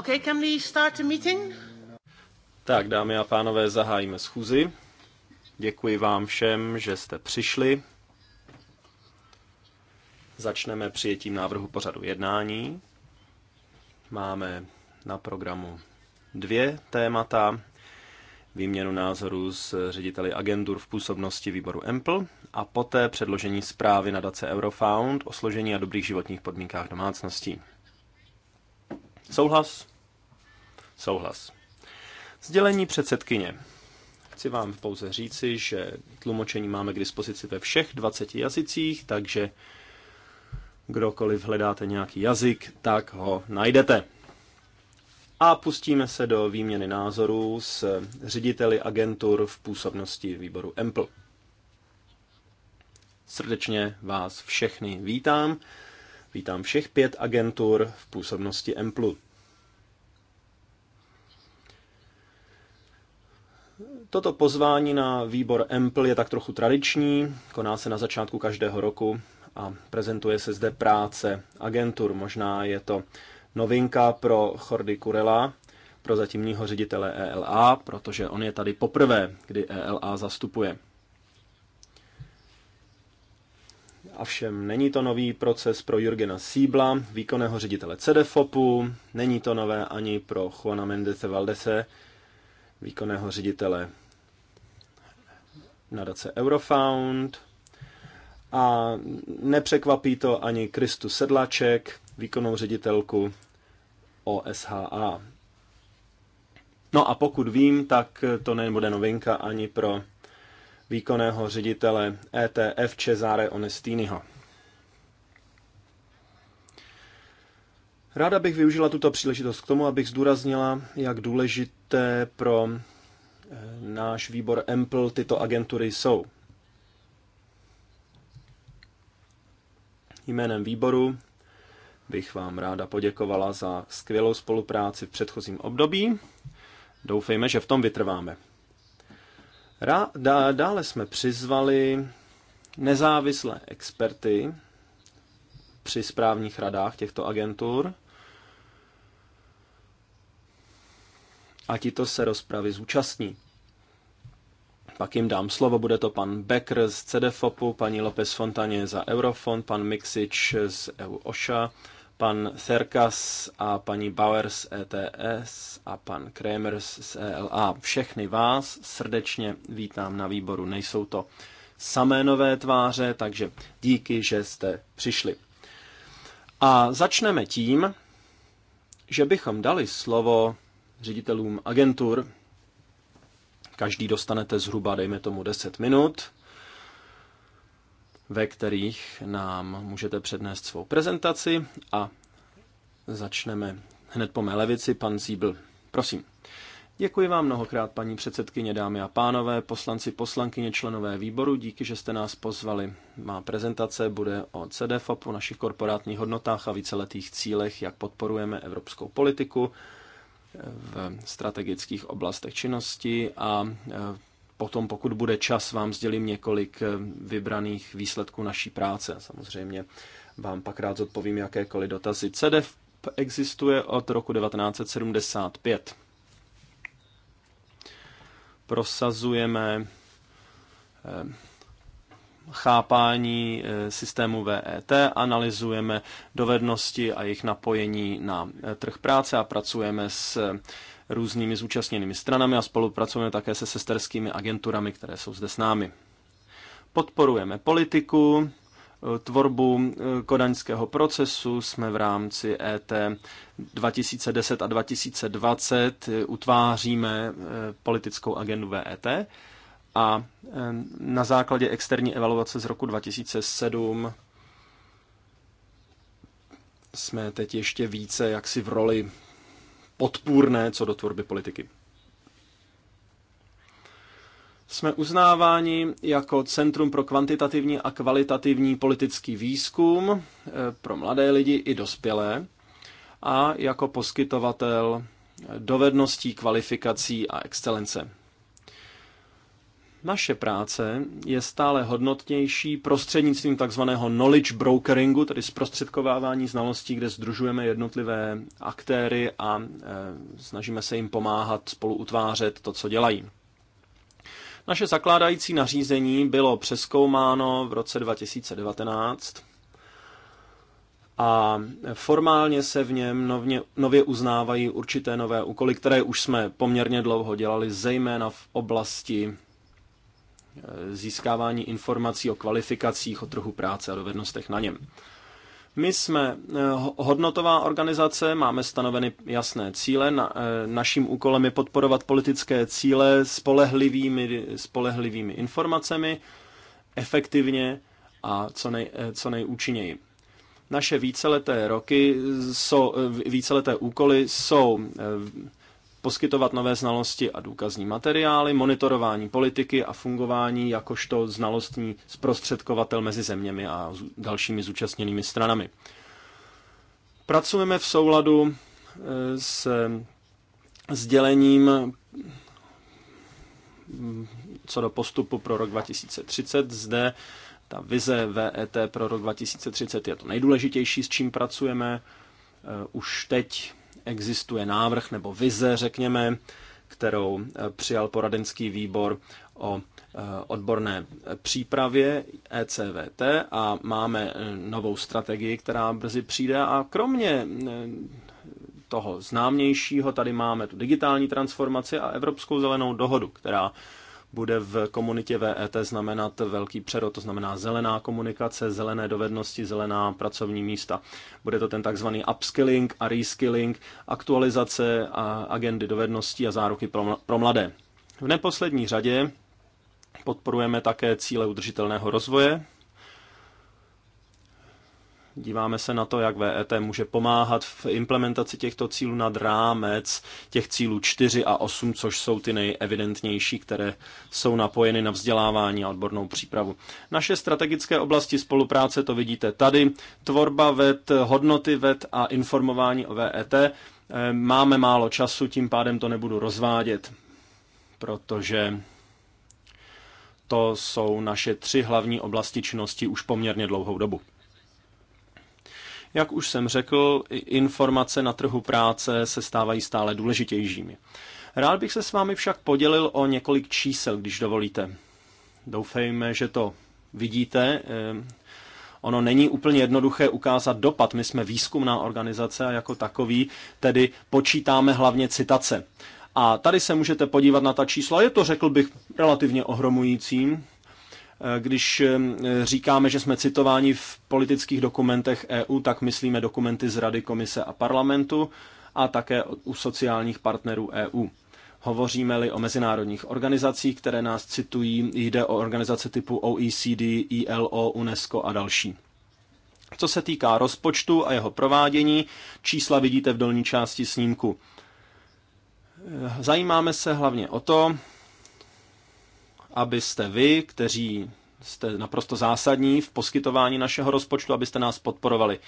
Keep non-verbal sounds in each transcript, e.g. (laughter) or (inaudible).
Okay, can we start the meeting? Tak, dámy a pánové, zahájíme schůzi. Děkuji vám všem, že jste přišli. Začneme přijetím návrhu pořadu jednání. Máme na programu dvě témata. Výměnu názorů s řediteli agentur v působnosti výboru EMPL a poté předložení zprávy na dace Eurofound o složení a dobrých životních podmínkách domácností. Souhlas? Souhlas. Sdělení předsedkyně. Chci vám pouze říci, že tlumočení máme k dispozici ve všech 20 jazycích, takže kdokoliv hledáte nějaký jazyk, tak ho najdete. A pustíme se do výměny názorů s řediteli agentur v působnosti výboru EMPL. Srdečně vás všechny vítám. Vítám všech pět agentur v působnosti EMPLu. Toto pozvání na výbor EMPL je tak trochu tradiční, koná se na začátku každého roku a prezentuje se zde práce agentur. Možná je to novinka pro Chordy Kurela, pro zatímního ředitele ELA, protože on je tady poprvé, kdy ELA zastupuje. Avšem není to nový proces pro Jurgena Síbla, výkonného ředitele CDFOPu, není to nové ani pro Juana Mendeze Valdese, výkonného ředitele nadace Eurofound. A nepřekvapí to ani Kristu Sedlaček, výkonnou ředitelku OSHA. No a pokud vím, tak to nebude novinka ani pro výkonného ředitele ETF Cesare Onestiniho. Ráda bych využila tuto příležitost k tomu, abych zdůraznila, jak důležité pro eh, náš výbor Ample tyto agentury jsou. Jménem výboru bych vám ráda poděkovala za skvělou spolupráci v předchozím období. Doufejme, že v tom vytrváme. Dále jsme přizvali nezávislé experty při správních radách těchto agentur a tito se rozpravy zúčastní. Pak jim dám slovo, bude to pan Becker z CDFOPu, paní López Fontaně za Eurofond, pan Mixič z EU OŠA, pan Serkas a paní Bauers e ETS a pan Kremers z ELA. Všechny vás srdečně vítám na výboru. Nejsou to samé nové tváře, takže díky, že jste přišli. A začneme tím, že bychom dali slovo ředitelům agentur. Každý dostanete zhruba, dejme tomu, 10 minut ve kterých nám můžete přednést svou prezentaci a začneme hned po mé levici, pan Zíbl. Prosím. Děkuji vám mnohokrát, paní předsedkyně, dámy a pánové, poslanci, poslankyně, členové výboru. Díky, že jste nás pozvali. Má prezentace bude o CDFOP, o našich korporátních hodnotách a víceletých cílech, jak podporujeme evropskou politiku v strategických oblastech činnosti a potom, pokud bude čas, vám sdělím několik eh, vybraných výsledků naší práce. Samozřejmě vám pak rád odpovím jakékoliv dotazy. CDF existuje od roku 1975. Prosazujeme eh, chápání eh, systému VET, analyzujeme dovednosti a jejich napojení na trh práce a pracujeme s různými zúčastněnými stranami a spolupracujeme také se sesterskými agenturami, které jsou zde s námi. Podporujeme politiku, e, tvorbu e, kodaňského procesu jsme v rámci e ET 2010 a 2020 utváříme politickou agendu VET a na základě externí evaluace z roku 2007 jsme teď ještě více jaksi v roli podpůrné co do tvorby politiky. Jsme uznáváni jako Centrum pro kvantitativní a kvalitativní politický výzkum eh, pro mladé lidi i dospělé a jako poskytovatel dovedností, kvalifikací a excelence. Naše práce je stále hodnotnější prostřednictvím takzvaného knowledge brokeringu, tedy zprostředkovávání znalostí, kde združujeme jednotlivé aktéry a e, snažíme se jim pomáhat spolu utvářet to, co dělají. Naše zakládající nařízení bylo přeskoumáno v roce 2019 a formálně se v něm novně, nově uznávají určité nové úkoly, které už jsme poměrně dlouho dělali, zejména v oblasti Eh, získávání informací o kvalifikacích, o trhu práce a dovednostech na něm. My jsme eh, hodnotová organizace, máme stanoveny jasné cíle. Na, eh, naším úkolem je podporovat politické cíle spolehlivými, spolehlivými informacemi, efektivně a co, nej, co nejúčinněji. Naše víceleté roky, jsou, víceleté úkoly jsou poskytovat nové znalosti a důkazní materiály, monitorování politiky a fungování jakožto znalostní zprostředkovatel mezi zeměmi a dalšími zúčastněnými stranami. Pracujeme v souladu e, s sdělením co do postupu pro rok 2030. Zde ta vize VET pro rok 2030 je to nejdůležitější, s čím pracujeme. E, už teď Existuje návrh nebo vize, řekněme, kterou eh, přijal poradenský výbor o eh, odborné přípravě ECVT a máme eh, novou strategii, která brzy přijde a kromě toho známějšího tady máme tu digitální transformaci a Evropskou zelenou dohodu, která bude v komunitě VET znamenat velký přerod, to znamená zelená komunikace, zelené dovednosti, zelená pracovní místa. Bude to ten takzvaný upskilling a reskilling, aktualizace a agendy dovedností a záruky pro mladé. V neposlední řadě podporujeme také cíle udržitelného rozvoje, Díváme se na to, jak VET může pomáhat v implementaci těchto cílů nad rámec těch cílů 4 a 8, což jsou ty nejevidentnější, které jsou napojeny na vzdělávání a odbornou přípravu. Naše strategické oblasti spolupráce to vidíte tady. Tvorba VET, hodnoty VET a informování o VET. Eh, máme málo času, tím pádem to nebudu rozvádět, protože to jsou naše tři hlavní oblasti činnosti už poměrně dlouhou dobu. Jak už jsem řekl, informace na trhu práce se stávají stále důležitějšími. Rád bych se s vámi však podělil o několik čísel, když dovolíte. Doufejme, že to vidíte. Ehm, ono není úplně jednoduché ukázat dopad. My jsme výzkumná organizace a jako takový tedy počítáme hlavně citace. A tady se můžete podívat na ta čísla. Je to, řekl bych, relativně ohromujícím. Eh, když eh, říkáme, že jsme citováni v politických dokumentech EU, tak myslíme dokumenty z Rady, Komise a parlamentu a také u sociálních partnerů EU. Hovoříme-li o mezinárodních organizacích, které nás citují, jde o organizace typu OECD, ILO, UNESCO a další. Co se týká rozpočtu a jeho provádění, čísla vidíte v dolní části snímku. Eh, zajímáme se hlavně o to, abyste vy, kteří jste naprosto zásadní v poskytování našeho rozpočtu, abyste nás podporovali.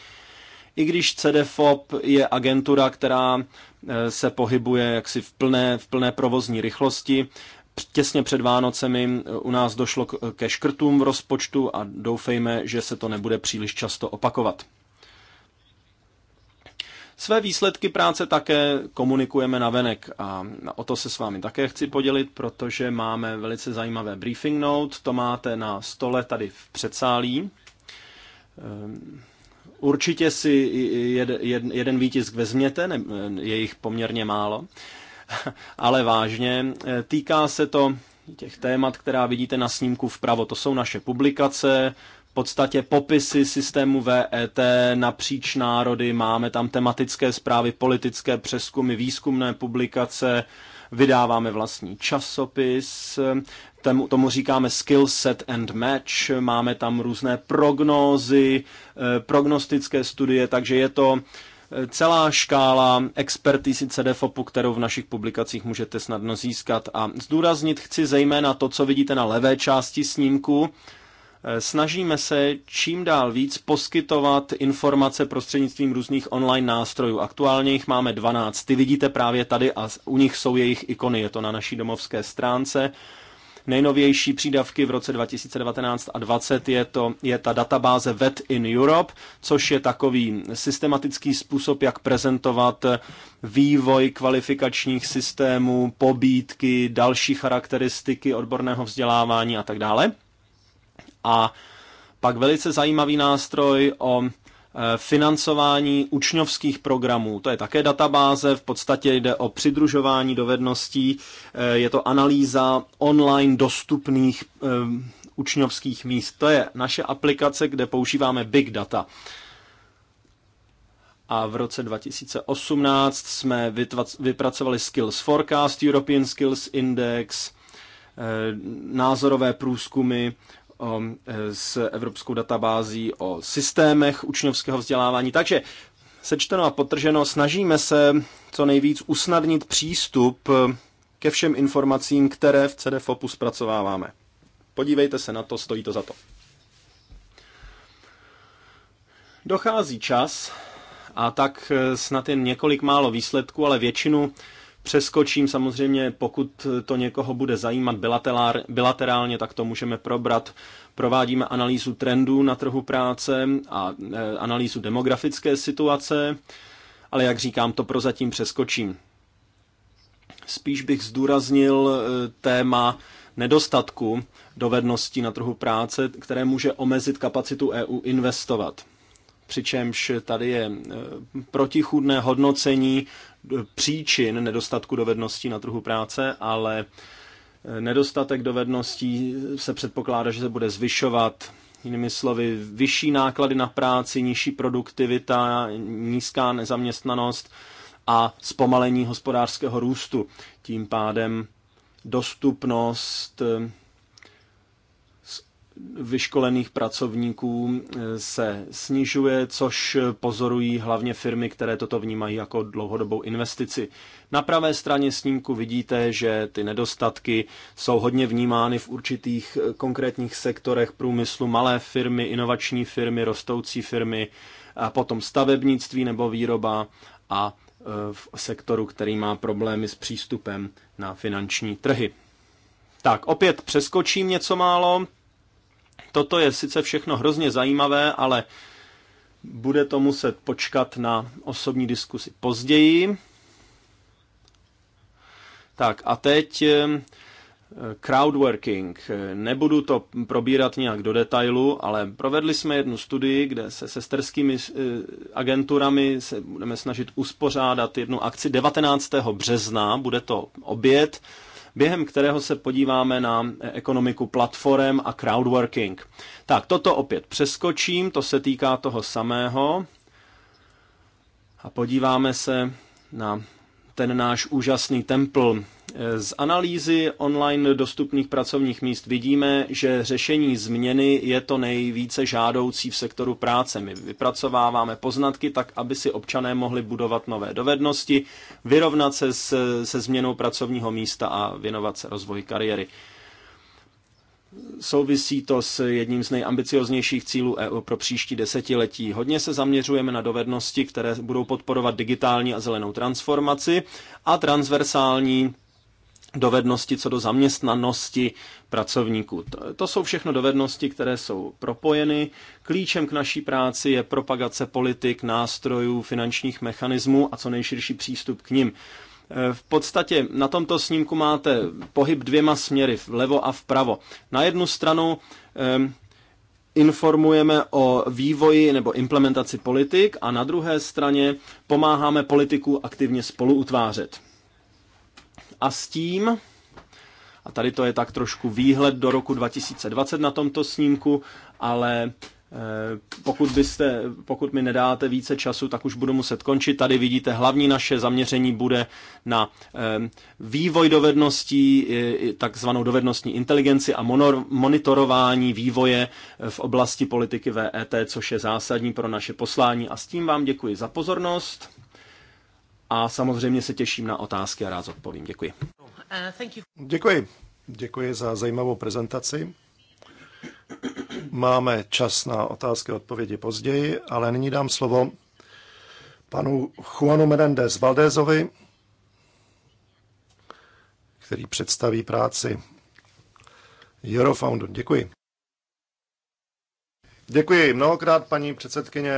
I když CDFOP je agentura, která eh, se pohybuje jaksi v plné, v plné provozní rychlosti, těsně před Vánocemi eh, u nás došlo ke škrtům v rozpočtu a doufejme, že se to nebude příliš často opakovat. Své výsledky práce také komunikujeme na venek a o to se s vámi také chci podělit, protože máme velice zajímavé briefing note, to máte na stole tady v předsálí. Ehm, určitě si jed, jed, jeden výtisk vezměte, ne, je jich poměrně málo, (laughs) ale vážně. Ehm, týká se to těch témat, která vidíte na snímku vpravo. To jsou naše publikace, podstatě popisy systému VET napříč národy, máme tam tematické zprávy, politické přeskumy, výzkumné publikace, vydáváme vlastní časopis, tomu říkáme skill set and match, máme tam různé prognózy, eh, prognostické studie, takže je to eh, celá škála expertízy CDFOPu, kterou v našich publikacích můžete snadno získat. A zdůraznit chci zejména to, co vidíte na levé části snímku, Eh, snažíme se čím dál víc poskytovat informace prostřednictvím různých online nástrojů. Aktuálně jich máme 12. Ty vidíte právě tady a u nich jsou jejich ikony. Je to na naší domovské stránce. Nejnovější přídavky v roce 2019 a 2020 je, to, je ta databáze VET in Europe, což je takový systematický způsob, jak prezentovat eh, vývoj kvalifikačních systémů, pobídky, další charakteristiky odborného vzdělávání a tak dále. A pak velice zajímavý nástroj o e, financování učňovských programů. To je také databáze, v podstatě jde o přidružování dovedností, e, je to analýza online dostupných e, učňovských míst. To je naše aplikace, kde používáme big data. A v roce 2018 jsme vypracovali Skills Forecast, European Skills Index, názorové průzkumy o, um, s Evropskou databází o systémech učňovského vzdělávání. Takže sečteno a potrženo, snažíme se co nejvíc usnadnit přístup ke všem informacím, které v CDFOPu zpracováváme. Podívejte se na to, stojí to za to. Dochází čas a tak snad jen několik málo výsledků, ale většinu Přeskočím samozřejmě, pokud to někoho bude zajímat bilaterálně, tak to můžeme probrat. Provádíme analýzu trendů na trhu práce a eh, analýzu demografické situace, ale jak říkám, to prozatím přeskočím. Spíš bych zdůraznil eh, téma nedostatku dovedností na trhu práce, které může omezit kapacitu EU investovat přičemž tady je eh, protichůdné hodnocení příčin nedostatku dovedností na trhu práce, ale nedostatek dovedností se předpokládá, že se bude zvyšovat. Jinými slovy, vyšší náklady na práci, nižší produktivita, nízká nezaměstnanost a zpomalení hospodářského růstu. Tím pádem dostupnost vyškolených pracovníků eh, se snižuje, což pozorují hlavně firmy, které toto vnímají jako dlouhodobou investici. Na pravé straně snímku vidíte, že ty nedostatky jsou hodně vnímány v určitých eh, konkrétních sektorech průmyslu, malé firmy, inovační firmy, rostoucí firmy, a potom stavebnictví nebo výroba a eh, v sektoru, který má problémy s přístupem na finanční trhy. Tak, opět přeskočím něco málo Toto je sice všechno hrozně zajímavé, ale bude to muset počkat na osobní diskusi později. Tak a teď eh, crowdworking. Nebudu to probírat nějak do detailu, ale provedli jsme jednu studii, kde se sesterskými eh, agenturami se budeme snažit uspořádat jednu akci 19. března. Bude to oběd během kterého se podíváme na ekonomiku platform a crowdworking. Tak, toto opět přeskočím, to se týká toho samého. A podíváme se na ten náš úžasný templ z analýzy online dostupných pracovních míst vidíme, že řešení změny je to nejvíce žádoucí v sektoru práce. My vypracováváme poznatky tak, aby si občané mohli budovat nové dovednosti, vyrovnat se s, se změnou pracovního místa a věnovat se rozvoji kariéry. Souvisí to s jedním z nejambicioznějších cílů EU pro příští desetiletí. Hodně se zaměřujeme na dovednosti, které budou podporovat digitální a zelenou transformaci a transversální dovednosti co do zaměstnanosti pracovníků. To, to jsou všechno dovednosti, které jsou propojeny. Klíčem k naší práci je propagace politik, nástrojů, finančních mechanismů a co nejširší přístup k nim. V podstatě na tomto snímku máte pohyb dvěma směry, vlevo a vpravo. Na jednu stranu informujeme o vývoji nebo implementaci politik a na druhé straně pomáháme politiku aktivně spoluutvářet. A s tím, a tady to je tak trošku výhled do roku 2020 na tomto snímku, ale eh, pokud, byste, pokud mi nedáte více času, tak už budu muset končit. Tady vidíte, hlavní naše zaměření bude na eh, vývoj dovedností, takzvanou dovednostní inteligenci a monitorování vývoje eh, v oblasti politiky VET, což je zásadní pro naše poslání. A s tím vám děkuji za pozornost a samozřejmě se těším na otázky a rád odpovím. Děkuji. Uh, Děkuji. Děkuji za zajímavou prezentaci. Máme čas na otázky a odpovědi později, ale nyní dám slovo panu Juanu Menendez Valdézovi, který představí práci Eurofoundu. Děkuji. Děkuji mnohokrát, paní předsedkyně,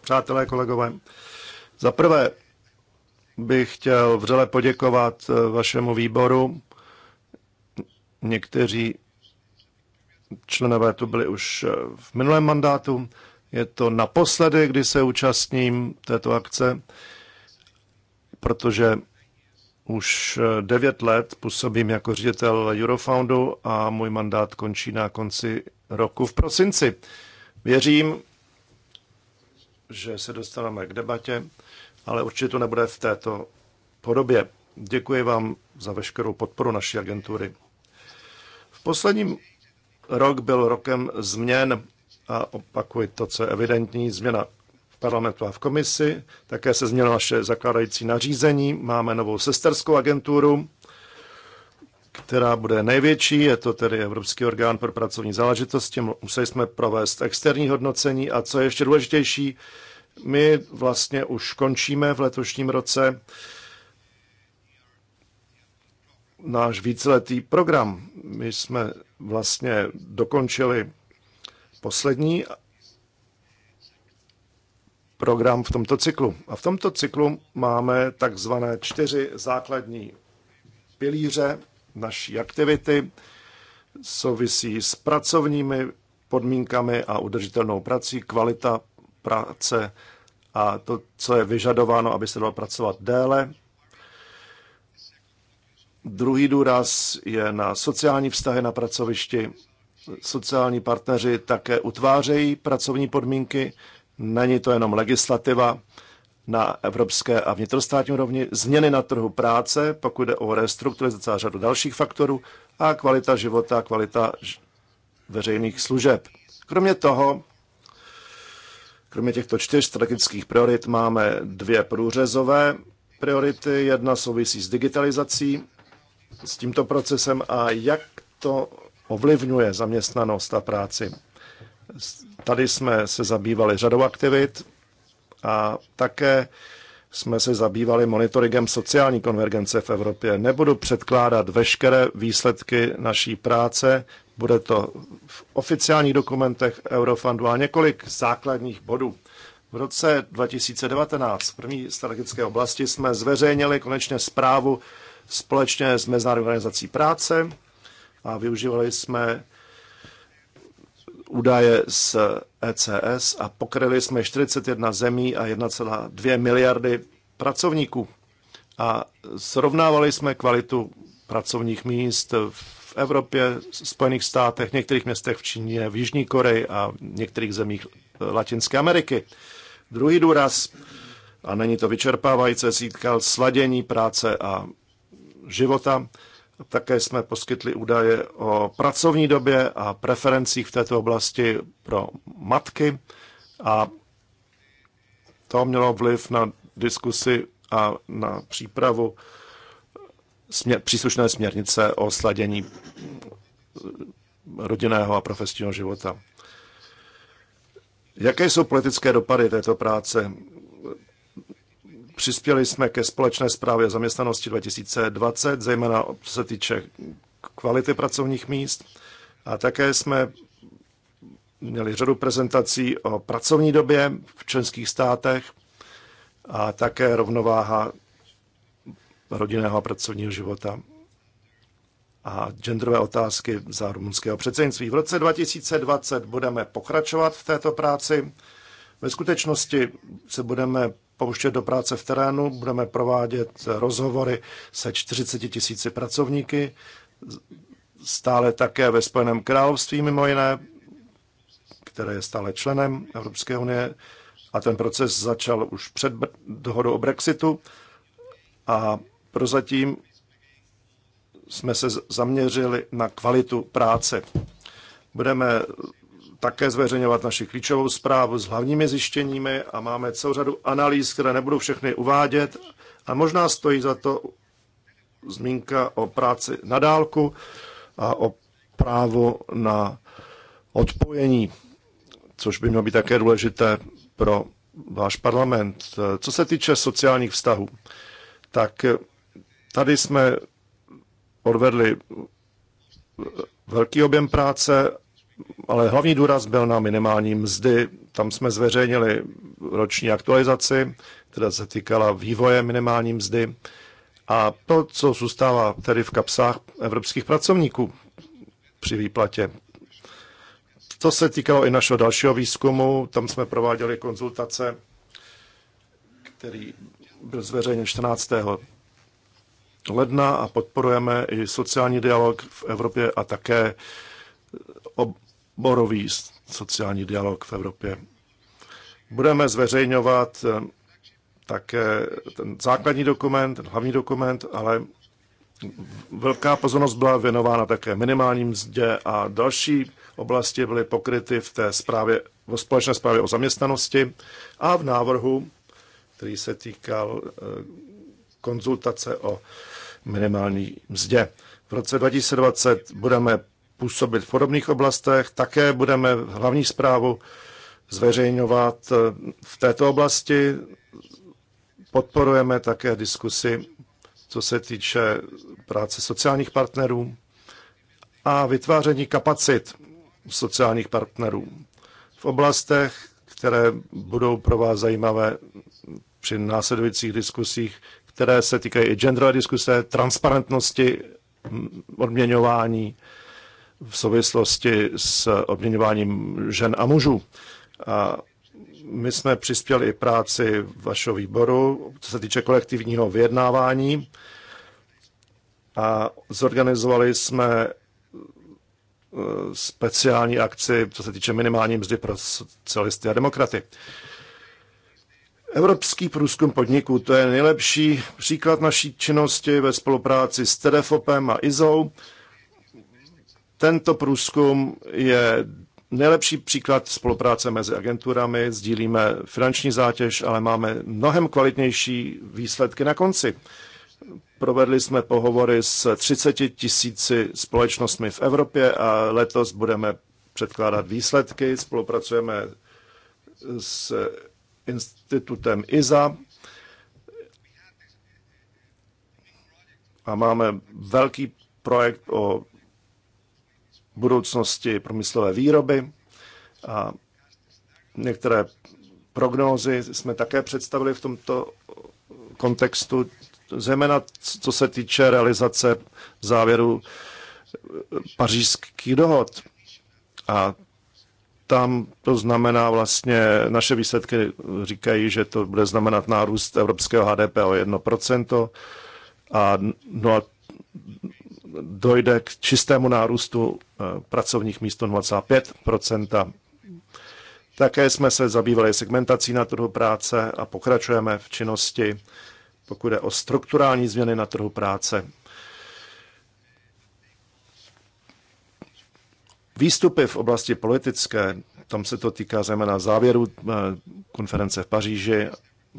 přátelé, kolegové. Za prvé bych chtěl vřele poděkovat eh, vašemu výboru. Někteří členové tu byli už eh, v minulém mandátu. Je to naposledy, kdy se účastním této akce, protože už eh, devět let působím jako ředitel Eurofoundu a můj mandát končí na konci roku v prosinci. Věřím, že se dostaneme k debatě ale určitě to nebude v této podobě. Děkuji vám za veškerou podporu naší agentury. V posledním rok byl rokem změn a opakuji to, co je evidentní, změna v parlamentu a v komisi. Také se změnilo naše zakládající nařízení. Máme novou sesterskou agenturu, která bude největší, je to tedy Evropský orgán pro pracovní záležitosti. Museli jsme provést externí hodnocení a co je ještě důležitější, my vlastně už končíme v letošním roce náš víceletý program. My jsme vlastně dokončili poslední program v tomto cyklu. A v tomto cyklu máme takzvané čtyři základní pilíře naší aktivity. Souvisí s pracovními podmínkami a udržitelnou prací, kvalita práce a to, co je vyžadováno, aby se dalo pracovat déle. Druhý důraz je na sociální vztahy na pracovišti. Sociální partneři také utvářejí pracovní podmínky. Není to jenom legislativa na evropské a vnitrostátní úrovni, změny na trhu práce, pokud jde o restrukturalizaci a řadu dalších faktorů, a kvalita života, kvalita veřejných služeb. Kromě toho Kromě těchto čtyř strategických priorit máme dvě průřezové priority. Jedna souvisí s digitalizací, s tímto procesem a jak to ovlivňuje zaměstnanost a práci. Tady jsme se zabývali řadou aktivit a také jsme se zabývali monitoringem sociální konvergence v Evropě. Nebudu předkládat veškeré výsledky naší práce, bude to v oficiálních dokumentech Eurofundu a několik základních bodů. V roce 2019 v první strategické oblasti jsme zveřejnili konečně zprávu společně s Mezinárodní organizací práce a využívali jsme údaje z ECS a pokryli jsme 41 zemí a 1,2 miliardy pracovníků. A srovnávali jsme kvalitu pracovních míst v Evropě, Spojených státech, některých městech v Číně, v Jižní Koreji a v některých zemích Latinské Ameriky. Druhý důraz, a není to vyčerpávající, se sladění práce a života. Také jsme poskytli údaje o pracovní době a preferencích v této oblasti pro matky a to mělo vliv na diskusy a na přípravu směr, příslušné směrnice o sladění rodinného a profesního života. Jaké jsou politické dopady této práce? Přispěli jsme ke společné zprávě zaměstnanosti 2020, zejména co se týče kvality pracovních míst. A také jsme měli řadu prezentací o pracovní době v členských státech a také rovnováha rodinného a pracovního života a genderové otázky za rumunského předsednictví. V roce 2020 budeme pokračovat v této práci. Ve skutečnosti se budeme pouštět do práce v terénu, budeme provádět rozhovory se 40 tisíci pracovníky, stále také ve Spojeném království mimo jiné, které je stále členem Evropské unie a ten proces začal už před dohodou o Brexitu a prozatím jsme se zaměřili na kvalitu práce. Budeme také zveřejňovat naši klíčovou zprávu s hlavními zjištěními a máme celou řadu analýz, které nebudu všechny uvádět a možná stojí za to zmínka o práci na dálku a o právo na odpojení, což by mělo být také důležité pro váš parlament. Co se týče sociálních vztahů, tak tady jsme odvedli velký objem práce ale hlavní důraz byl na minimální mzdy. Tam jsme zveřejnili roční aktualizaci, která se týkala vývoje minimální mzdy a to, co zůstává tedy v kapsách evropských pracovníků při výplatě. To se týkalo i našeho dalšího výzkumu, tam jsme prováděli konzultace, který byl zveřejněn 14. ledna a podporujeme i sociální dialog v Evropě a také ob borový sociální dialog v Evropě. Budeme zveřejňovat eh, také ten základní dokument, ten hlavní dokument, ale velká pozornost byla věnována také minimální mzdě a další oblasti byly pokryty v té zprávě, v společné zprávě o zaměstnanosti a v návrhu, který se týkal eh, konzultace o minimální mzdě. V roce 2020 budeme působit v podobných oblastech. Také budeme hlavní zprávu zveřejňovat eh, v této oblasti. Podporujeme také diskusy, co se týče práce sociálních partnerů a vytváření kapacit sociálních partnerů v oblastech, které budou pro vás zajímavé při následujících diskusích, které se týkají i genderové diskuse, transparentnosti, odměňování, v souvislosti s obměňováním žen a mužů. A my jsme přispěli i práci vašeho výboru, co se týče kolektivního vyjednávání. A zorganizovali jsme eh, speciální akci, co se týče minimální mzdy pro socialisty a demokraty. Evropský průzkum podniků, to je nejlepší příklad naší činnosti ve spolupráci s TEDEFOPem a IZOU. Tento průzkum je nejlepší příklad spolupráce mezi agenturami, sdílíme finanční zátěž, ale máme mnohem kvalitnější výsledky na konci. Provedli jsme pohovory s 30 tisíci společnostmi v Evropě a letos budeme předkládat výsledky. Spolupracujeme s institutem IZA a máme velký projekt o budoucnosti průmyslové výroby a některé prognózy jsme také představili v tomto kontextu, zejména co se týče realizace závěru pařížských dohod. A tam to znamená vlastně, naše výsledky říkají, že to bude znamenat nárůst evropského HDP o 1% a a dojde k čistému nárůstu eh, pracovních míst 25 Také jsme se zabývali segmentací na trhu práce a pokračujeme v činnosti, pokud je o strukturální změny na trhu práce. Výstupy v oblasti politické, tam se to týká zejména závěru eh, konference v Paříži,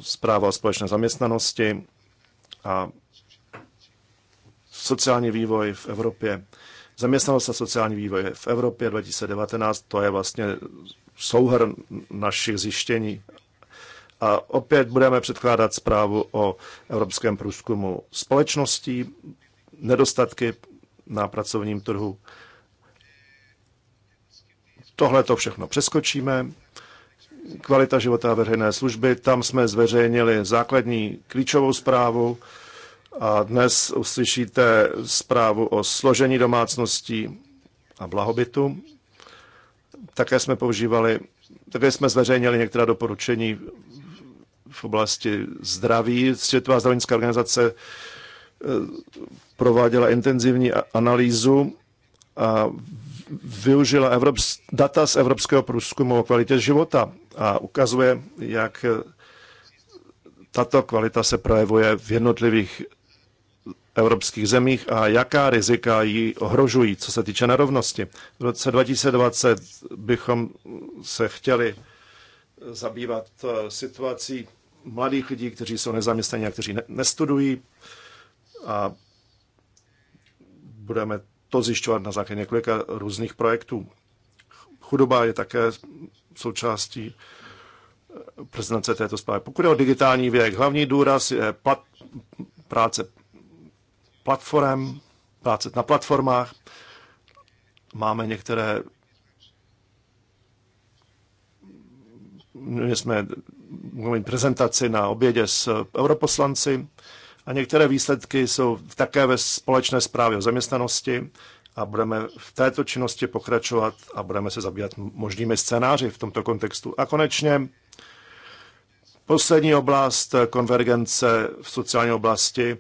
zpráva o společné zaměstnanosti a sociální vývoj v Evropě, zaměstnanost a sociální vývoj v Evropě 2019, to je vlastně souhrn našich zjištění. A opět budeme předkládat zprávu o evropském průzkumu společností, nedostatky na pracovním trhu. Tohle to všechno přeskočíme. Kvalita života a veřejné služby, tam jsme zveřejnili základní klíčovou zprávu, a dnes uslyšíte zprávu o složení domácností a blahobytu. Také jsme používali, také jsme zveřejnili některá doporučení v oblasti zdraví. Světová zdravotnická organizace eh, prováděla intenzivní analýzu a využila Evrops, data z evropského průzkumu o kvalitě života a ukazuje, jak eh, tato kvalita se projevuje v jednotlivých evropských zemích a jaká rizika ji ohrožují, co se týče nerovnosti. V roce 2020 bychom se chtěli zabývat eh, situací mladých lidí, kteří jsou nezaměstnaní a kteří nestudují a budeme to zjišťovat na základě několika různých projektů. Chudoba je také součástí eh, prezentace této zprávy. Pokud je o digitální věk, hlavní důraz je plat, práce platform, práce na platformách. Máme některé my jsme mít prezentaci na obědě s europoslanci a některé výsledky jsou také ve společné zprávě o zaměstnanosti a budeme v této činnosti pokračovat a budeme se zabývat možnými scénáři v tomto kontextu. A konečně poslední oblast konvergence v sociální oblasti.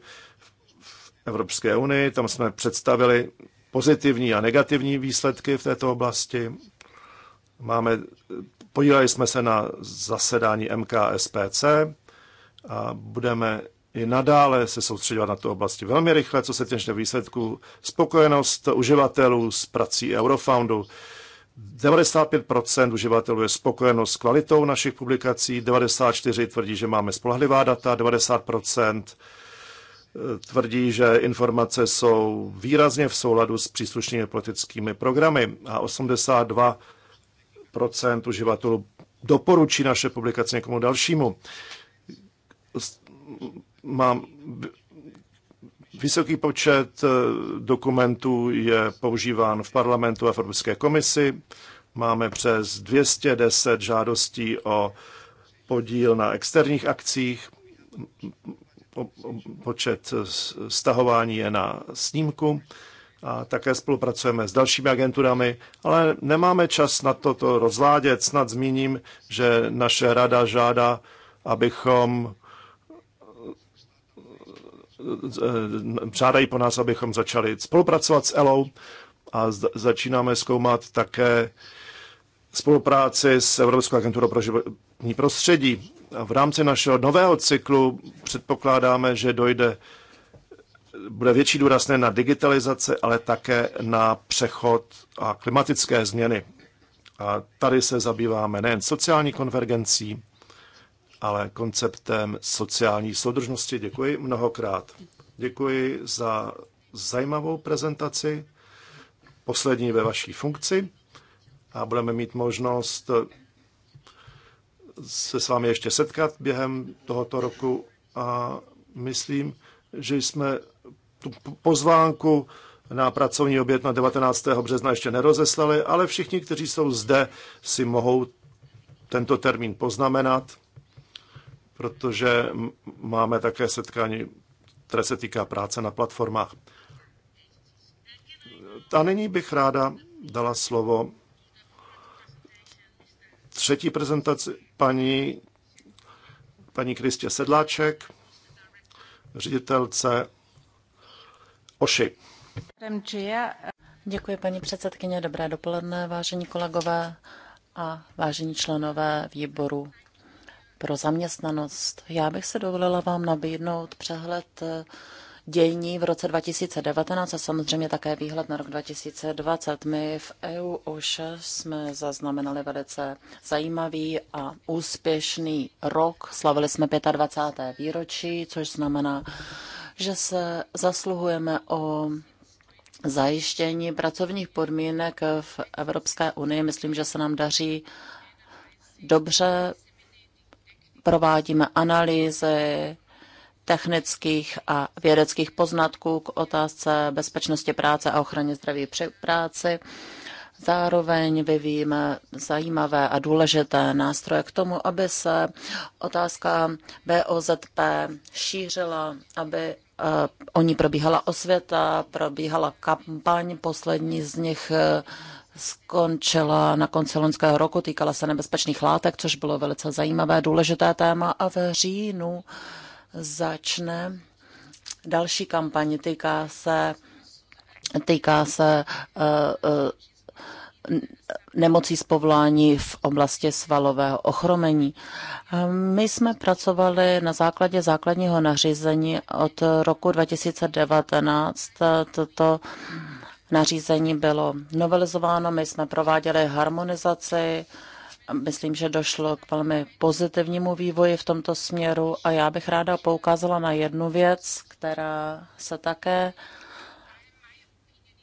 Evropské unii. Tam jsme představili pozitivní a negativní výsledky v této oblasti. Máme, podíleli jsme se na zasedání MKSPC a budeme i nadále se soustředovat na tu oblasti velmi rychle, co se týče výsledků. Spokojenost uživatelů s prací Eurofoundu. 95% uživatelů je spokojeno s kvalitou našich publikací, 94% tvrdí, že máme spolehlivá data, 90% tvrdí, že informace jsou výrazně v souladu s příslušnými politickými programy a 82 uživatelů doporučí naše publikace někomu dalšímu. Mám vysoký počet eh, dokumentů je používán v parlamentu a v Evropské komisi. Máme přes 210 žádostí o podíl na externích akcích počet stahování je na snímku a také spolupracujeme s dalšími agenturami, ale nemáme čas na toto rozládět. Snad zmíním, že naše rada žádá, abychom žádají po nás, abychom začali spolupracovat s ELO a začínáme zkoumat také spolupráci s Evropskou agenturou pro životní prostředí v rámci našeho nového cyklu předpokládáme, že dojde, bude větší důraz ne na digitalizaci, ale také na přechod a klimatické změny. A tady se zabýváme nejen sociální konvergencí, ale konceptem sociální soudržnosti. Děkuji mnohokrát. Děkuji za zajímavou prezentaci, poslední ve vaší funkci a budeme mít možnost se s vámi ještě setkat během tohoto roku a myslím, že jsme tu pozvánku na pracovní oběd na 19. března ještě nerozeslali, ale všichni, kteří jsou zde, si mohou tento termín poznamenat, protože máme také setkání, které se týká práce na platformách. A nyní bych ráda dala slovo třetí prezentaci paní, paní Kristě Sedláček, ředitelce OŠI. Děkuji, paní předsedkyně. Dobré dopoledne, vážení kolegové a vážení členové výboru pro zaměstnanost. Já bych se dovolila vám nabídnout přehled eh, dění v roce 2019 a samozřejmě také výhled na rok 2020. My v EU už jsme zaznamenali velice zajímavý a úspěšný rok. Slavili jsme 25. výročí, což znamená, že se zasluhujeme o zajištění pracovních podmínek v Evropské unii. Myslím, že se nám daří dobře, provádíme analýzy, technických a vědeckých poznatků k otázce bezpečnosti práce a ochraně zdraví při práci. Zároveň vyvíjíme zajímavé a důležité nástroje k tomu, aby se otázka BOZP šířila, aby eh, o ní probíhala osvěta, probíhala kampaň, poslední z nich eh, skončila na konci loňského roku, týkala se nebezpečných látek, což bylo velice zajímavé, důležité téma a v říjnu začne další kampaň. Týká se, týká se uh, uh, nemocí z povolání v oblasti svalového ochromení. Eh, my jsme pracovali na základě základního nařízení od roku 2019. Toto nařízení bylo novelizováno, my jsme prováděli harmonizaci Myslím, že došlo k velmi pozitivnímu vývoji v tomto směru a já bych ráda poukázala na jednu věc, která se také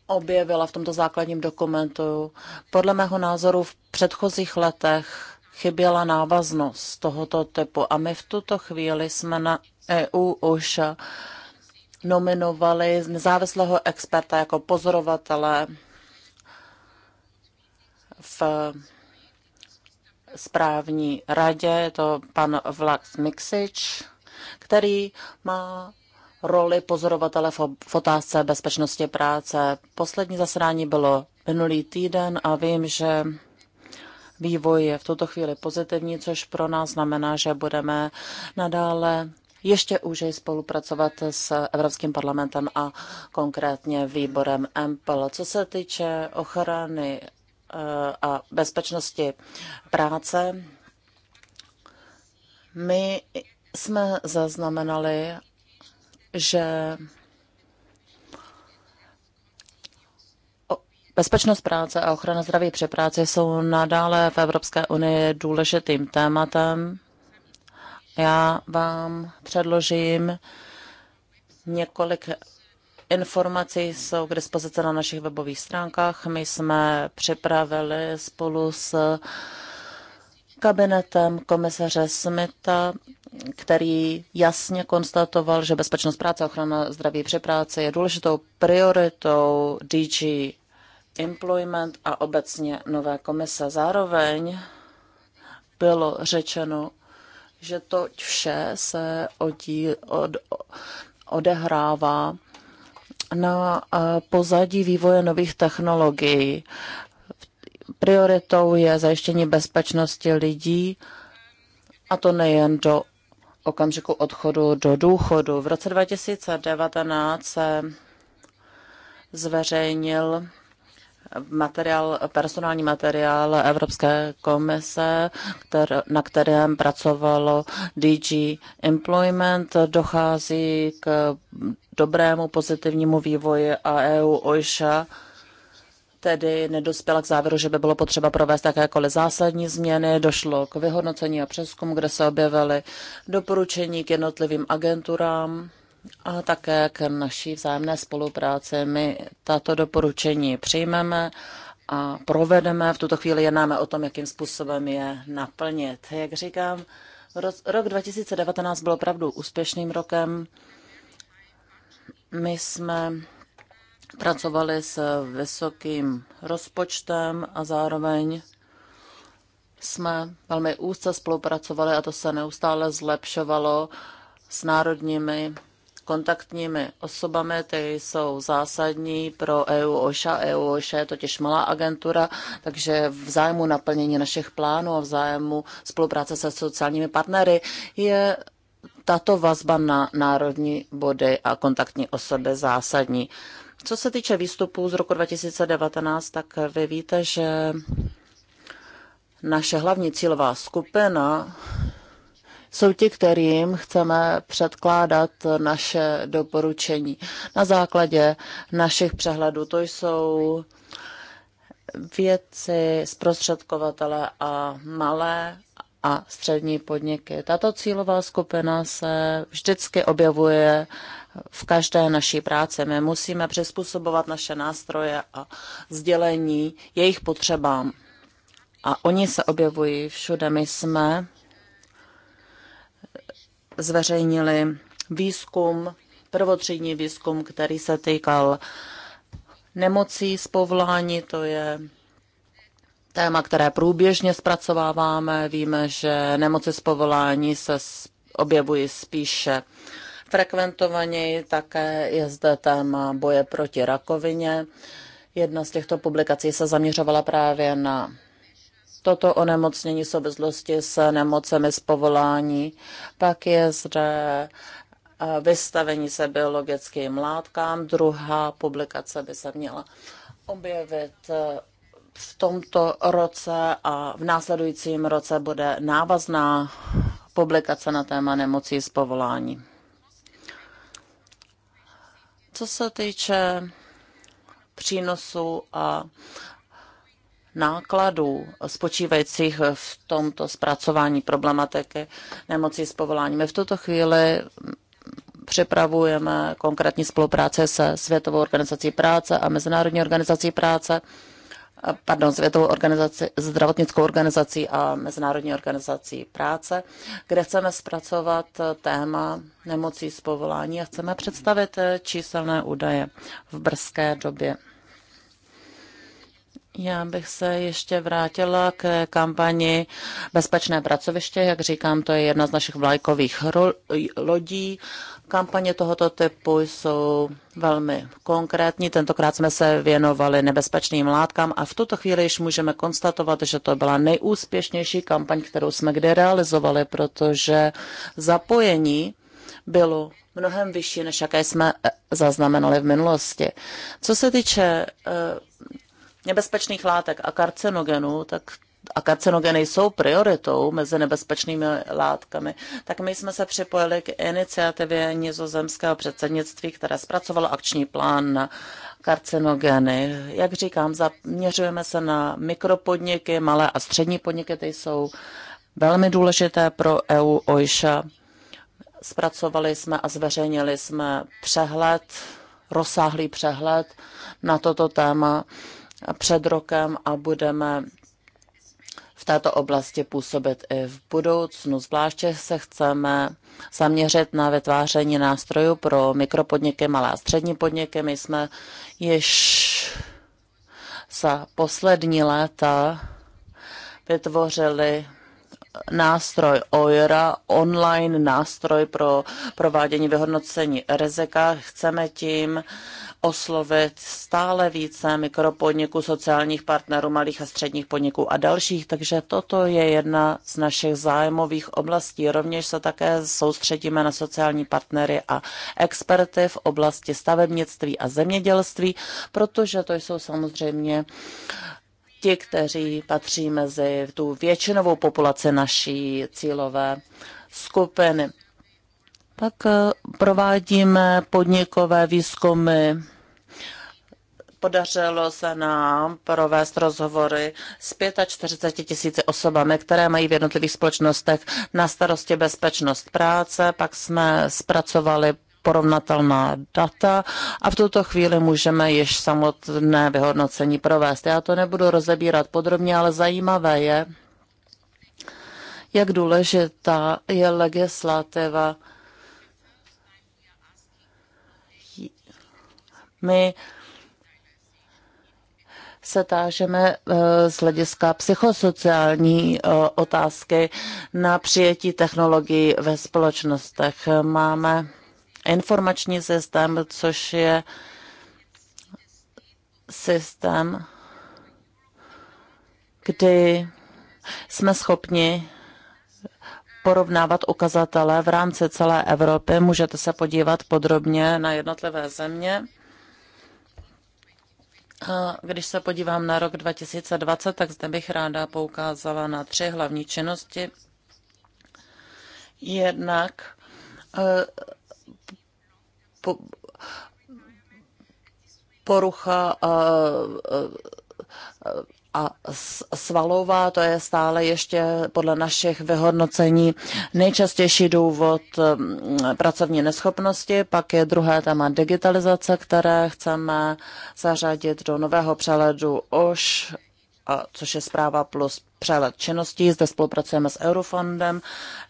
objevila v tomto základním dokumentu. Podle mého názoru v předchozích letech chyběla návaznost tohoto typu a my v tuto chvíli jsme na EU už nominovali nezávislého experta jako pozorovatele v správní radě, je to pan Vlax Mixič, který má roli pozorovatele v otázce bezpečnosti práce. Poslední zasedání bylo minulý týden a vím, že vývoj je v tuto chvíli pozitivní, což pro nás znamená, že budeme nadále ještě už spolupracovat s Evropským parlamentem a konkrétně výborem EMPL. Co se týče ochrany Eh, a bezpečnosti práce, my jsme zaznamenali, že Bezpečnost práce a ochrana zdraví při práci jsou nadále v Evropské unii důležitým tématem. Já vám předložím několik Informace jsou k dispozici na našich webových stránkách. My jsme připravili spolu s kabinetem komisaře Smita, který jasně konstatoval, že bezpečnost práce a ochrana zdraví při práci je důležitou prioritou DG Employment a obecně nové komise. Zároveň bylo řečeno, že to vše se odí, od, odehrává na eh, pozadí vývoje nových technologií. Prioritou je zajištění bezpečnosti lidí, a to nejen do okamžiku odchodu do důchodu. V roce 2019 se zveřejnil materiál, personální materiál Evropské komise, kter, na kterém pracovalo DG Employment. Dochází k dobrému pozitivnímu vývoji a EU OISHA tedy nedospěla k závěru, že by bylo potřeba provést jakékoliv zásadní změny. Došlo k vyhodnocení a přeskumu, kde se objevily doporučení k jednotlivým agenturám a také k naší vzájemné spolupráci. My tato doporučení přijmeme a provedeme. V tuto chvíli jednáme o tom, jakým způsobem je naplnit. Jak říkám, rok 2019 byl opravdu úspěšným rokem. My jsme pracovali s vysokým rozpočtem a zároveň jsme velmi úzce spolupracovali a to se neustále zlepšovalo s národními kontaktními osobami, ty jsou zásadní pro EU OŠA. EU OŠA je totiž malá agentura, takže v zájmu naplnění našich plánů a v zájmu spolupráce se sociálními partnery je tato vazba na národní body a kontaktní osoby zásadní. Co se týče výstupů z roku 2019, tak vy víte, že naše hlavní cílová skupina jsou ti, kterým chceme předkládat naše doporučení na základě našich přehledů. To jsou věci, zprostředkovatele a malé a střední podniky. Tato cílová skupina se vždycky objevuje v každé naší práci. My musíme přizpůsobovat naše nástroje a sdělení jejich potřebám. A oni se objevují všude. My jsme zveřejnili výzkum, prvotřídní výzkum, který se týkal nemocí z povolání, to je téma, které průběžně zpracováváme. Víme, že nemoci z povolání se objevují spíše frekventovaněji, také je zde téma boje proti rakovině. Jedna z těchto publikací se zaměřovala právě na toto onemocnění souvislosti s nemocemi z povolání. Pak je zde eh, vystavení se biologickým látkám. Druhá publikace by se měla objevit eh, v tomto roce a v následujícím roce bude návazná publikace na téma nemocí z povolání. Co se týče přínosu a nákladů spočívajících v tomto zpracování problematiky nemocí s povoláním. My v tuto chvíli připravujeme konkrétní spolupráce se Světovou organizací práce a Mezinárodní organizací práce, pardon, Světovou organizaci, zdravotnickou organizací a Mezinárodní organizací práce, kde chceme zpracovat téma nemocí z povolání a chceme představit číselné údaje v brzké době. Já bych se ještě vrátila k kampani Bezpečné pracoviště. Jak říkám, to je jedna z našich vlajkových lodí. Kampaně tohoto typu jsou velmi konkrétní. Tentokrát jsme se věnovali nebezpečným látkám a v tuto chvíli již můžeme konstatovat, že to byla nejúspěšnější kampaň, kterou jsme kdy realizovali, protože zapojení bylo mnohem vyšší, než jaké jsme eh, zaznamenali v minulosti. Co se týče eh, nebezpečných látek a karcinogenů, tak a karcinogeny jsou prioritou mezi nebezpečnými látkami, tak my jsme se připojili k iniciativě nizozemského předsednictví, které zpracovalo akční plán na karcinogeny. Jak říkám, zaměřujeme se na mikropodniky, malé a střední podniky, ty jsou velmi důležité pro EU OISHA. Zpracovali jsme a zveřejnili jsme přehled, rozsáhlý přehled na toto téma před rokem a budeme v této oblasti působit i v budoucnu. Zvláště se chceme zaměřit na vytváření nástrojů pro mikropodniky, malé a střední podniky. My jsme již za poslední léta vytvořili nástroj OIRA, online nástroj pro provádění vyhodnocení rizika. Chceme tím oslovit stále více mikropodniků, sociálních partnerů, malých a středních podniků a dalších, takže toto je jedna z našich zájmových oblastí. Rovněž se také soustředíme na sociální partnery a experty v oblasti stavebnictví a zemědělství, protože to jsou samozřejmě ti, kteří patří mezi tu většinovou populaci naší cílové skupiny. Pak eh, provádíme podnikové výzkumy. Podařilo se nám provést rozhovory s 45 tisíci osobami, které mají v jednotlivých společnostech na starosti bezpečnost práce. Pak jsme zpracovali porovnatelná data a v tuto chvíli můžeme již samotné vyhodnocení provést. Já to nebudu rozebírat podrobně, ale zajímavé je, jak důležitá je legislativa. My se tážeme eh, z hlediska psychosociální eh, otázky na přijetí technologií ve společnostech. Máme informační systém, což je systém, kdy jsme schopni porovnávat ukazatele v rámci celé Evropy. Můžete se podívat podrobně na jednotlivé země. Když se podívám na rok 2020, tak zde bych ráda poukázala na tři hlavní činnosti. Jednak eh, po, porucha a, a, a svalová, to je stále ještě podle našich vyhodnocení nejčastější důvod pracovní neschopnosti. Pak je druhé téma digitalizace, které chceme zařadit do nového přeledu už a což je zpráva plus přehled činností. Zde spolupracujeme s Eurofondem,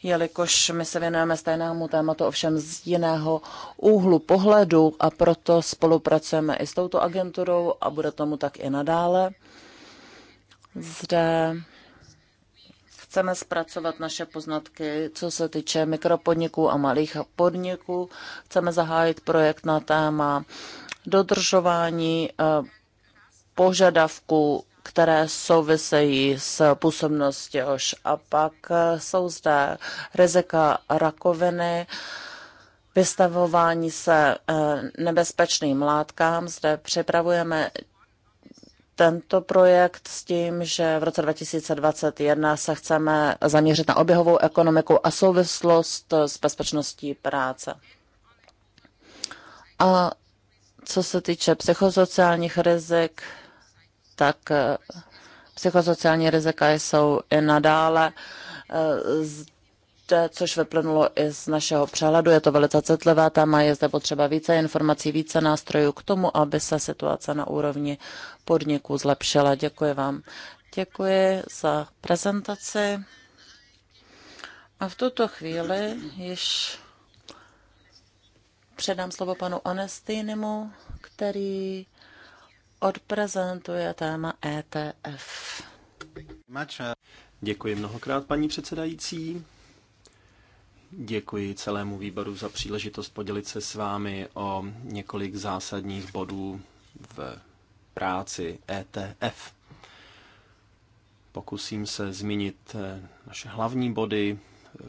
jelikož my se věnujeme stejnému tématu, ovšem z jiného úhlu pohledu a proto spolupracujeme i s touto agenturou a bude tomu tak i nadále. Zde chceme zpracovat naše poznatky, co se týče mikropodniků a malých podniků. Chceme zahájit projekt na téma dodržování eh, požadavku které souvisejí s působností už. A pak eh, jsou zde rizika rakoviny, vystavování se eh, nebezpečným látkám. Zde připravujeme tento projekt s tím, že v roce 2021 se chceme zaměřit na oběhovou ekonomiku a souvislost s bezpečností práce. A co se týče psychosociálních rizik, tak eh, psychosociální rizika jsou i nadále eh, zde, což vyplynulo i z našeho přehledu. Je to velice citlivé téma, je zde potřeba více informací, více nástrojů k tomu, aby se situace na úrovni podniků zlepšila. Děkuji vám. Děkuji za prezentaci. A v tuto chvíli již předám slovo panu Anestýnimu, který odprezentuje téma ETF. Děkuji mnohokrát, paní předsedající. Děkuji celému výboru za příležitost podělit se s vámi o několik zásadních bodů v práci ETF. Pokusím se zmínit eh, naše hlavní body.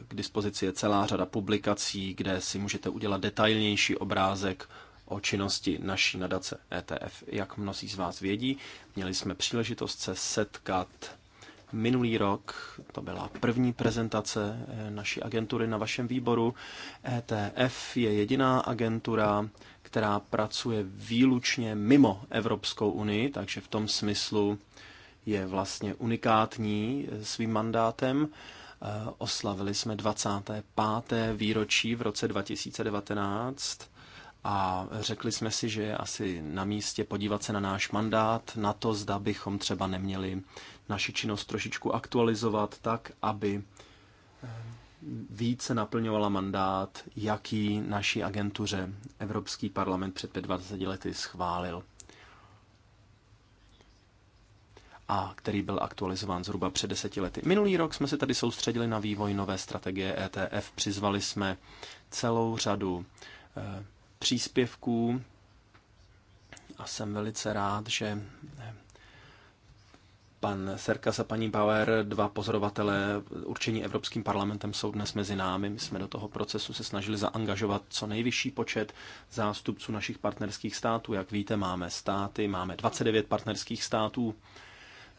K dispozici je celá řada publikací, kde si můžete udělat detailnější obrázek o činnosti naší nadace ETF. Jak mnozí z vás vědí, měli jsme příležitost se setkat minulý rok. To byla první prezentace eh, naší agentury na vašem výboru. ETF je jediná agentura, která pracuje výlučně mimo Evropskou unii, takže v tom smyslu je vlastně unikátní eh, svým mandátem. Eh, oslavili jsme 25. výročí v roce 2019 a řekli jsme si, že je asi na místě podívat se na náš mandát, na to, zda bychom třeba neměli naši činnost trošičku aktualizovat tak, aby eh, více naplňovala mandát, jaký naší agentuře Evropský parlament před 25 lety schválil a který byl aktualizován zhruba před deseti lety. Minulý rok jsme se tady soustředili na vývoj nové strategie ETF, přizvali jsme celou řadu eh, příspěvků a jsem velice rád, že pan Serkas a paní Bauer, dva pozorovatele určení Evropským parlamentem, jsou dnes mezi námi. My jsme do toho procesu se snažili zaangažovat co nejvyšší počet zástupců našich partnerských států. Jak víte, máme státy, máme 29 partnerských států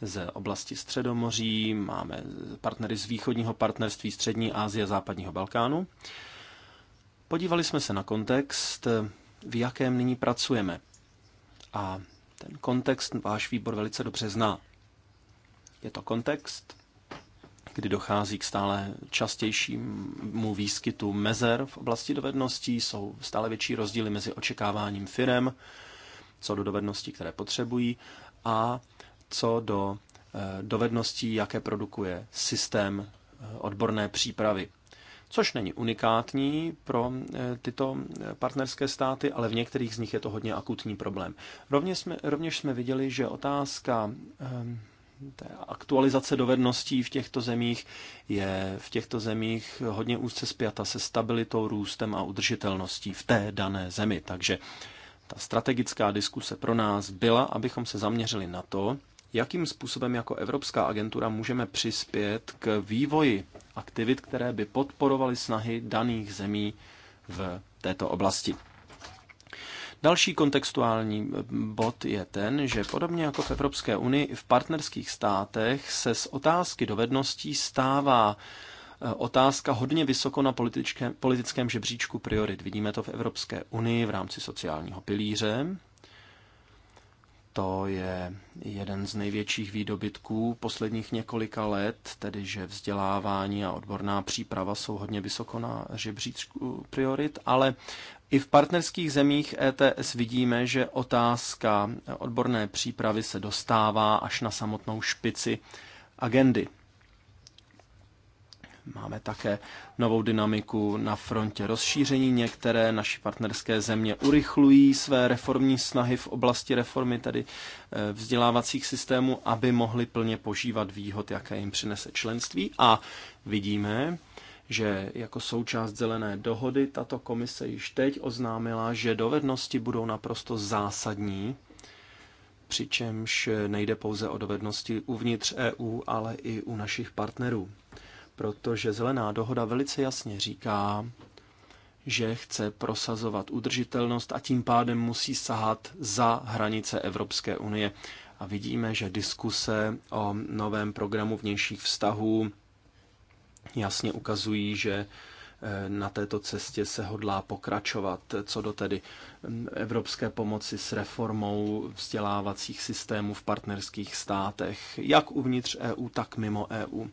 z oblasti Středomoří, máme partnery z východního partnerství Střední Asie a západního Balkánu. Podívali jsme se na kontext, v jakém nyní pracujeme. A ten kontext váš výbor velice dobře zná. Je to kontext, kdy dochází k stále častějšímu výskytu mezer v oblasti dovedností, jsou stále větší rozdíly mezi očekáváním firem, co do dovedností, které potřebují, a co do eh, dovedností, jaké produkuje systém eh, odborné přípravy což není unikátní pro eh, tyto eh, partnerské státy, ale v některých z nich je to hodně akutní problém. Rovněž jsme, rovněž jsme viděli, že otázka ehm, té aktualizace dovedností v těchto zemích je v těchto zemích hodně úzce spjata se stabilitou, růstem a udržitelností v té dané zemi. Takže ta strategická diskuse pro nás byla, abychom se zaměřili na to, jakým způsobem jako Evropská agentura můžeme přispět k vývoji aktivit, které by podporovaly snahy daných zemí v této oblasti. Další kontextuální eh, bod je ten, že podobně jako v Evropské unii, v partnerských státech se z otázky dovedností stává eh, otázka hodně vysoko na politickém, politickém žebříčku priorit. Vidíme to v Evropské unii v rámci sociálního pilíře, to je jeden z největších výdobytků posledních několika let, tedy že vzdělávání a odborná příprava jsou hodně vysoko na žebříčku priorit, ale i v partnerských zemích ETS vidíme, že otázka odborné přípravy se dostává až na samotnou špici agendy. Máme také novou dynamiku na frontě rozšíření. Některé naši partnerské země urychlují své reformní snahy v oblasti reformy, tedy eh, vzdělávacích systémů, aby mohly plně požívat výhod, jaké jim přinese členství. A vidíme, že jako součást zelené dohody tato komise již teď oznámila, že dovednosti budou naprosto zásadní, přičemž nejde pouze o dovednosti uvnitř EU, ale i u našich partnerů protože zelená dohoda velice jasně říká, že chce prosazovat udržitelnost a tím pádem musí sahat za hranice Evropské unie. A vidíme, že diskuse o novém programu vnějších vztahů jasně ukazují, že eh, na této cestě se hodlá pokračovat, co do tedy mm, evropské pomoci s reformou vzdělávacích systémů v partnerských státech, jak uvnitř EU, tak mimo EU.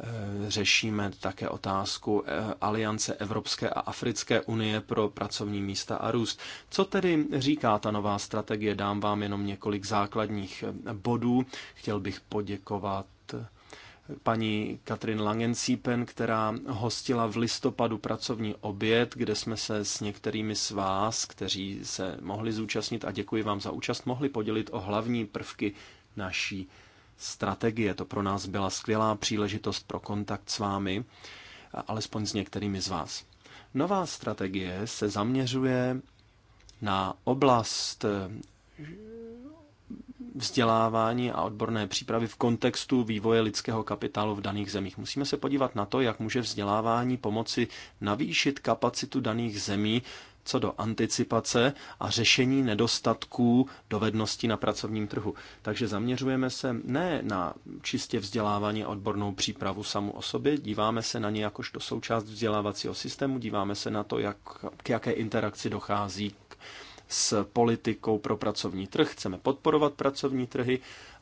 Eh, řešíme také otázku eh, Aliance Evropské a Africké unie pro pracovní místa a růst. Co tedy říká ta nová strategie? Dám vám jenom několik základních eh, bodů. Chtěl bych poděkovat paní Katrin Langensípen, která hostila v listopadu pracovní oběd, kde jsme se s některými z vás, kteří se mohli zúčastnit, a děkuji vám za účast, mohli podělit o hlavní prvky naší strategie. To pro nás byla skvělá příležitost pro kontakt s vámi, alespoň s některými z vás. Nová strategie se zaměřuje na oblast eh, vzdělávání a odborné přípravy v kontextu vývoje lidského kapitálu v daných zemích. Musíme se podívat na to, jak může vzdělávání pomoci navýšit kapacitu daných zemí co do anticipace a řešení nedostatků dovedností na pracovním trhu. Takže zaměřujeme se ne na čistě vzdělávání a odbornou přípravu samu o sobě, díváme se na ně jakožto součást vzdělávacího systému, díváme se na to, jak, k jaké interakci dochází s politikou pro pracovní trh. Chceme podporovat pracovní trhy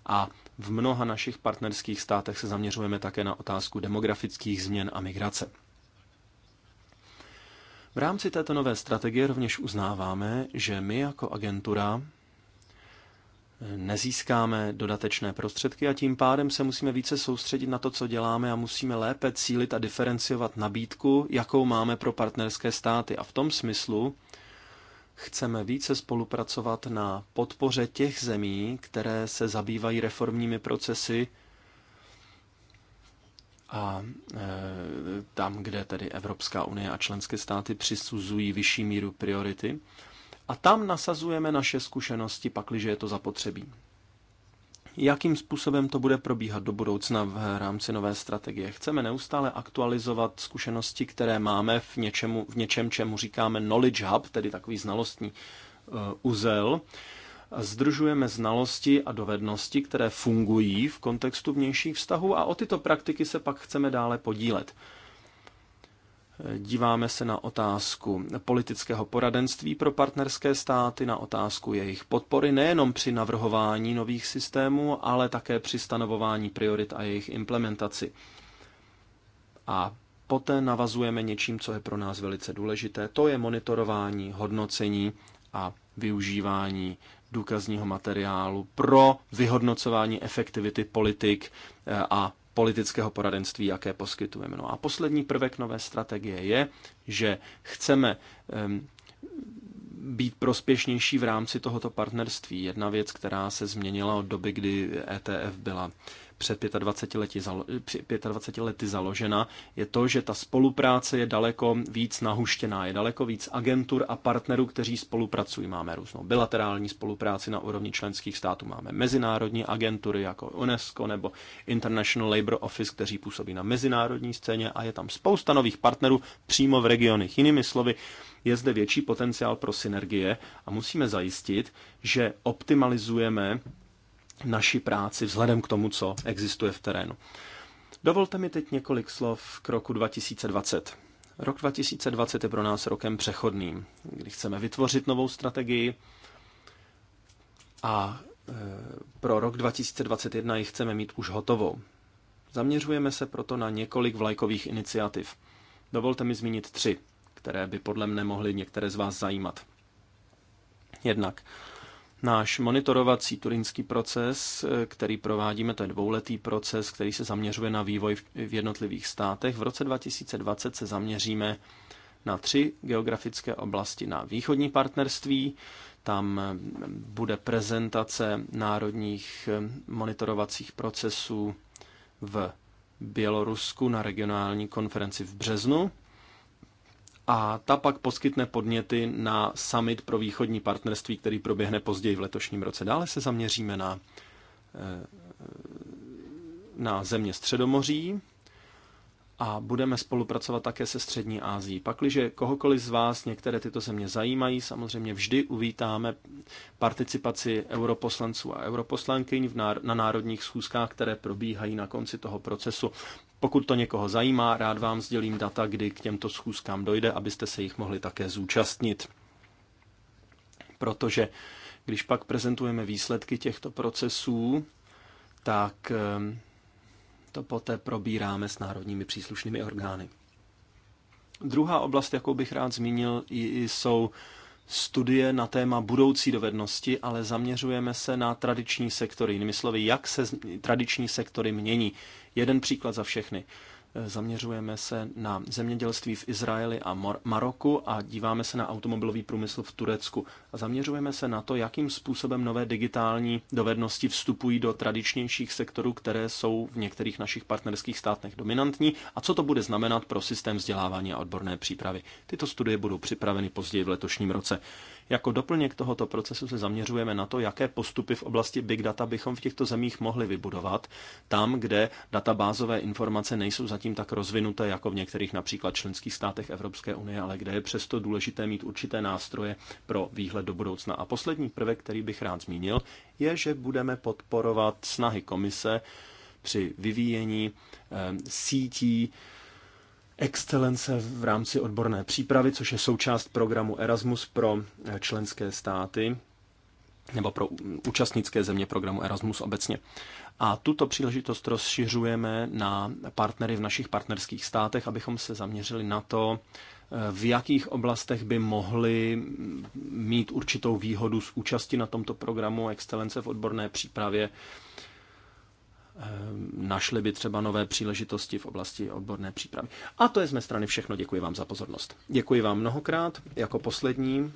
a v mnoha našich partnerských státech se zaměřujeme také na otázku demografických změn a migrace. V rámci této nové strategie rovněž uznáváme, že my jako agentura nezískáme dodatečné prostředky a tím pádem se musíme více soustředit na to, co děláme a musíme lépe cílit a diferenciovat nabídku, jakou máme pro partnerské státy. A v tom smyslu chceme více spolupracovat na podpoře těch zemí, které se zabývají reformními procesy a e, tam, kde tedy Evropská unie a členské státy přisuzují vyšší míru priority. A tam nasazujeme naše zkušenosti, pakliže je to zapotřebí. Jakým způsobem to bude probíhat do budoucna v rámci nové strategie? Chceme neustále aktualizovat zkušenosti, které máme v, něčemu, v něčem, čemu říkáme knowledge hub, tedy takový znalostní e, uzel, združujeme znalosti a dovednosti, které fungují v kontextu vnějších vztahů a o tyto praktiky se pak chceme dále podílet. Díváme se na otázku politického poradenství pro partnerské státy, na otázku jejich podpory nejenom při navrhování nových systémů, ale také při stanovování priorit a jejich implementaci. A poté navazujeme něčím, co je pro nás velice důležité, to je monitorování, hodnocení a využívání důkazního materiálu pro vyhodnocování efektivity politik eh, a politického poradenství, jaké poskytujeme. No a poslední prvek nové strategie je, že chceme ehm, být prospěšnější v rámci tohoto partnerství. Jedna věc, která se změnila od doby, kdy ETF byla před 25 lety, zalo, 25 lety založena, je to, že ta spolupráce je daleko víc nahuštěná, je daleko víc agentur a partnerů, kteří spolupracují. Máme různou bilaterální spolupráci na úrovni členských států, máme mezinárodní agentury jako UNESCO nebo International Labour Office, kteří působí na mezinárodní scéně a je tam spousta nových partnerů přímo v regionech. Jinými slovy, je zde větší potenciál pro synergie a musíme zajistit, že optimalizujeme naši práci vzhledem k tomu, co existuje v terénu. Dovolte mi teď několik slov k roku 2020. Rok 2020 je pro nás rokem přechodným, kdy chceme vytvořit novou strategii a e, pro rok 2021 ji chceme mít už hotovou. Zaměřujeme se proto na několik vlajkových iniciativ. Dovolte mi zmínit tři, které by podle mne mohly některé z vás zajímat. Jednak Náš monitorovací turinský proces, eh, který provádíme, to je dvouletý proces, který se zaměřuje na vývoj v jednotlivých státech. V roce 2020 se zaměříme na tři geografické oblasti na východní partnerství. Tam eh, bude prezentace národních eh, monitorovacích procesů v Bělorusku na regionální konferenci v březnu a ta pak poskytne podněty na summit pro východní partnerství, který proběhne později v letošním roce. Dále se zaměříme na, eh, na země Středomoří a budeme spolupracovat také se Střední Ázií. Pakliže kohokoliv z vás některé tyto země zajímají, samozřejmě vždy uvítáme participaci europoslanců a europoslankyň na národních schůzkách, které probíhají na konci toho procesu. Pokud to někoho zajímá, rád vám sdělím data, kdy k těmto schůzkám dojde, abyste se jich mohli také zúčastnit. Protože když pak prezentujeme výsledky těchto procesů, tak ehm, to poté probíráme s národními příslušnými orgány. Druhá oblast, jakou bych rád zmínil, jsou studie na téma budoucí dovednosti, ale zaměřujeme se na tradiční sektory. Jinými slovy, jak se tradiční sektory mění, jeden příklad za všechny. Eh, zaměřujeme se na zemědělství v Izraeli a Maroku a díváme se na automobilový průmysl v Turecku. A zaměřujeme se na to, jakým způsobem nové digitální dovednosti vstupují do tradičnějších sektorů, které jsou v některých našich partnerských státech dominantní a co to bude znamenat pro systém vzdělávání a odborné přípravy. Tyto studie budou připraveny později v letošním roce. Jako doplněk tohoto procesu se zaměřujeme na to, jaké postupy v oblasti big data bychom v těchto zemích mohli vybudovat, tam, kde databázové informace nejsou zatím tak rozvinuté, jako v některých například členských státech Evropské unie, ale kde je přesto důležité mít určité nástroje pro výhled do budoucna. A poslední prvek, který bych rád zmínil, je, že budeme podporovat snahy komise při vyvíjení eh, sítí excelence v rámci odborné přípravy, což je součást programu Erasmus pro eh, členské státy nebo pro účastnické země programu Erasmus obecně. A tuto příležitost rozšiřujeme na partnery v našich partnerských státech, abychom se zaměřili na to, eh, v jakých oblastech by mohli mm, mít určitou výhodu z účasti na tomto programu Excelence v odborné přípravě Ehm, našli by třeba nové příležitosti v oblasti odborné přípravy. A to je z mé strany všechno. Děkuji vám za pozornost. Děkuji vám mnohokrát. Jako poslední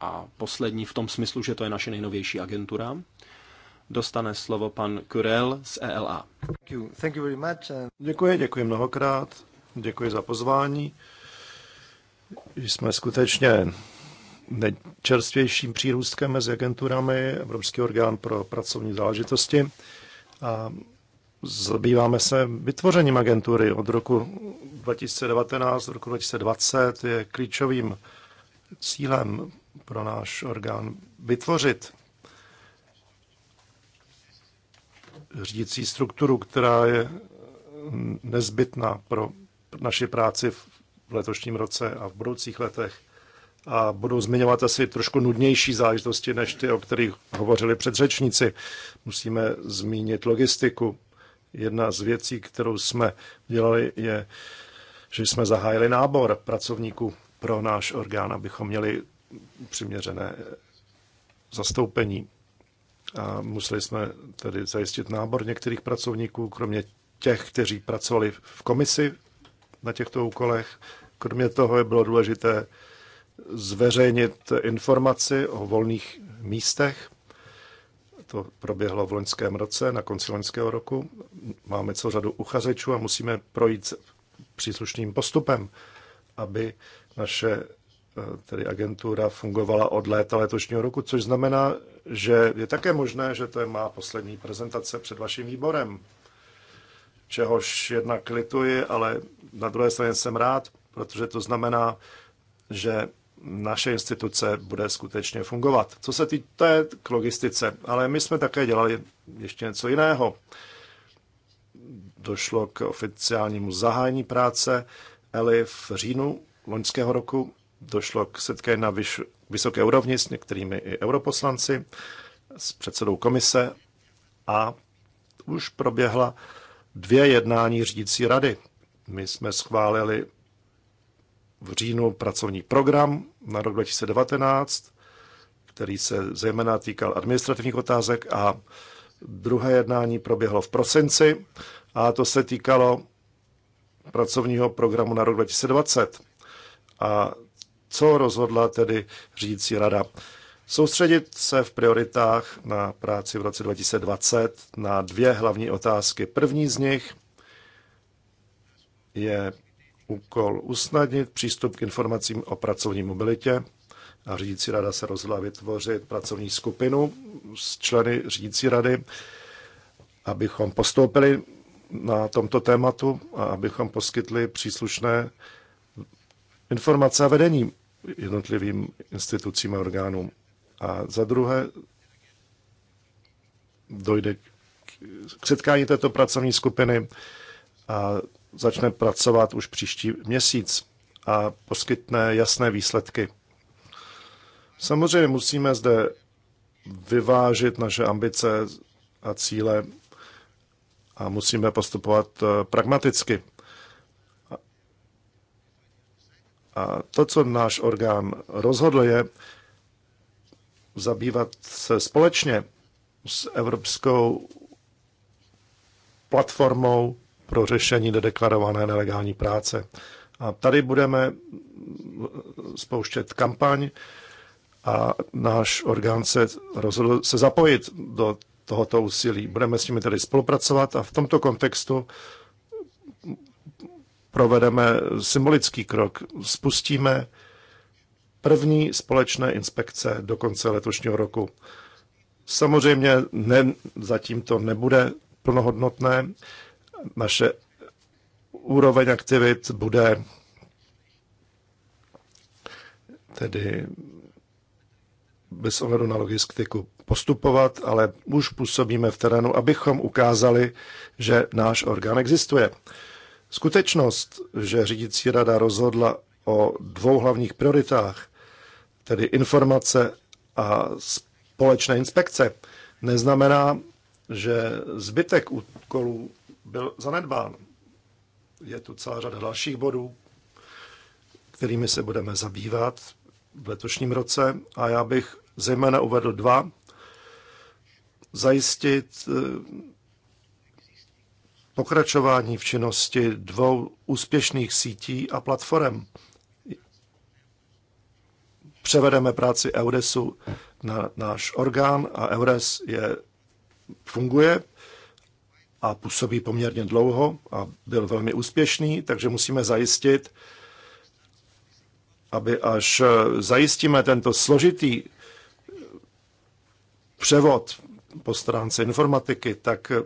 a poslední v tom smyslu, že to je naše nejnovější agentura, dostane slovo pan Kurel z ELA. Uh, děkuji, děkuji mnohokrát. Děkuji za pozvání. Jsme skutečně nejčerstvějším přírůstkem mezi agenturami, Evropský orgán pro pracovní záležitosti. A zabýváme se vytvořením agentury od roku 2019 do roku 2020 je klíčovým cílem pro náš orgán vytvořit řídící strukturu, která je nezbytná pro naši práci v letošním roce a v budoucích letech a budou zmiňovat asi trošku nudnější záležitosti než ty, o kterých hovořili předřečníci. Musíme zmínit logistiku. Jedna z věcí, kterou jsme dělali, je, že jsme zahájili nábor pracovníků pro náš orgán, abychom měli přiměřené zastoupení. A museli jsme tedy zajistit nábor některých pracovníků, kromě těch, kteří pracovali v komisi na těchto úkolech. Kromě toho je bylo důležité zveřejnit informaci o volných místech. To proběhlo v loňském roce, na konci loňského roku. Máme celou řadu uchazečů a musíme projít příslušným postupem, aby naše eh, tedy agentura fungovala od léta letošního roku, což znamená, že je také možné, že to je má poslední prezentace před vaším výborem, čehož jednak lituji, ale na druhé straně jsem rád, protože to znamená, že naše instituce bude skutečně fungovat. Co se týče k logistice, ale my jsme také dělali ještě něco jiného. Došlo k oficiálnímu zahájení práce ELI v říjnu loňského roku. Došlo k setkání na vyš- vysoké úrovni s některými i europoslanci, s předsedou komise a už proběhla dvě jednání řídící rady. My jsme schválili v říjnu pracovní program na rok 2019, který se zejména týkal administrativních otázek a druhé jednání proběhlo v prosinci a to se týkalo pracovního programu na rok 2020. A co rozhodla tedy řídící rada? Soustředit se v prioritách na práci v roce 2020 na dvě hlavní otázky. První z nich je úkol usnadnit přístup k informacím o pracovní mobilitě a řídící rada se rozhodla vytvořit pracovní skupinu s členy řídící rady, abychom postoupili na tomto tématu a abychom poskytli příslušné informace a vedení jednotlivým institucím a orgánům. A za druhé dojde k setkání této pracovní skupiny a začne pracovat už příští měsíc a poskytne jasné výsledky. Samozřejmě musíme zde vyvážit naše ambice a cíle a musíme postupovat eh, pragmaticky. A to, co náš orgán rozhodl, je zabývat se společně s Evropskou platformou pro řešení nedeklarované nelegální práce. A tady budeme spouštět kampaň a náš orgán se rozhodl se zapojit do tohoto úsilí. Budeme s nimi tedy spolupracovat a v tomto kontextu provedeme symbolický krok. Spustíme první společné inspekce do konce letošního roku. Samozřejmě ne, zatím to nebude plnohodnotné, naše úroveň aktivit bude tedy bez ohledu na logistiku postupovat, ale už působíme v terénu, abychom ukázali, že náš orgán existuje. Skutečnost, že řídící rada rozhodla o dvou hlavních prioritách, tedy informace a společné inspekce, neznamená, že zbytek úkolů byl zanedbán. Je tu celá řada dalších bodů, kterými se budeme zabývat v letošním roce a já bych zejména uvedl dva. Zajistit eh, pokračování v činnosti dvou úspěšných sítí a platform. Převedeme práci EURESu na náš orgán a EURES je, funguje a působí poměrně dlouho a byl velmi úspěšný, takže musíme zajistit, aby až eh, zajistíme tento složitý eh, převod po stránce informatiky, tak eh,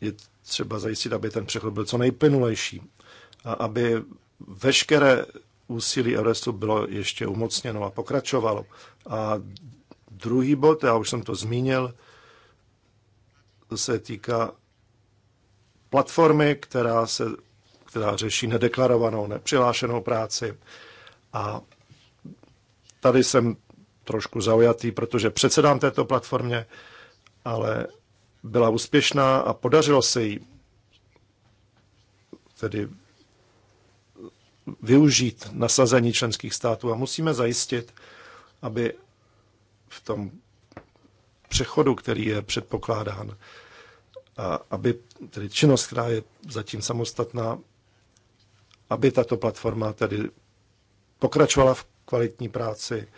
je třeba zajistit, aby ten přechod byl co nejplynulejší a aby veškeré úsilí Eurostu bylo ještě umocněno a pokračovalo. A druhý bod, já už jsem to zmínil, se týká platformy, která, se, která řeší nedeklarovanou, nepřilášenou práci. A tady jsem trošku zaujatý, protože předsedám této platformě, ale byla úspěšná a podařilo se jí tedy využít nasazení členských států a musíme zajistit, aby v tom přechodu, který je předpokládán, a aby tedy činnost, která je zatím samostatná, aby tato platforma tedy pokračovala v kvalitní práci.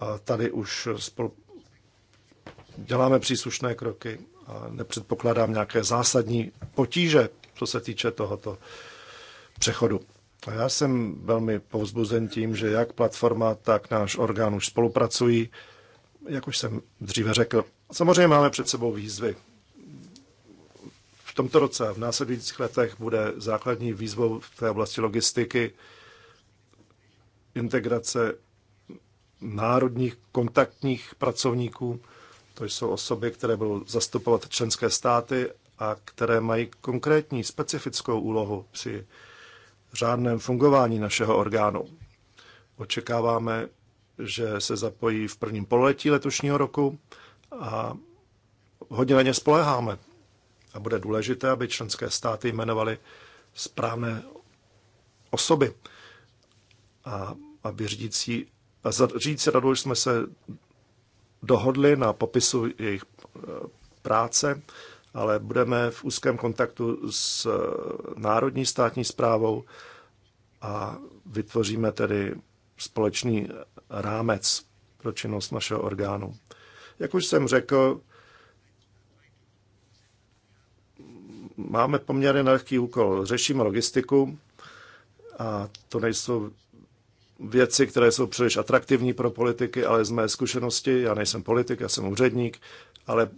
A tady už spolu děláme příslušné kroky a nepředpokládám nějaké zásadní potíže, co se týče tohoto přechodu. A já jsem velmi povzbuzen tím, že jak platforma, tak náš orgán už spolupracují, jak už jsem dříve řekl. Samozřejmě máme před sebou výzvy, v tomto roce a v následujících letech bude základní výzvou v té oblasti logistiky integrace národních kontaktních pracovníků. To jsou osoby, které budou zastupovat členské státy a které mají konkrétní specifickou úlohu při řádném fungování našeho orgánu. Očekáváme, že se zapojí v prvním pololetí letošního roku a hodně na ně spoleháme a bude důležité, aby členské státy jmenovaly správné osoby. A aby řídící, a za řídící radu jsme se dohodli na popisu jejich eh, práce, ale budeme v úzkém kontaktu s eh, národní státní zprávou a vytvoříme tedy společný eh, rámec pro činnost našeho orgánu. Jak už jsem řekl, máme poměrně nelehký úkol. Řešíme logistiku a to nejsou věci, které jsou příliš atraktivní pro politiky, ale z mé zkušenosti, já nejsem politik, já jsem úředník, ale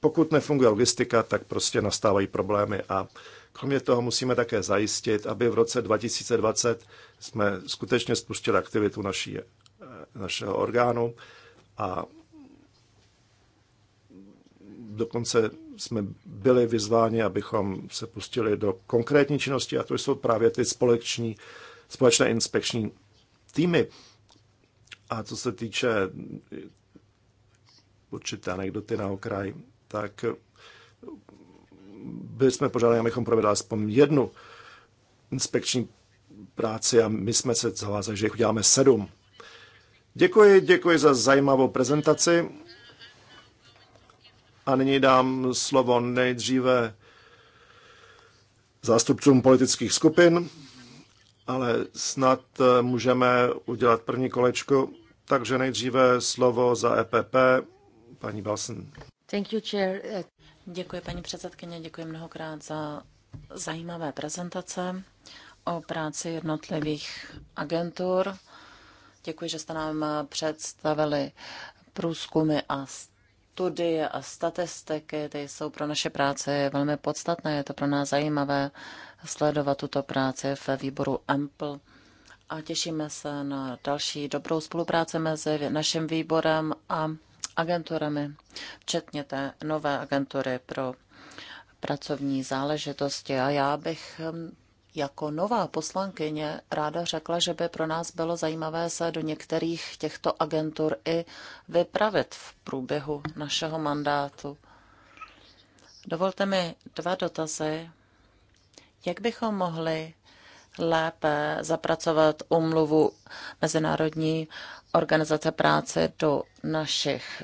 pokud nefunguje logistika, tak prostě nastávají problémy a kromě toho musíme také zajistit, aby v roce 2020 jsme skutečně spustili aktivitu naší, eh, našeho orgánu a dokonce jsme byli vyzváni, abychom se pustili do konkrétní činnosti a to jsou právě ty společní, společné inspekční týmy. A co se týče určité anekdoty na okraj, tak byli jsme požádali, abychom provedli aspoň jednu inspekční práci a my jsme se zavázali, že jich uděláme sedm. Děkuji, děkuji za zajímavou prezentaci. A nyní dám slovo nejdříve zástupcům politických skupin, ale snad eh, můžeme udělat první kolečku. Takže nejdříve slovo za EPP, paní Balsen. Thank you, chair. Děkuji, paní předsedkyně, děkuji mnohokrát za zajímavé prezentace o práci jednotlivých agentur. Děkuji, že jste nám představili průzkumy a studie a statistiky, ty jsou pro naše práce velmi podstatné. Je to pro nás zajímavé sledovat tuto práci ve výboru AMPL a těšíme se na další dobrou spolupráci mezi naším výborem a agenturami, včetně té nové agentury pro pracovní záležitosti. A já bych jako nová poslankyně ráda řekla, že by pro nás bylo zajímavé se do některých těchto agentur i vypravit v průběhu našeho mandátu. Dovolte mi dva dotazy. Jak bychom mohli lépe zapracovat umluvu Mezinárodní organizace práce do našich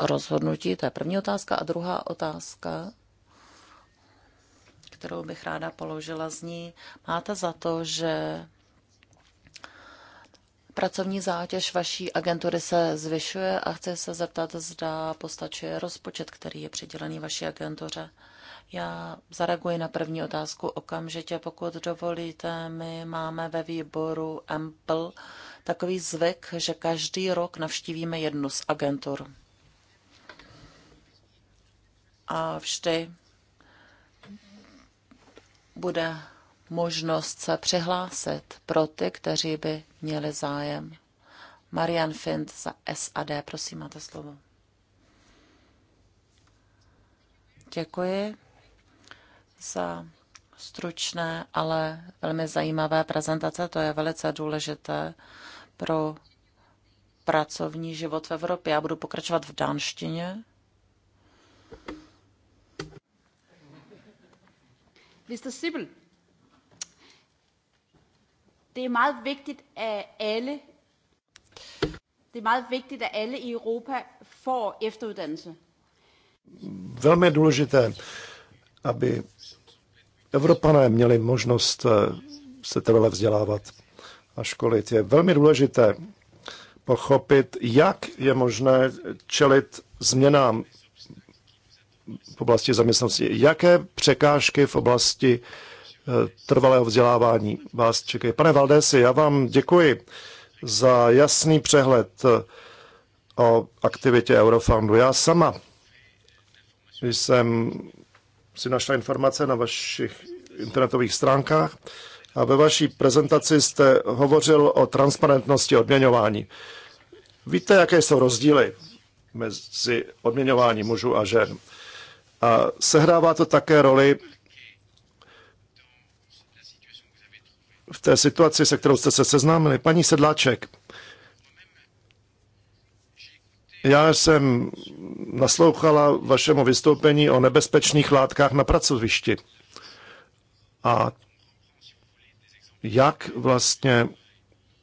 rozhodnutí? To je první otázka. A druhá otázka kterou bych ráda položila z ní. Máte za to, že pracovní zátěž vaší agentury se zvyšuje a chci se zeptat, zda postačuje rozpočet, který je přidělený vaší agentuře. Já zareaguji na první otázku okamžitě. Pokud dovolíte, my máme ve výboru EMPL takový zvyk, že každý rok navštívíme jednu z agentur. A vždy bude možnost se přihlásit pro ty, kteří by měli zájem. Marian Fint za SAD, prosím, máte slovo. Děkuji za stručné, ale velmi zajímavé prezentace. To je velice důležité pro pracovní život v Evropě. Já budu pokračovat v dánštině. Mr. Sibbel, det er meget vigtigt, at alle det er meget vigtigt, at alle i Europa får efteruddannelse. Velmi důležité, aby Evropané měli možnost eh, se trvale vzdělávat a školit. Je velmi důležité pochopit, jak je možné čelit změnám v oblasti zaměstnanosti. Jaké překážky v oblasti eh, trvalého vzdělávání vás čekají? Pane Valdési, já vám děkuji za jasný přehled eh, o aktivitě Eurofoundu. Já sama jsem si našla informace na vašich internetových stránkách a ve vaší prezentaci jste hovořil o transparentnosti odměňování. Víte, jaké jsou rozdíly mezi odměňováním mužů a žen? A sehrává to také roli v té situaci, se kterou jste se seznámili. Paní Sedláček, já jsem naslouchala vašemu vystoupení o nebezpečných látkách na pracovišti. A jak vlastně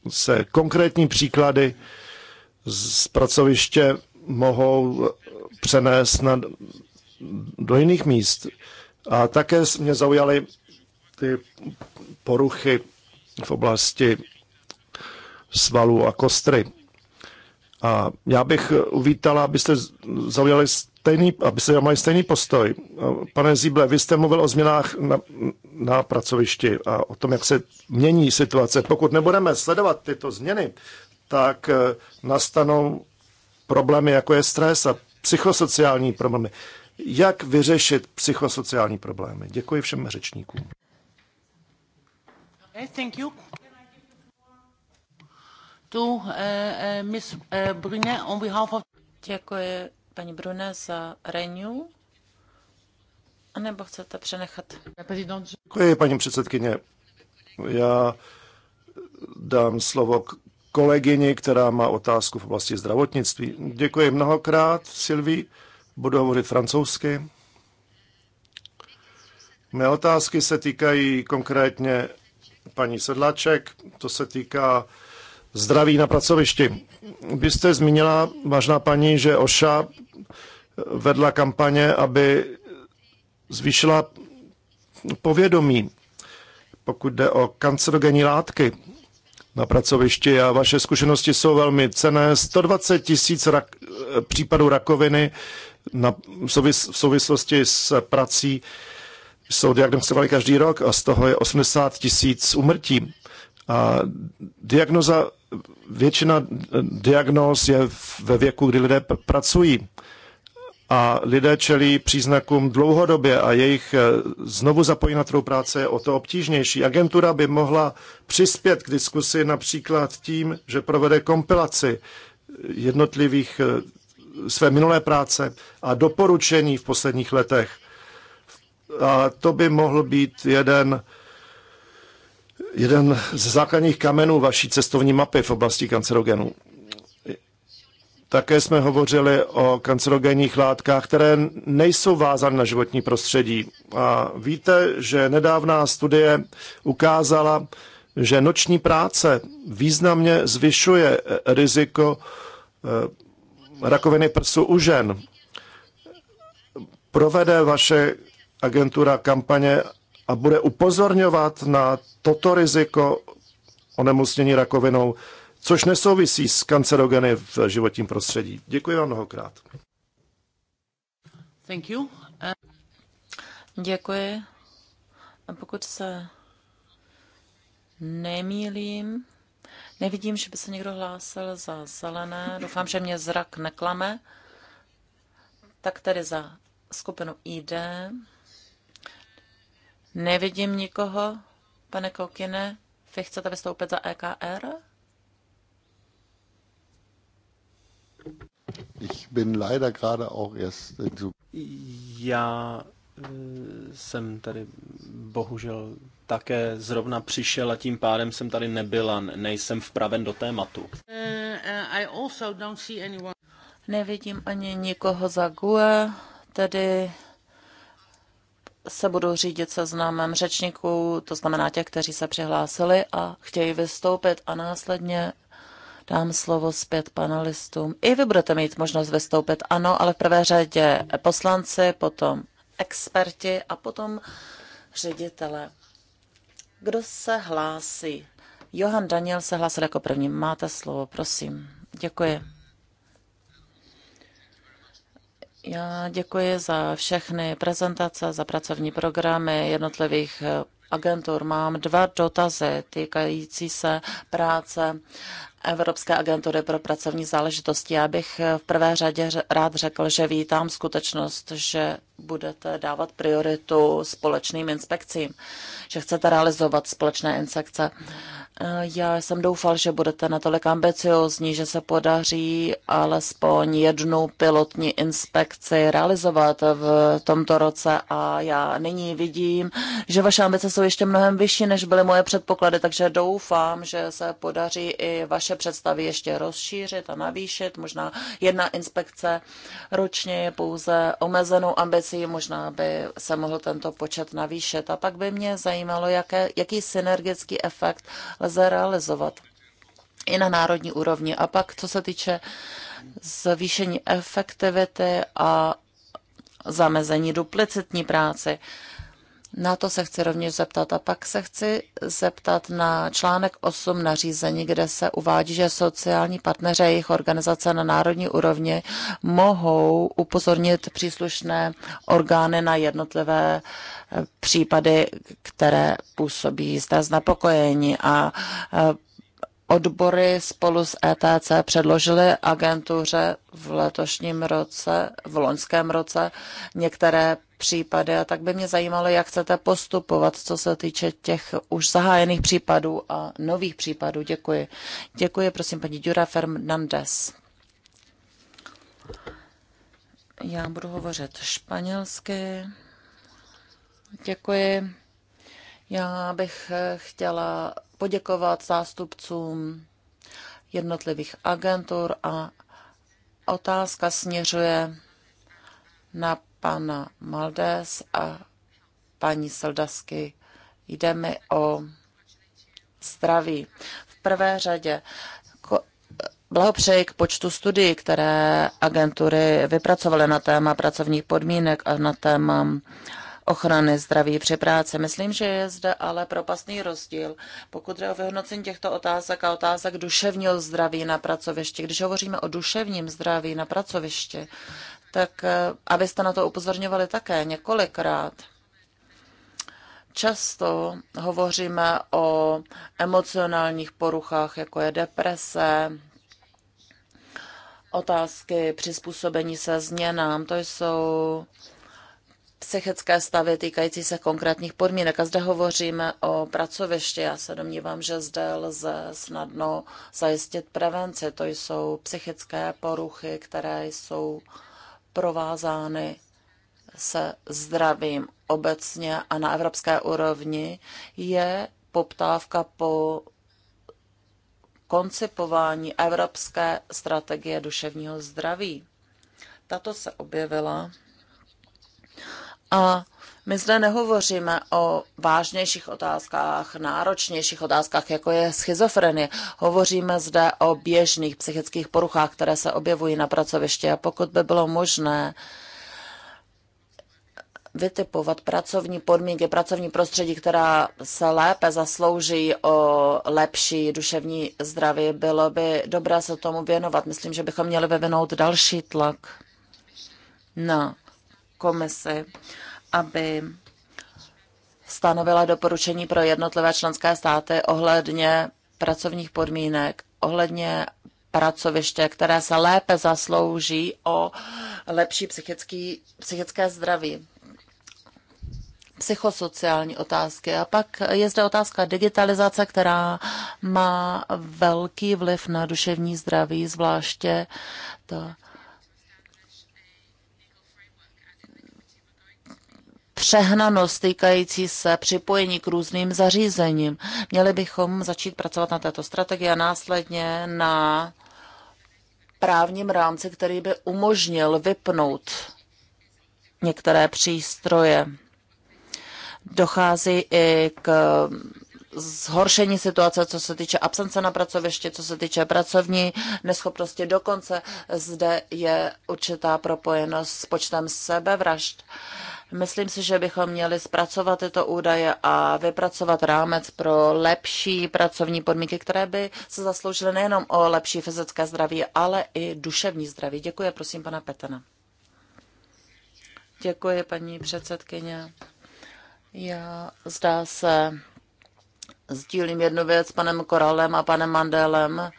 se konkrétní příklady z pracoviště mohou přenést na do jiných míst. A také mě zaujaly ty poruchy v oblasti svalů a kostry. A já bych uvítala, abyste zaujali stejný, abyste měli stejný postoj. Pane Zíble, vy jste mluvil o změnách na, na pracovišti a o tom, jak se mění situace. Pokud nebudeme sledovat tyto změny, tak eh, nastanou problémy, jako je stres a psychosociální problémy jak vyřešit psychosociální problémy. Děkuji všem řečníkům. Okay, thank you. To, uh, Miss, eh, Brune on behalf of... Děkuji paní Brune za Renew. A nebo chcete přenechat? Děkuji, paní předsedkyně. Já dám slovo kolegyni, která má otázku v oblasti zdravotnictví. Děkuji mnohokrát, Silví. Budu hovořit francouzsky. Mé otázky se týkají konkrétně paní Sedláček, to se týká zdraví na pracovišti. Vy jste zmínila, vážná paní, že OŠA vedla kampaně, aby zvýšila povědomí, pokud jde o kancerogenní látky na pracovišti a vaše zkušenosti jsou velmi cené. 120 tisíc rak, případů rakoviny na, v souvislosti s prací jsou diagnostikovali každý rok a z toho je 80 tisíc umrtí. A diagnoza, většina diagnóz je ve věku, kdy lidé pr pracují a lidé čelí příznakům dlouhodobě a jejich eh, znovu zapojení na trhu práce je o to obtížnější. Agentura by mohla přispět k diskusi například tím, že provede kompilaci jednotlivých eh, své minulé práce a doporučení v posledních letech. A to by mohl být jeden, jeden z základních kamenů vaší cestovní mapy v oblasti kancerogenů. Také jsme hovořili o kancerogenních látkách, které nejsou vázané na životní prostředí. A víte, že nedávná studie ukázala, že noční práce významně zvyšuje riziko eh, rakoviny prsu u žen. Provede vaše agentura kampaně a bude upozorňovat na toto riziko onemocnění rakovinou, což nesouvisí s kancerogeny v životním prostředí. Děkuji vám mnohokrát. Thank you. Uh, děkuji. A pokud se nemýlím, Nevidím, že by se někdo hlásil za zelené. Doufám, že mě zrak neklame. Tak tedy za skupinu ID. Nevidím nikoho. Pane Koukine, vy chcete vystoupit za EKR? Ich bin leider gerade auch erst in Já eh, jsem tady bohužel také zrovna přišel a tím pádem jsem tady nebyl a nejsem vpraven do tématu. Eh, eh, Nevidím ani nikoho za GUE, tedy se budou řídit známem řečníků, to znamená těch, kteří se přihlásili a chtějí vystoupit a následně dám slovo zpět panelistům. I vy budete mít možnost vystoupit, ano, ale v prvé řadě poslanci, potom experti a potom ředitele. Kdo se hlásí? Johan Daniel se hlásil jako první. Máte slovo, prosím. Děkuji. Já děkuji za všechny prezentace, za pracovní programy jednotlivých eh, agentur. Mám dva dotazy týkající se práce Evropské agentury pro pracovní záležitosti. Já bych eh, v prvé řadě rád řekl, že vítám skutečnost, že budete dávat prioritu společným inspekcím že chcete realizovat společné insekce. E, já jsem doufal, že budete natolik ambiciozní, že se podaří alespoň jednu pilotní inspekci realizovat v tomto roce a já nyní vidím, že vaše ambice jsou ještě mnohem vyšší, než byly moje předpoklady, takže doufám, že se podaří i vaše představy ještě rozšířit a navýšit. Možná jedna inspekce ročně je pouze omezenou ambicí, možná by se mohl tento počet navýšit. A pak by mě zajímalo, zajímalo, jaké, jaký synergický efekt lze realizovat i na národní úrovni. A pak, co se týče zvýšení efektivity a zamezení duplicitní práce. Na to se chci rovněž zeptat. A pak se chci zeptat na článek 8 nařízení, kde se uvádí, že sociální partneři a jejich organizace na národní úrovni mohou upozornit příslušné orgány na jednotlivé eh, případy, které působí zde znepokojení a eh, odbory spolu s ETC předložily agentuře v letošním roce, v loňském roce některé případy a tak by mě zajímalo, jak chcete postupovat, co se týče těch už zahájených případů a nových případů. Děkuji. Děkuji, prosím, paní Dura Fernandez. Já budu hovořit španělsky. Děkuji. Já bych chtěla poděkovat zástupcům jednotlivých agentur a otázka směřuje na pana Maldés a paní Seldasky. Jde mi o zdraví. V prvé řadě blahopřeji k počtu studií, které agentury vypracovaly na téma pracovních podmínek a na téma uh, ochrany zdraví při práci. Myslím, že je zde ale propastný rozdíl, pokud jde o vyhodnocení těchto otázek a otázek duševního zdraví na pracovišti. Když hovoříme o duševním zdraví na pracovišti, tak eh, abyste na to upozorňovali také několikrát. Často hovoříme o emocionálních poruchách, jako je deprese, otázky přizpůsobení se změnám. To jsou psychické stavy týkající se konkrétních podmínek. A zde hovoříme o pracovišti. Já se domnívám, že zde lze snadno zajistit prevenci. To jsou psychické poruchy, které jsou provázány se zdravím obecně a na evropské úrovni je poptávka po koncipování evropské strategie duševního zdraví. Tato se objevila a my zde nehovoříme o vážnějších otázkách, náročnějších otázkách, jako je schizofrenie. Hovoříme zde o běžných psychických poruchách, které se objevují na pracovišti. A pokud by bylo možné vytipovat pracovní podmínky, pracovní prostředí, která se lépe zaslouží o lepší duševní zdraví, bylo by dobré se tomu věnovat. Myslím, že bychom měli vyvinout další tlak na komisi, aby stanovila doporučení pro jednotlivé členské státy ohledně pracovních podmínek, ohledně pracoviště, které se lépe zaslouží o lepší psychický, psychické zdraví psychosociální otázky. A pak je zde otázka digitalizace, která má velký vliv na duševní zdraví, zvláště to přehnanost týkající se připojení k různým zařízením. Měli bychom začít pracovat na této strategii a následně na právním rámci, který by umožnil vypnout některé přístroje. Dochází i k zhoršení situace, co se týče absence na pracovišti, co se týče pracovní neschopnosti. Dokonce zde je určitá propojenost s počtem sebevražd. Myslím si, že bychom měli zpracovat tyto údaje a vypracovat rámec pro lepší pracovní podmínky, které by se zasloužily nejenom o lepší fyzické zdraví, ale i duševní zdraví. Děkuji, prosím, pana Petena. Děkuji, paní předsedkyně. Já zdá se, sdílím jednu věc s panem Koralem a panem Mandelem.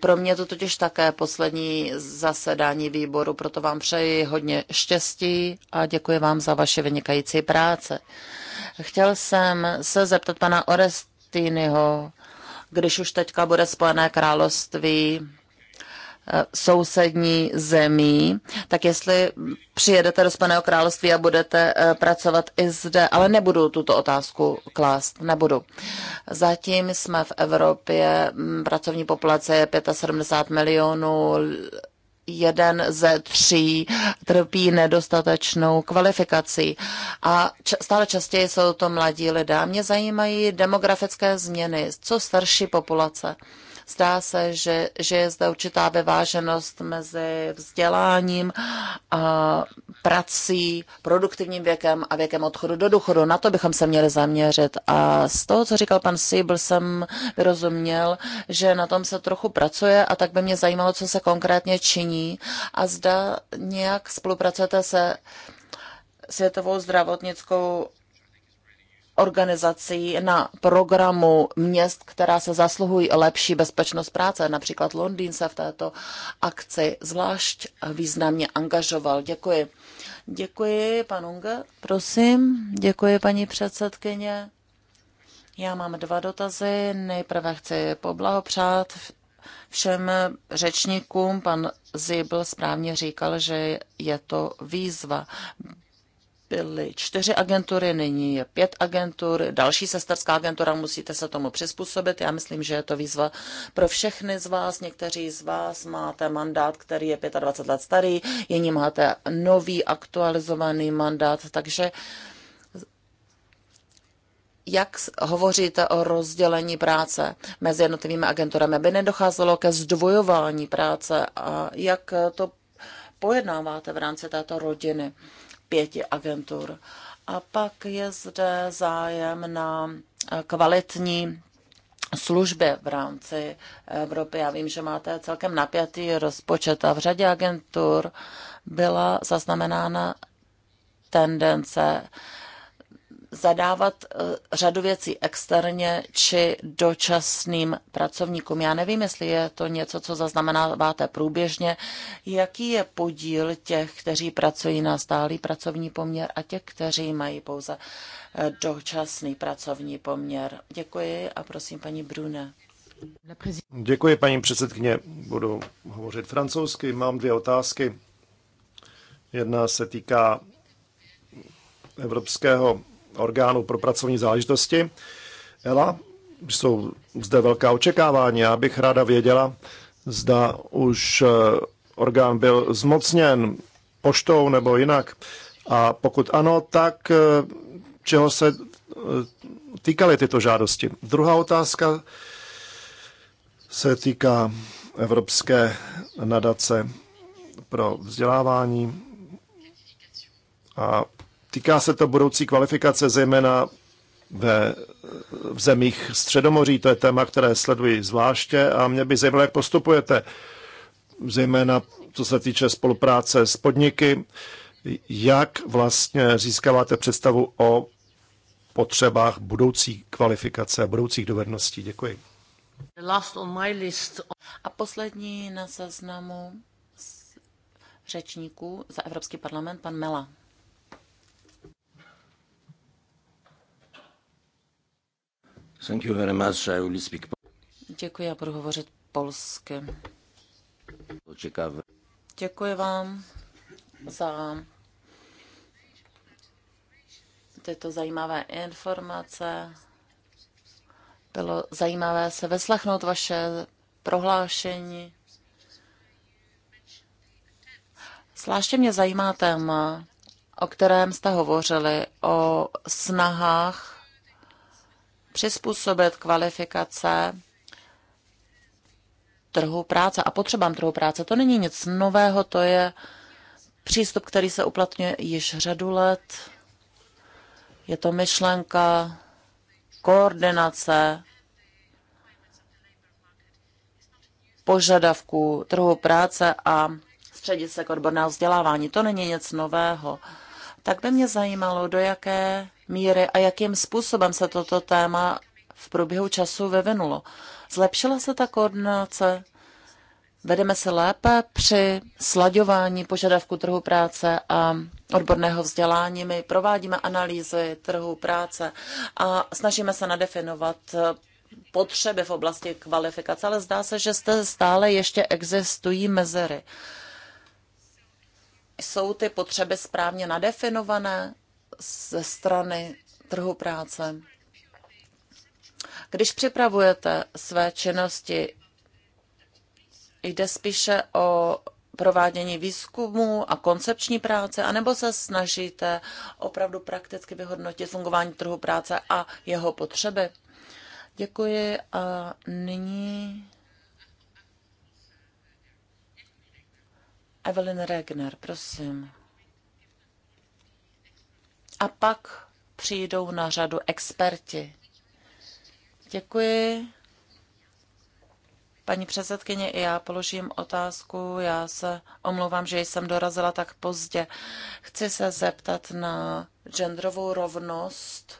Pro mě to totiž také poslední zasedání výboru, proto vám přeji hodně štěstí a děkuji vám za vaše vynikající práce. Chtěl jsem se zeptat pana Orestýnyho, když už teďka bude Spojené království Eh, sousední zemí, tak jestli přijedete do Spaného království a budete eh, pracovat i zde, ale nebudu tuto otázku klást, nebudu. Zatím jsme v Evropě, mm, pracovní populace je 75 milionů, jeden ze tří trpí nedostatečnou kvalifikací. A stále častěji jsou to mladí lidé. Mě zajímají demografické změny, co starší populace. Zdá se, že, že je zde určitá vyváženost mezi vzděláním a prací, produktivním věkem a věkem odchodu do důchodu. Na to bychom se měli zaměřit. A z toho, co říkal pan Siebel, jsem vyrozuměl, že na tom se trochu pracuje a tak by mě zajímalo, co se konkrétně činí a zda nějak spolupracujete se Světovou zdravotnickou organizací na programu měst, která se zasluhují lepší bezpečnost práce. Například Londýn se v této akci zvlášť významně angažoval. Děkuji. Děkuji, pan Unge, prosím. Děkuji, paní předsedkyně. Já mám dva dotazy. Nejprve chci poblahopřát všem řečníkům. Pan Zibl správně říkal, že je to výzva byly čtyři agentury, nyní je pět agentur, další sesterská agentura, musíte se tomu přizpůsobit. Já myslím, že je to výzva pro všechny z vás. Někteří z vás máte mandát, který je 25 let starý, jiní máte nový aktualizovaný mandát, takže jak hovoříte o rozdělení práce mezi jednotlivými agenturami, aby nedocházelo ke zdvojování práce a jak to pojednáváte v rámci této rodiny pěti agentur. A pak je zde zájem na eh, kvalitní služby v rámci Evropy. Já vím, že máte celkem napjatý rozpočet a v řadě agentur byla zaznamenána tendence zadávat eh, řadu věcí externě či dočasným pracovníkům. Já nevím, jestli je to něco, co zaznamenáváte průběžně. Jaký je podíl těch, kteří pracují na stálý pracovní poměr a těch, kteří mají pouze eh, dočasný pracovní poměr? Děkuji a prosím paní Brune. Děkuji, paní předsedkyně. Budu hovořit francouzsky. Mám dvě otázky. Jedna se týká evropského orgánu pro pracovní záležitosti. Ela, jsou zde velká očekávání. Já bych ráda věděla, zda už eh, orgán byl zmocněn poštou nebo jinak. A pokud ano, tak eh, čeho se eh, týkaly tyto žádosti? Druhá otázka se týká Evropské nadace pro vzdělávání a Týká se to budoucí kvalifikace, zejména ve, v zemích Středomoří. To je téma, které sleduji zvláště a mě by zajímalo, jak postupujete, zejména co se týče spolupráce s podniky, jak vlastně získáváte představu o potřebách budoucí kvalifikace a budoucích dovedností. Děkuji. A poslední na seznamu řečníků za Evropský parlament, pan Mela. Thank you very much. I will speak. Děkuji, a budu hovořit polsky. Děkuji vám za tyto zajímavé informace. Bylo zajímavé se vyslechnout vaše prohlášení. Zvláště mě zajímá téma, o kterém jste hovořili, o snahách přizpůsobit kvalifikace trhu práce a potřebám trhu práce. To není nic nového, to je přístup, který se uplatňuje již řadu let. Je to myšlenka koordinace požadavků trhu práce a středisek odborného vzdělávání. To není nic nového. Tak by mě zajímalo, do jaké míry a jakým způsobem se toto téma v průběhu času vyvinulo. Zlepšila se ta koordinace? Vedeme se lépe při slaďování požadavku trhu práce a odborného vzdělání. My provádíme analýzy trhu práce a snažíme se nadefinovat potřeby v oblasti kvalifikace, ale zdá se, že zde stále ještě existují mezery. Jsou ty potřeby správně nadefinované? ze strany trhu práce. Když připravujete své činnosti, jde spíše o provádění výzkumu a koncepční práce, anebo se snažíte opravdu prakticky vyhodnotit fungování trhu práce a jeho potřeby? Děkuji a nyní Evelyn Regner, prosím a pak přijdou na řadu experti. Děkuji. Paní předsedkyně, i já položím otázku. Já se omlouvám, že jsem dorazila tak pozdě. Chci se zeptat na genderovou rovnost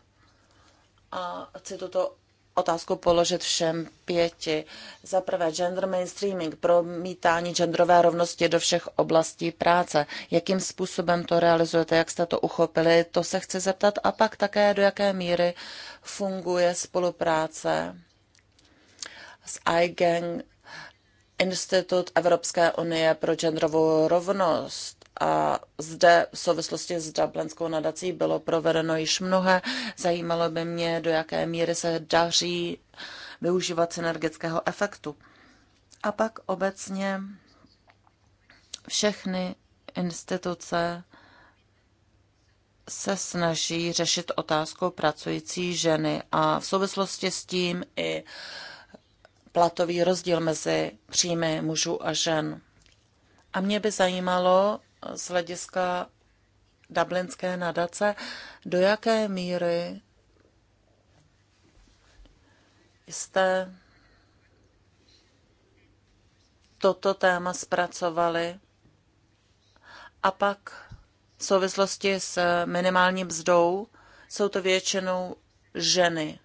a chci tuto otázku položit všem pěti. Za prvé, gender mainstreaming, promítání genderové rovnosti do všech oblastí práce. Jakým způsobem to realizujete, jak jste to uchopili, to se chci zeptat. A pak také, do jaké míry funguje spolupráce s iGang Institut Evropské unie pro genderovou rovnost a zde v souvislosti s Dublinskou nadací bylo provedeno již mnohé. Zajímalo by mě, do jaké míry se daří využívat synergického efektu. A pak obecně všechny instituce se snaží řešit otázku pracující ženy a v souvislosti s tím i platový rozdíl mezi příjmy mužů a žen. A mě by zajímalo, z hlediska dublinské nadace, do jaké míry jste toto téma zpracovali a pak v souvislosti s minimální mzdou jsou to většinou ženy,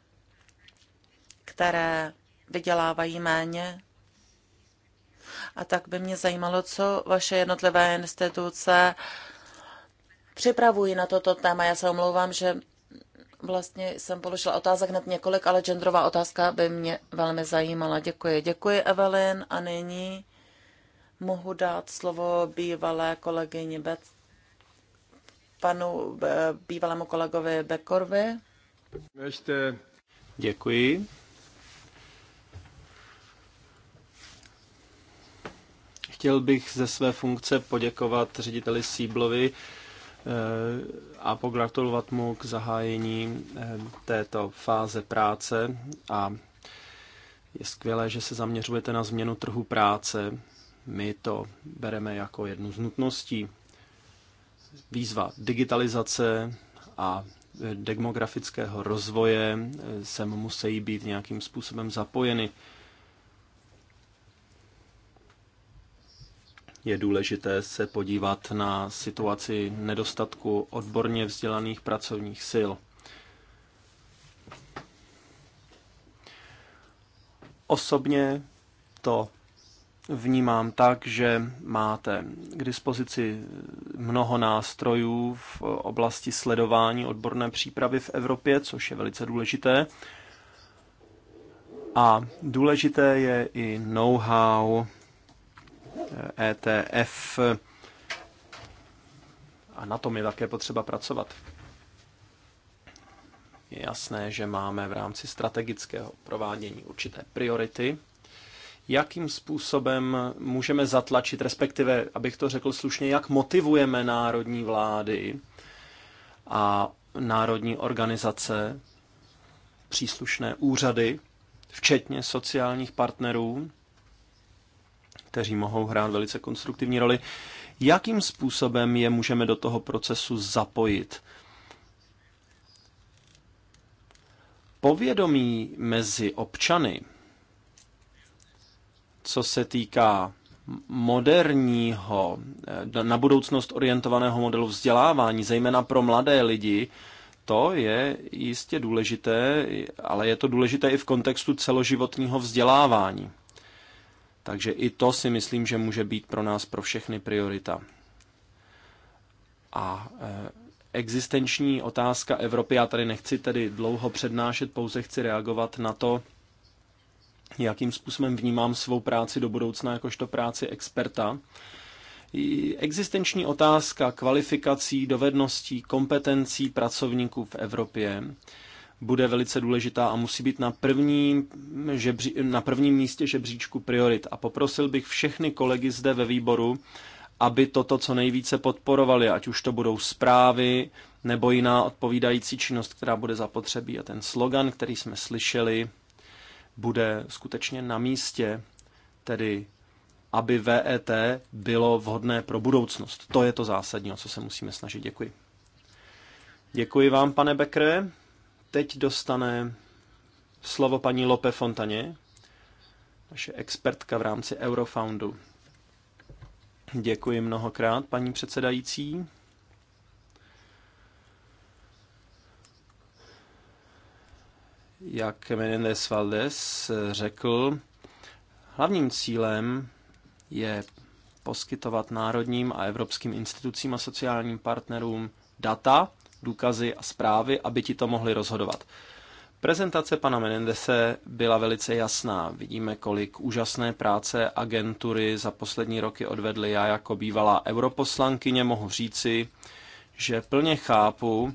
které vydělávají méně a tak by mě zajímalo, co vaše jednotlivé instituce připravují na toto téma. Já se omlouvám, že vlastně jsem položila otázek hned několik, ale genderová otázka by mě velmi zajímala. Děkuji. Děkuji, Evelyn. A nyní mohu dát slovo bývalé kolegyni Bet panu eh, bývalému kolegovi Bekorvi. Děkuji. Chtěl bych ze své funkce poděkovat řediteli Sýblovi eh, a pogratulovat mu k zahájení eh, této fáze práce a je skvělé, že se zaměřujete na změnu trhu práce. My to bereme jako jednu z nutností. Výzva digitalizace a eh, demografického rozvoje sem musí být nějakým způsobem zapojeny. je důležité se podívat na situaci nedostatku odborně vzdělaných pracovních sil. Osobně to vnímám tak, že máte k dispozici mnoho nástrojů v oblasti sledování odborné přípravy v Evropě, což je velice důležité. A důležité je i know-how ETF a na tom je také potřeba pracovat. Je jasné, že máme v rámci strategického provádění určité priority, jakým způsobem můžeme zatlačit, respektive, abych to řekl slušně, jak motivujeme národní vlády a národní organizace, příslušné úřady, včetně sociálních partnerů, kteří mohou hrát velice konstruktivní roli. Jakým způsobem je můžeme do toho procesu zapojit? Povědomí mezi občany, co se týká moderního, eh, na budoucnost orientovaného modelu vzdělávání, zejména pro mladé lidi, to je jistě důležité, ale je to důležité i v kontextu celoživotního vzdělávání. Takže i to si myslím, že může být pro nás, pro všechny priorita. A e, existenční otázka Evropy, já tady nechci tedy dlouho přednášet, pouze chci reagovat na to, jakým způsobem vnímám svou práci do budoucna jakožto práci experta. Existenční otázka kvalifikací, dovedností, kompetencí pracovníků v Evropě bude velice důležitá a musí být na prvním, žebří, na prvním místě žebříčku priorit. A poprosil bych všechny kolegy zde ve výboru, aby toto co nejvíce podporovali, ať už to budou zprávy nebo jiná odpovídající činnost, která bude zapotřebí. A ten slogan, který jsme slyšeli, bude skutečně na místě, tedy aby VET bylo vhodné pro budoucnost. To je to zásadní, o co se musíme snažit. Děkuji. Děkuji vám, pane Bekre teď dostane slovo paní Lope Fontaně, naše expertka v rámci Eurofoundu. Děkuji mnohokrát, paní předsedající. Jak Menendez Valdez řekl, hlavním cílem je poskytovat národním a evropským institucím a sociálním partnerům data důkazy a zprávy, aby ti to mohli rozhodovat. Prezentace pana Menendese byla velice jasná. Vidíme, kolik úžasné práce agentury za poslední roky odvedly. Já jako bývalá europoslankyně mohu říci, že plně chápu,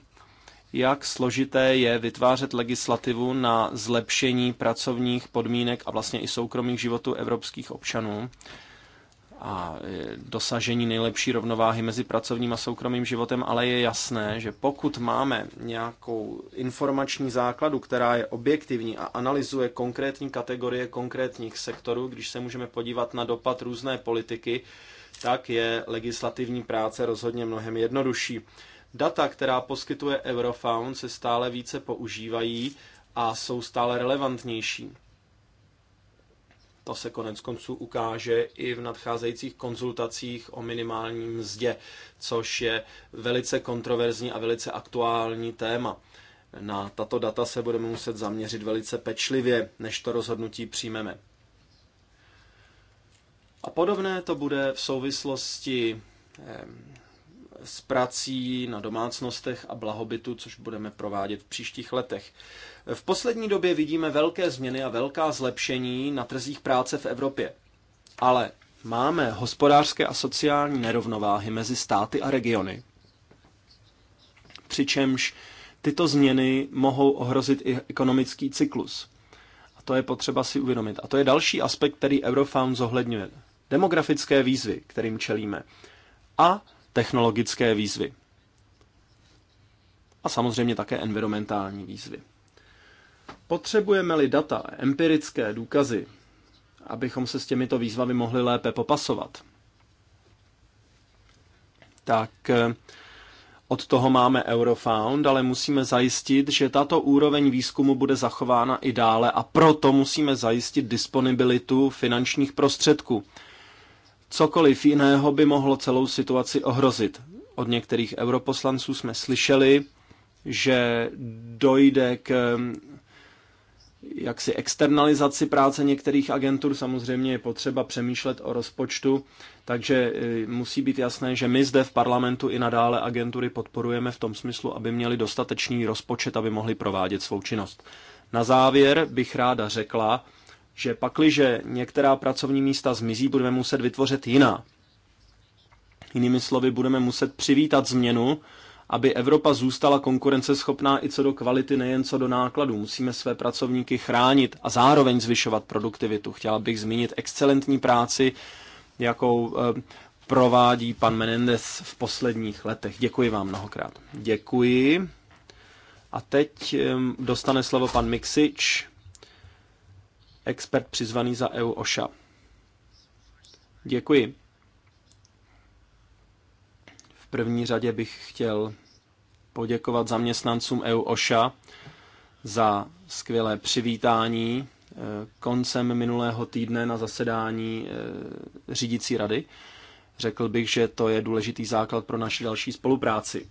jak složité je vytvářet legislativu na zlepšení pracovních podmínek a vlastně i soukromých životů evropských občanů a dosažení nejlepší rovnováhy mezi pracovním a soukromým životem, ale je jasné, že pokud máme nějakou informační základu, která je objektivní a analyzuje konkrétní kategorie konkrétních sektorů, když se můžeme podívat na dopad různé politiky, tak je legislativní práce rozhodně mnohem jednodušší. Data, která poskytuje Eurofound, se stále více používají a jsou stále relevantnější. To se konec konců ukáže i v nadcházejících konzultacích o minimálním mzdě, což je velice kontroverzní a velice aktuální téma. Na tato data se budeme muset zaměřit velice pečlivě, než to rozhodnutí přijmeme. A podobné to bude v souvislosti s prací na domácnostech a blahobytu, což budeme provádět v příštích letech. V poslední době vidíme velké změny a velká zlepšení na trzích práce v Evropě. Ale máme hospodářské a sociální nerovnováhy mezi státy a regiony. Přičemž tyto změny mohou ohrozit i ekonomický cyklus. A to je potřeba si uvědomit. A to je další aspekt, který Eurofound zohledňuje. Demografické výzvy, kterým čelíme. A technologické výzvy. A samozřejmě také environmentální výzvy. Potřebujeme-li data, empirické důkazy, abychom se s těmito výzvami mohli lépe popasovat, tak eh, od toho máme Eurofound, ale musíme zajistit, že tato úroveň výzkumu bude zachována i dále a proto musíme zajistit disponibilitu finančních prostředků. Cokoliv jiného by mohlo celou situaci ohrozit. Od některých europoslanců jsme slyšeli, že dojde k jaksi externalizaci práce některých agentur. Samozřejmě je potřeba přemýšlet o rozpočtu, takže e, musí být jasné, že my zde v parlamentu i nadále agentury podporujeme v tom smyslu, aby měli dostatečný rozpočet, aby mohli provádět svou činnost. Na závěr bych ráda řekla, že pakliže některá pracovní místa zmizí, budeme muset vytvořit jiná. Jinými slovy, budeme muset přivítat změnu, aby Evropa zůstala konkurenceschopná i co do kvality, nejen co do nákladů. Musíme své pracovníky chránit a zároveň zvyšovat produktivitu. Chtěla bych zmínit excelentní práci, jakou eh, provádí pan Menendez v posledních letech. Děkuji vám mnohokrát. Děkuji. A teď dostane slovo pan Mixič, expert přizvaný za EU OSHA. Děkuji první řadě bych chtěl poděkovat zaměstnancům EU OŠA za skvělé přivítání eh, koncem minulého týdne na zasedání eh, řídící rady. Řekl bych, že to je důležitý základ pro naši další spolupráci.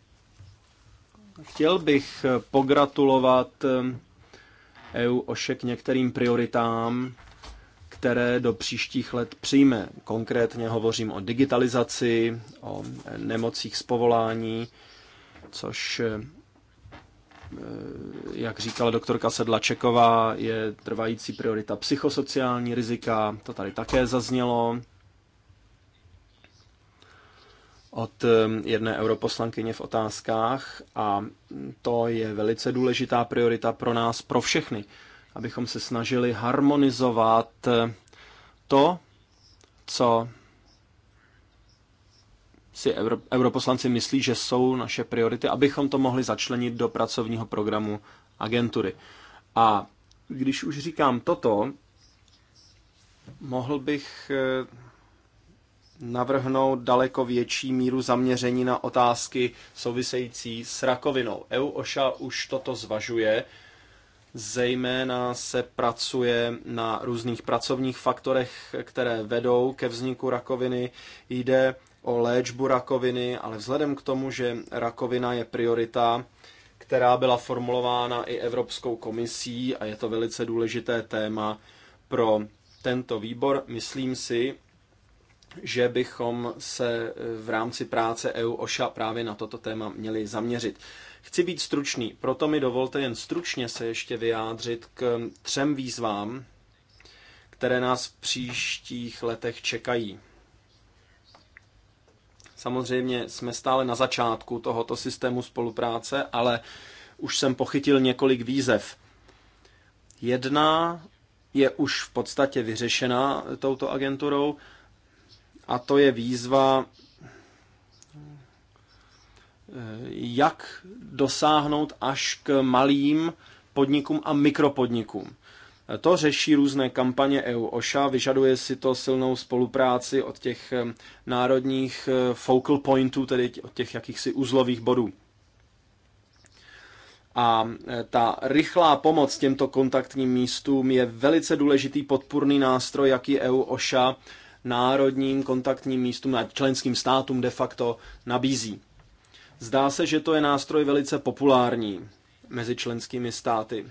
Chtěl bych eh, pogratulovat EU e OŠE k některým prioritám, které do příštích let přijme. Konkrétně hovořím o digitalizaci, o nemocích z povolání, což, eh, jak říkala doktorka Sedlačeková, je trvající priorita psychosociální rizika, to tady také zaznělo. Od eh, jedné europoslankyně v otázkách a to je velice důležitá priorita pro nás, pro všechny abychom se snažili harmonizovat eh, to, co si euro, europoslanci myslí, že jsou naše priority, abychom to mohli začlenit do pracovního programu agentury. A když už říkám toto, mohl bych eh, navrhnout daleko větší míru zaměření na otázky související s rakovinou. EU OŠA už toto zvažuje Zejména se pracuje na různých pracovních faktorech, které vedou ke vzniku rakoviny. Jde o léčbu rakoviny, ale vzhledem k tomu, že rakovina je priorita, která byla formulována i Evropskou komisí a je to velice důležité téma pro tento výbor, myslím si, že bychom se v rámci práce EU OŠA právě na toto téma měli zaměřit. Chci být stručný, proto mi dovolte jen stručně se ještě vyjádřit k třem výzvám, které nás v příštích letech čekají. Samozřejmě jsme stále na začátku tohoto systému spolupráce, ale už jsem pochytil několik výzev. Jedna je už v podstatě vyřešena touto agenturou, a to je výzva Eh, jak dosáhnout až k malým podnikům a mikropodnikům. Eh, to řeší různé kampaně EU OŠA, vyžaduje si to silnou spolupráci od těch eh, národních focal pointů, tedy od těch jakýchsi uzlových bodů. A ta rychlá pomoc těmto kontaktním místům je velice důležitý podpůrný nástroj, jaký EU OŠA národním kontaktním místům a členským státům de facto nabízí. Zdá se, že to je nástroj velice populární mezi členskými státy.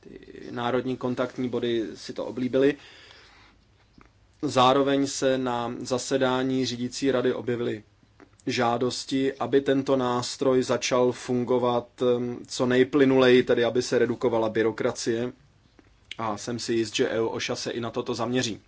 Ty národní kontaktní body si to oblíbili. Zároveň se na zasedání řídící rady objevily žádosti, aby tento nástroj začal fungovat um, co nejplynuleji, tedy aby se redukovala byrokracie. A jsem si jist, že EU OŠA se i na toto zaměří.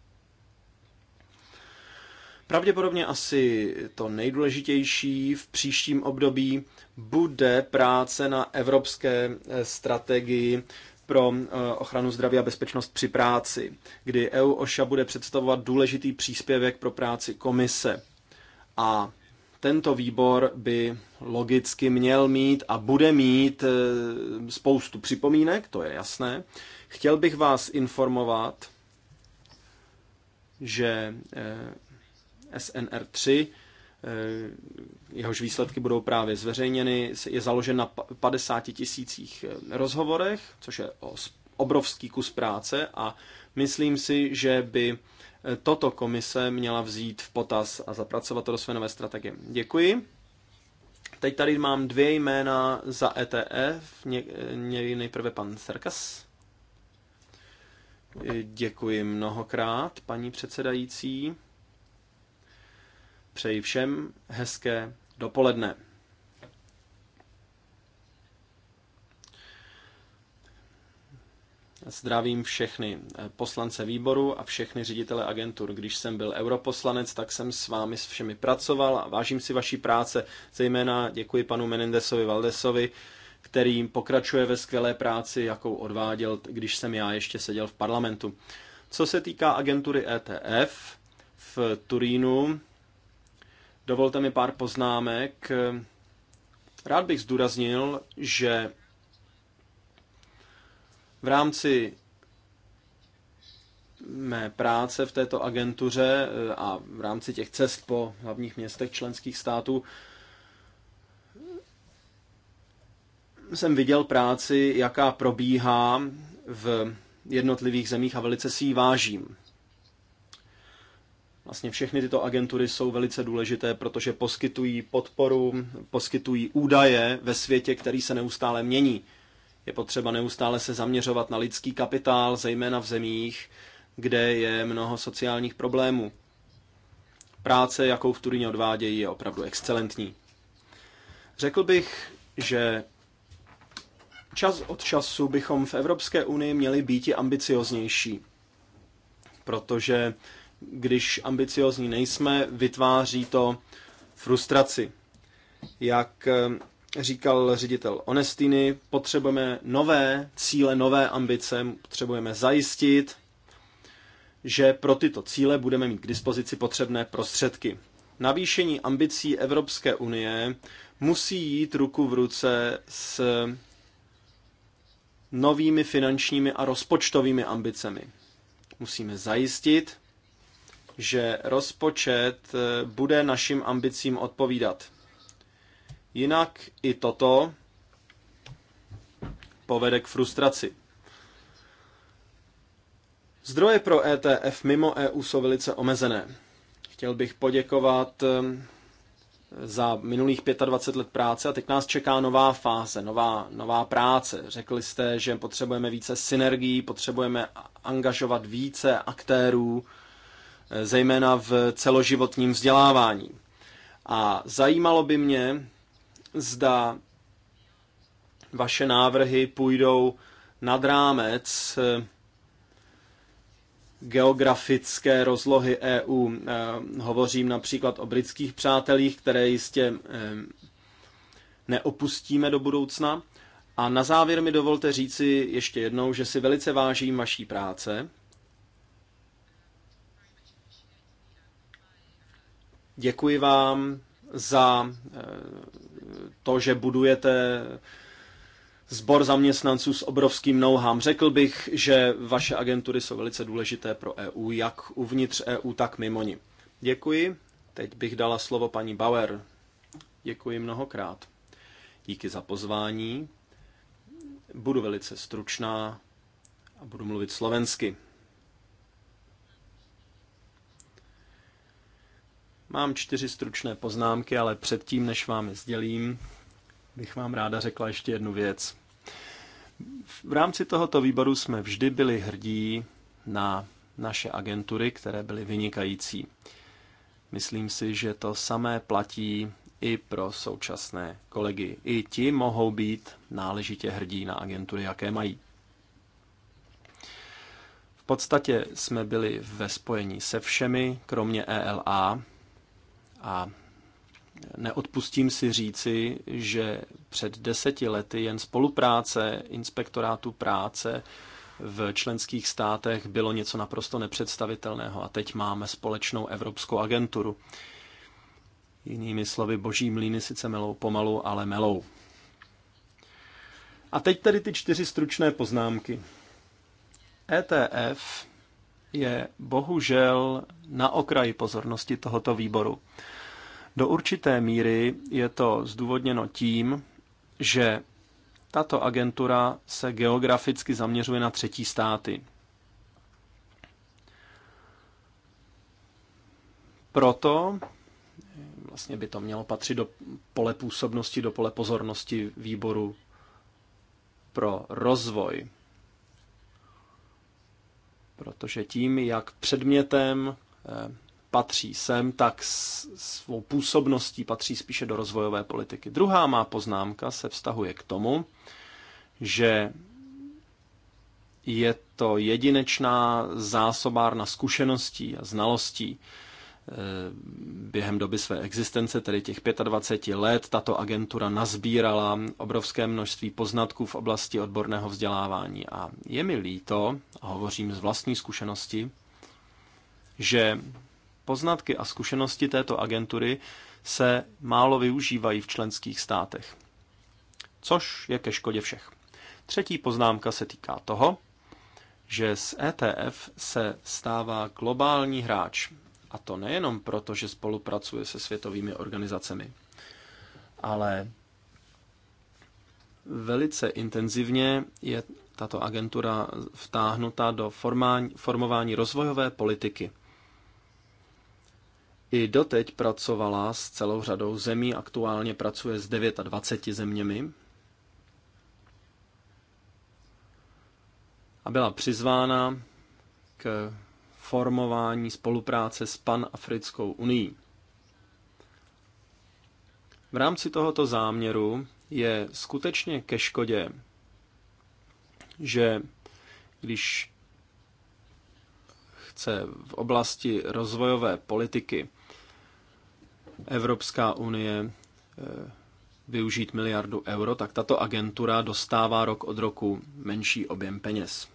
Pravděpodobně asi to nejdůležitější v příštím období bude práce na evropské eh, strategii pro eh, ochranu zdraví a bezpečnost při práci, kdy EU OSHA bude představovat důležitý příspěvek pro práci komise. A tento výbor by logicky měl mít a bude mít eh, spoustu připomínek, to je jasné. Chtěl bych vás informovat, že SNR 3, eh, jehož výsledky budou právě zveřejněny, je založen na 50 tisících eh, rozhovorech, což je obrovský kus práce a myslím si, že by eh, toto komise měla vzít v potaz a zapracovat to do své nové strategie. Děkuji. Teď tady mám dvě jména za ETF. Ně, nejprve pan Serkas. Děkuji mnohokrát, paní předsedající. Přeji všem hezké dopoledne. Zdravím všechny poslance výboru a všechny ředitele agentur. Když jsem byl europoslanec, tak jsem s vámi s všemi pracoval a vážím si vaší práce. Zejména děkuji panu Menendesovi Valdesovi, který pokračuje ve skvělé práci, jakou odváděl, když jsem já ještě seděl v parlamentu. Co se týká agentury ETF, v Turínu Dovolte mi pár poznámek. Rád bych zdůraznil, že v rámci mé práce v této agentuře eh, a v rámci těch cest po hlavních městech členských států jsem viděl práci, jaká probíhá v jednotlivých zemích a velice si ji vážím. Vlastně všechny tyto agentury jsou velice důležité, protože poskytují podporu, poskytují údaje ve světě, který se neustále mění. Je potřeba neustále se zaměřovat na lidský kapitál, zejména v zemích, kde je mnoho sociálních problémů. Práce, jakou v Turíně odvádějí, je opravdu excelentní. Řekl bych, že čas od času bychom v Evropské unii měli být i ambicioznější, protože když ambiciozní nejsme, vytváří to frustraci. Jak eh, říkal ředitel Onestiny, potřebujeme nové cíle, nové ambice, potřebujeme zajistit, že pro tyto cíle budeme mít k dispozici potřebné prostředky. Navýšení ambicí Evropské unie musí jít ruku v ruce s novými finančními a rozpočtovými ambicemi. Musíme zajistit, že rozpočet eh, bude našim ambicím odpovídat. Jinak i toto povede k frustraci. Zdroje pro ETF mimo EU jsou velice omezené. Chtěl bych poděkovat eh, za minulých 25 let práce a teď nás čeká nová fáze, nová, nová práce. Řekli jste, že potřebujeme více synergií, potřebujeme angažovat více aktérů, zejména v celoživotním vzdělávání. A zajímalo by mě, zda vaše návrhy půjdou nad rámec eh, geografické rozlohy EU. Eh, hovořím například o britských přátelích, které jistě eh, neopustíme do budoucna. A na závěr mi dovolte říci ještě jednou, že si velice vážím vaší práce Děkuji vám za eh, to, že budujete sbor zaměstnanců s obrovským know-how. Řekl bych, že vaše agentury jsou velice důležité pro EU, jak uvnitř EU, tak mimo ní. Děkuji. Teď bych dala slovo paní Bauer. Děkuji mnohokrát. Díky za pozvání. Budu velice stručná a budu mluvit slovensky. Mám čtyři stručné poznámky, ale předtím, než vám je sdělím, bych vám ráda řekla ještě jednu věc. V rámci tohoto výboru jsme vždy byli hrdí na naše agentury, které byly vynikající. Myslím si, že to samé platí i pro současné kolegy. I ti mohou být náležitě hrdí na agentury, jaké mají. V podstatě jsme byli ve spojení se všemi, kromě ELA, a neodpustím si říci, že před deseti lety jen spolupráce inspektorátu práce v členských státech bylo něco naprosto nepředstavitelného a teď máme společnou evropskou agenturu. Jinými slovy, boží mlíny sice melou pomalu, ale melou. A teď tedy ty čtyři stručné poznámky. ETF je bohužel na okraji pozornosti tohoto výboru. Do určité míry je to zdůvodněno tím, že tato agentura se geograficky zaměřuje na třetí státy. Proto vlastně by to mělo patřit do pole působnosti, do pole pozornosti výboru pro rozvoj protože tím, jak předmětem eh, patří sem, tak svou působností patří spíše do rozvojové politiky. Druhá má poznámka se vztahuje k tomu, že je to jedinečná zásobárna zkušeností a znalostí, Eh, během doby své existence, tedy těch 25 let, tato agentura nazbírala obrovské množství poznatků v oblasti odborného vzdělávání. A je mi líto, a hovořím z vlastní zkušenosti, že poznatky a zkušenosti této agentury se málo využívají v členských státech. Což je ke škodě všech. Třetí poznámka se týká toho, že z ETF se stává globální hráč, a to nejenom proto, že spolupracuje se světovými organizacemi, ale velice intenzivně je tato agentura vtáhnuta do formání, formování rozvojové politiky. I doteď pracovala s celou řadou zemí, aktuálně pracuje s 29 zeměmi. A byla přizvána k formování spolupráce s Panafrickou unii. V rámci tohoto záměru je skutečně ke škodě, že když chce v oblasti rozvojové politiky Evropská unie eh, využít miliardu euro, tak tato agentura dostává rok od roku menší objem peněz.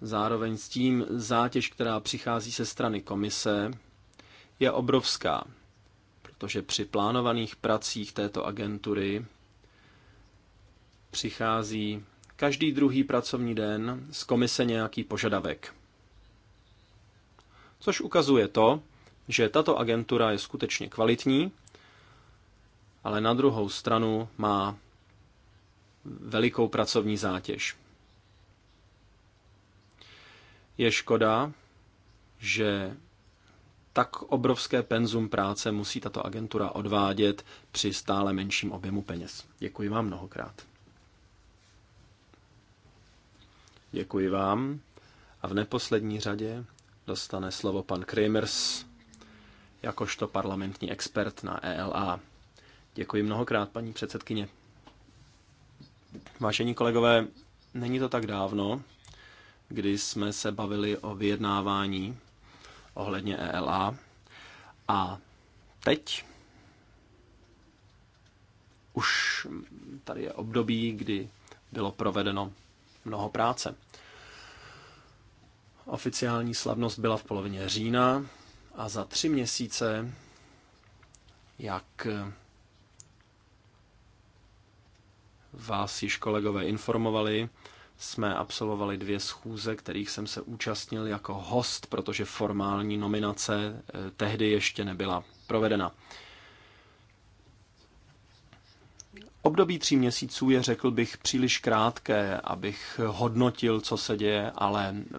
Zároveň s tím zátěž, která přichází se strany komise, je obrovská, protože při plánovaných pracích této agentury přichází každý druhý pracovní den z komise nějaký požadavek. Což ukazuje to, že tato agentura je skutečně kvalitní, ale na druhou stranu má velikou pracovní zátěž. Je škoda, že tak obrovské penzum práce musí tato agentura odvádět při stále menším objemu peněz. Děkuji vám mnohokrát. Děkuji vám. A v neposlední řadě dostane slovo pan Kremers jakožto parlamentní expert na ELA. Děkuji mnohokrát, paní předsedkyně. Vážení kolegové, není to tak dávno, kdy jsme se bavili o vyjednávání ohledně ELA. A teď už tady je období, kdy bylo provedeno mnoho práce. Oficiální slavnost byla v polovině října a za tři měsíce, jak vás již kolegové informovali, jsme absolvovali dvě schůze, kterých jsem se účastnil jako host, protože formální nominace eh, tehdy ještě nebyla provedena. Období tří měsíců je, řekl bych, příliš krátké, abych hodnotil, co se děje, ale eh,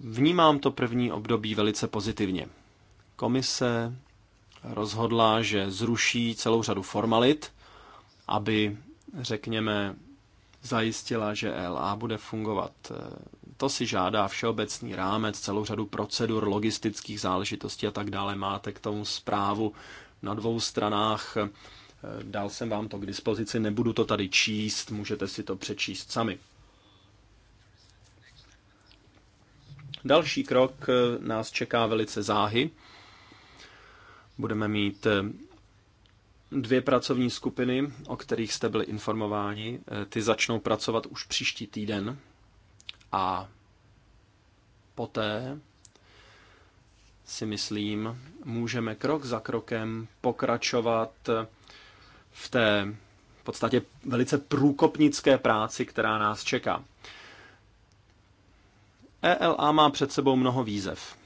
vnímám to první období velice pozitivně. Komise rozhodla, že zruší celou řadu formalit, aby, řekněme, zajistila, že LA bude fungovat. Eh, to si žádá všeobecný rámec, celou řadu procedur, logistických záležitostí a tak dále. Máte k tomu zprávu na dvou stranách. Eh, dal jsem vám to k dispozici, nebudu to tady číst, můžete si to přečíst sami. Další krok eh, nás čeká velice záhy. Budeme mít Dvě pracovní skupiny, o kterých jste byli informováni, eh, ty začnou pracovat už příští týden a poté si myslím, můžeme krok za krokem pokračovat v té v podstatě velice průkopnické práci, která nás čeká. ELA má před sebou mnoho výzev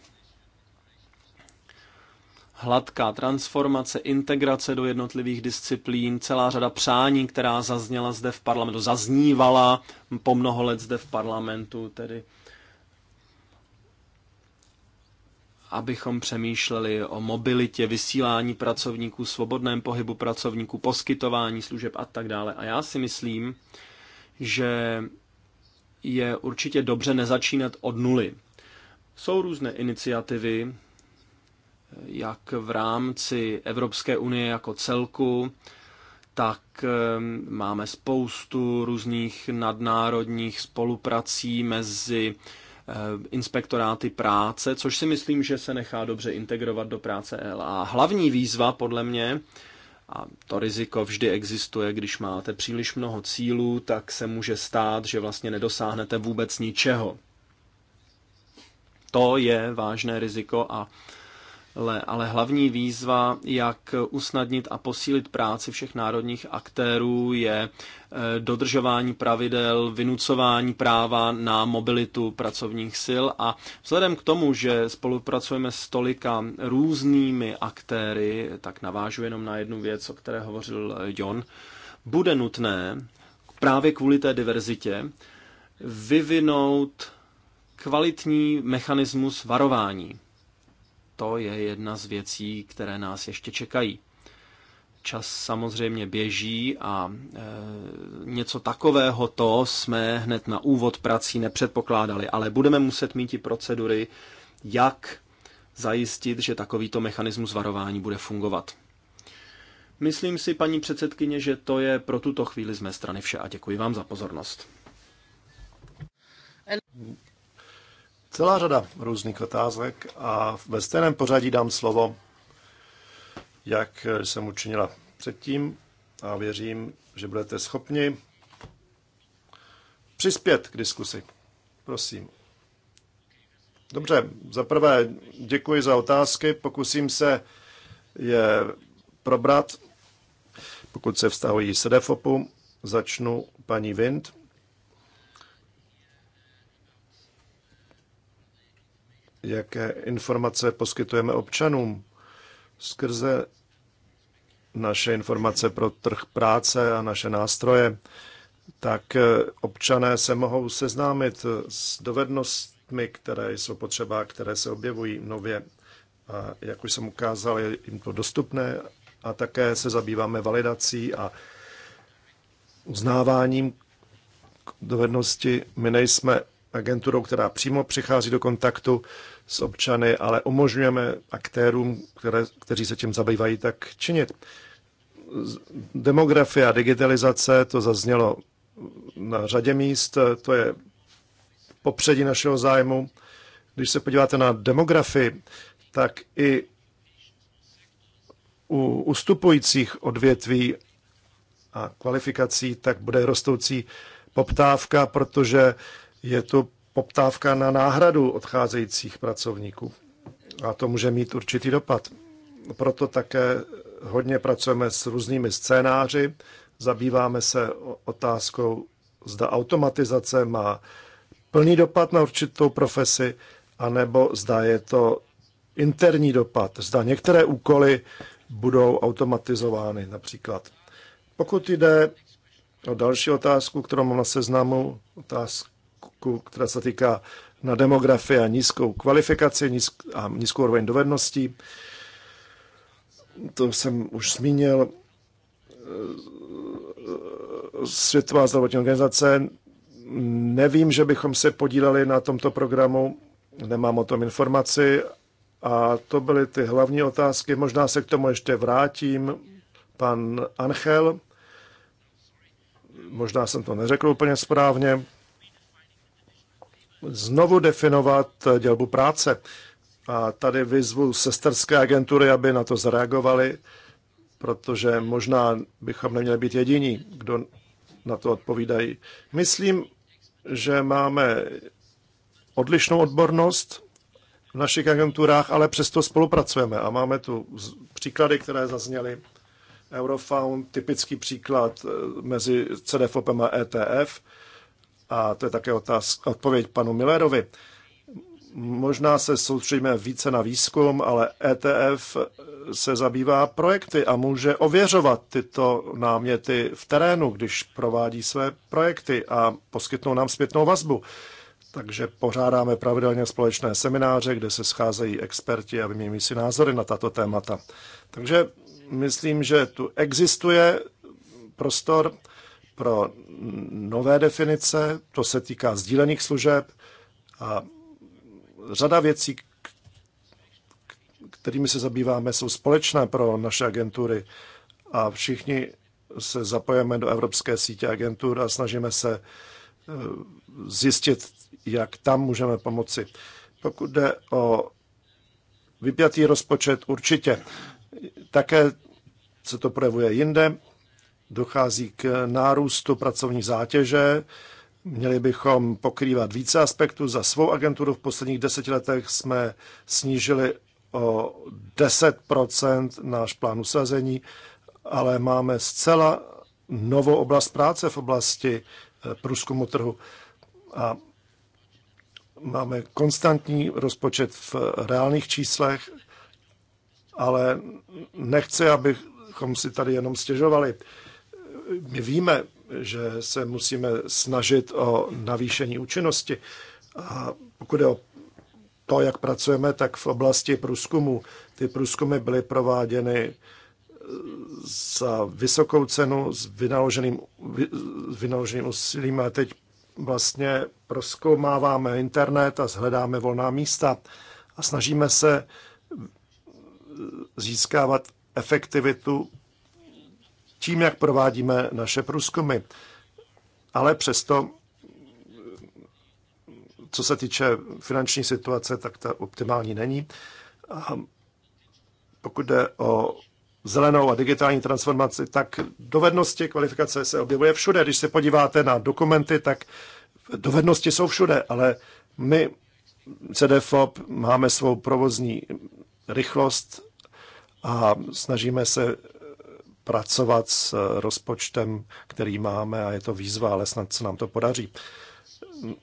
hladká transformace, integrace do jednotlivých disciplín, celá řada přání, která zazněla zde v parlamentu, zaznívala po mnoho let zde v parlamentu, tedy abychom přemýšleli o mobilitě, vysílání pracovníků, svobodném pohybu pracovníků, poskytování služeb a tak dále. A já si myslím, že je určitě dobře nezačínat od nuly. Jsou různé iniciativy, jak v rámci Evropské unie jako celku, tak máme spoustu různých nadnárodních spoluprací mezi eh, inspektoráty práce, což si myslím, že se nechá dobře integrovat do práce LA. Hlavní výzva podle mě, a to riziko vždy existuje, když máte příliš mnoho cílů, tak se může stát, že vlastně nedosáhnete vůbec ničeho. To je vážné riziko a ale hlavní výzva, jak usnadnit a posílit práci všech národních aktérů, je eh, dodržování pravidel, vynucování práva na mobilitu pracovních sil a vzhledem k tomu, že spolupracujeme s tolika různými aktéry, tak navážu jenom na jednu věc, o které hovořil eh, Jon, bude nutné právě kvůli té diverzitě vyvinout kvalitní mechanismus varování to je jedna z věcí, které nás ještě čekají. Čas samozřejmě běží a e, něco takového to jsme hned na úvod prací nepředpokládali, ale budeme muset mít i procedury, jak zajistit, že takovýto mechanismus varování bude fungovat. Myslím si, paní předsedkyně, že to je pro tuto chvíli z mé strany vše a děkuji vám za pozornost celá řada různých otázek a ve stejném pořadí dám slovo, jak jsem učinila předtím a věřím, že budete schopni přispět k diskusi. Prosím. Dobře, za prvé děkuji za otázky, pokusím se je probrat. Pokud se vztahují SEDEFOPu, začnu paní Vind. jaké informace poskytujeme občanům skrze naše informace pro trh práce a naše nástroje, tak eh, občané se mohou seznámit s dovednostmi, které jsou potřeba, které se objevují nově. A jak už jsem ukázal, je jim to dostupné a také se zabýváme validací a uznáváním dovednosti. My nejsme agenturou, která přímo přichází do kontaktu s občany, ale umožňujeme aktérům, které, kteří se tím zabývají, tak činit. Demografie a digitalizace, to zaznělo na řadě míst, to je popředí našeho zájmu. Když se podíváte na demografii, tak i u ustupujících odvětví a kvalifikací, tak bude rostoucí poptávka, protože je to poptávka na náhradu odcházejících pracovníků. A to může mít určitý dopad. Proto také hodně pracujeme s různými scénáři. Zabýváme se otázkou, zda automatizace má plný dopad na určitou profesi, anebo zda je to interní dopad, zda některé úkoly budou automatizovány například. Pokud jde o další otázku, kterou mám na seznamu, otázku která se týká na demografii a nízkou kvalifikaci a nízkou úroveň dovedností. To jsem už zmínil. Světová zdravotní organizace. Nevím, že bychom se podíleli na tomto programu, nemám o tom informaci. A to byly ty hlavní otázky. Možná se k tomu ještě vrátím. Pan Angel, možná jsem to neřekl úplně správně znovu definovat dělbu práce. A tady vyzvu sesterské agentury, aby na to zareagovali, protože možná bychom neměli být jediní, kdo na to odpovídají. Myslím, že máme odlišnou odbornost v našich agenturách, ale přesto spolupracujeme a máme tu příklady, které zazněly. Eurofound, typický příklad eh, mezi CDFOPem a ETF a to je také otázka, odpověď panu Millerovi. Možná se soustředíme více na výzkum, ale ETF se zabývá projekty a může ověřovat tyto náměty v terénu, když provádí své projekty a poskytnou nám zpětnou vazbu. Takže pořádáme pravidelně společné semináře, kde se scházejí experti a vyměňují si názory na tato témata. Takže myslím, že tu existuje prostor pro nové definice, to se týká sdílených služeb a řada věcí, kterými se zabýváme, jsou společné pro naše agentury a všichni se zapojeme do evropské sítě agentur a snažíme se eh, zjistit, jak tam můžeme pomoci. Pokud jde o vypjatý rozpočet, určitě. Také se to projevuje jinde dochází k nárůstu pracovní zátěže. Měli bychom pokrývat více aspektů. Za svou agenturu v posledních deseti letech jsme snížili o 10 náš plán usazení, ale máme zcela novou oblast práce v oblasti eh, průzkumu trhu. A máme konstantní rozpočet v reálných číslech, ale nechci, abychom si tady jenom stěžovali my víme, že se musíme snažit o navýšení účinnosti. A pokud je o to, jak pracujeme, tak v oblasti průzkumu. Ty průzkumy byly prováděny e, za vysokou cenu s vynaloženým, vynaloženým úsilím, a teď vlastně proskoumáváme internet a hledáme volná místa a snažíme se získávat efektivitu tím, jak provádíme naše průzkumy. Ale přesto, co se týče finanční situace, tak ta optimální není. A pokud jde o zelenou a digitální transformaci, tak dovednosti kvalifikace se objevuje všude. Když se podíváte na dokumenty, tak dovednosti jsou všude, ale my CDFOP máme svou provozní rychlost a snažíme se pracovat s eh, rozpočtem, který máme a je to výzva, ale snad se nám to podaří.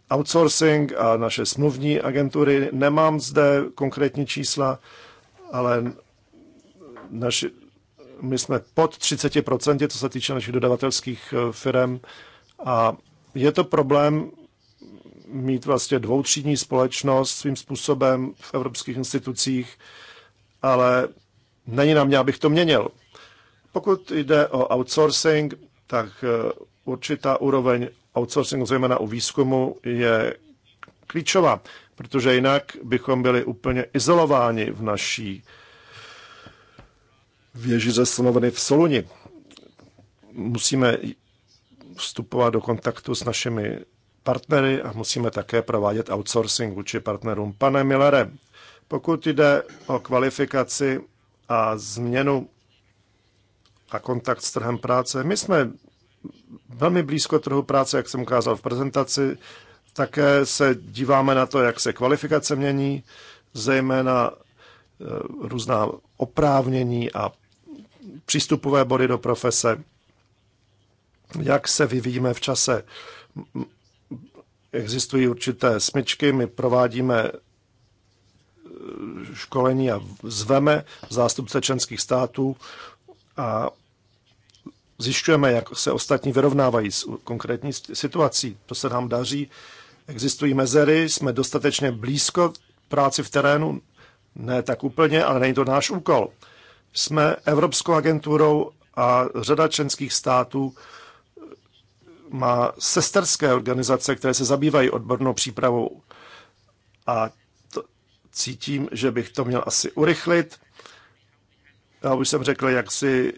Outsourcing a naše smluvní agentury, nemám zde konkrétní čísla, ale naši, my jsme pod 30%, co se týče našich dodavatelských eh, firm a je to problém mít vlastně dvoutřídní společnost svým způsobem v evropských institucích, ale není na mě, abych to měnil. Pokud jde o outsourcing, tak eh, určitá úroveň outsourcingu, zejména u výzkumu, je klíčová, protože jinak bychom byli úplně izolováni v naší věži ze slonoviny v Soluni. Musíme vstupovat do kontaktu s našimi partnery a musíme také provádět outsourcing vůči partnerům. Pane Millere, pokud jde o kvalifikaci a změnu a kontakt s trhem práce. My jsme velmi blízko trhu práce, jak jsem ukázal v prezentaci. Také se díváme na to, jak se kvalifikace mění, zejména e, různá oprávnění a přístupové body do profese, jak se vyvíjíme v čase. Existují určité smyčky, my provádíme e, školení a zveme zástupce členských států a zjišťujeme, jak se ostatní vyrovnávají s konkrétní situací. To se nám daří. Existují mezery, jsme dostatečně blízko práci v terénu, ne tak úplně, ale není to náš úkol. Jsme Evropskou agenturou a řada členských států eh, má sesterské organizace, které se zabývají odbornou přípravou. A to, cítím, že bych to měl asi urychlit. Já už jsem řekl, jak si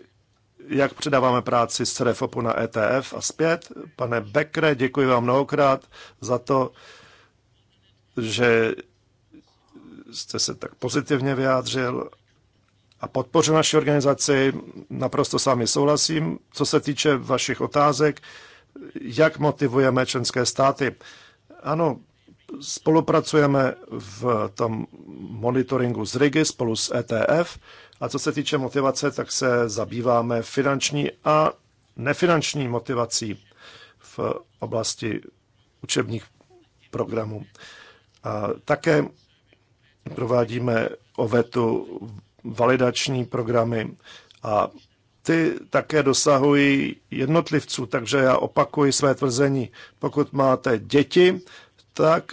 jak předáváme práci z CRFOPu na ETF a zpět. Pane Bekre, děkuji vám mnohokrát za to, že jste se tak pozitivně vyjádřil a podpořil naši organizaci. Naprosto s vámi souhlasím. Co se týče vašich otázek, jak motivujeme členské státy? Ano, spolupracujeme v tom monitoringu z RIGI spolu s ETF a co se týče motivace, tak se zabýváme finanční a nefinanční motivací v oblasti učebních programů. A také provádíme OVETu validační programy a ty také dosahují jednotlivců, takže já opakuji své tvrzení. Pokud máte děti, tak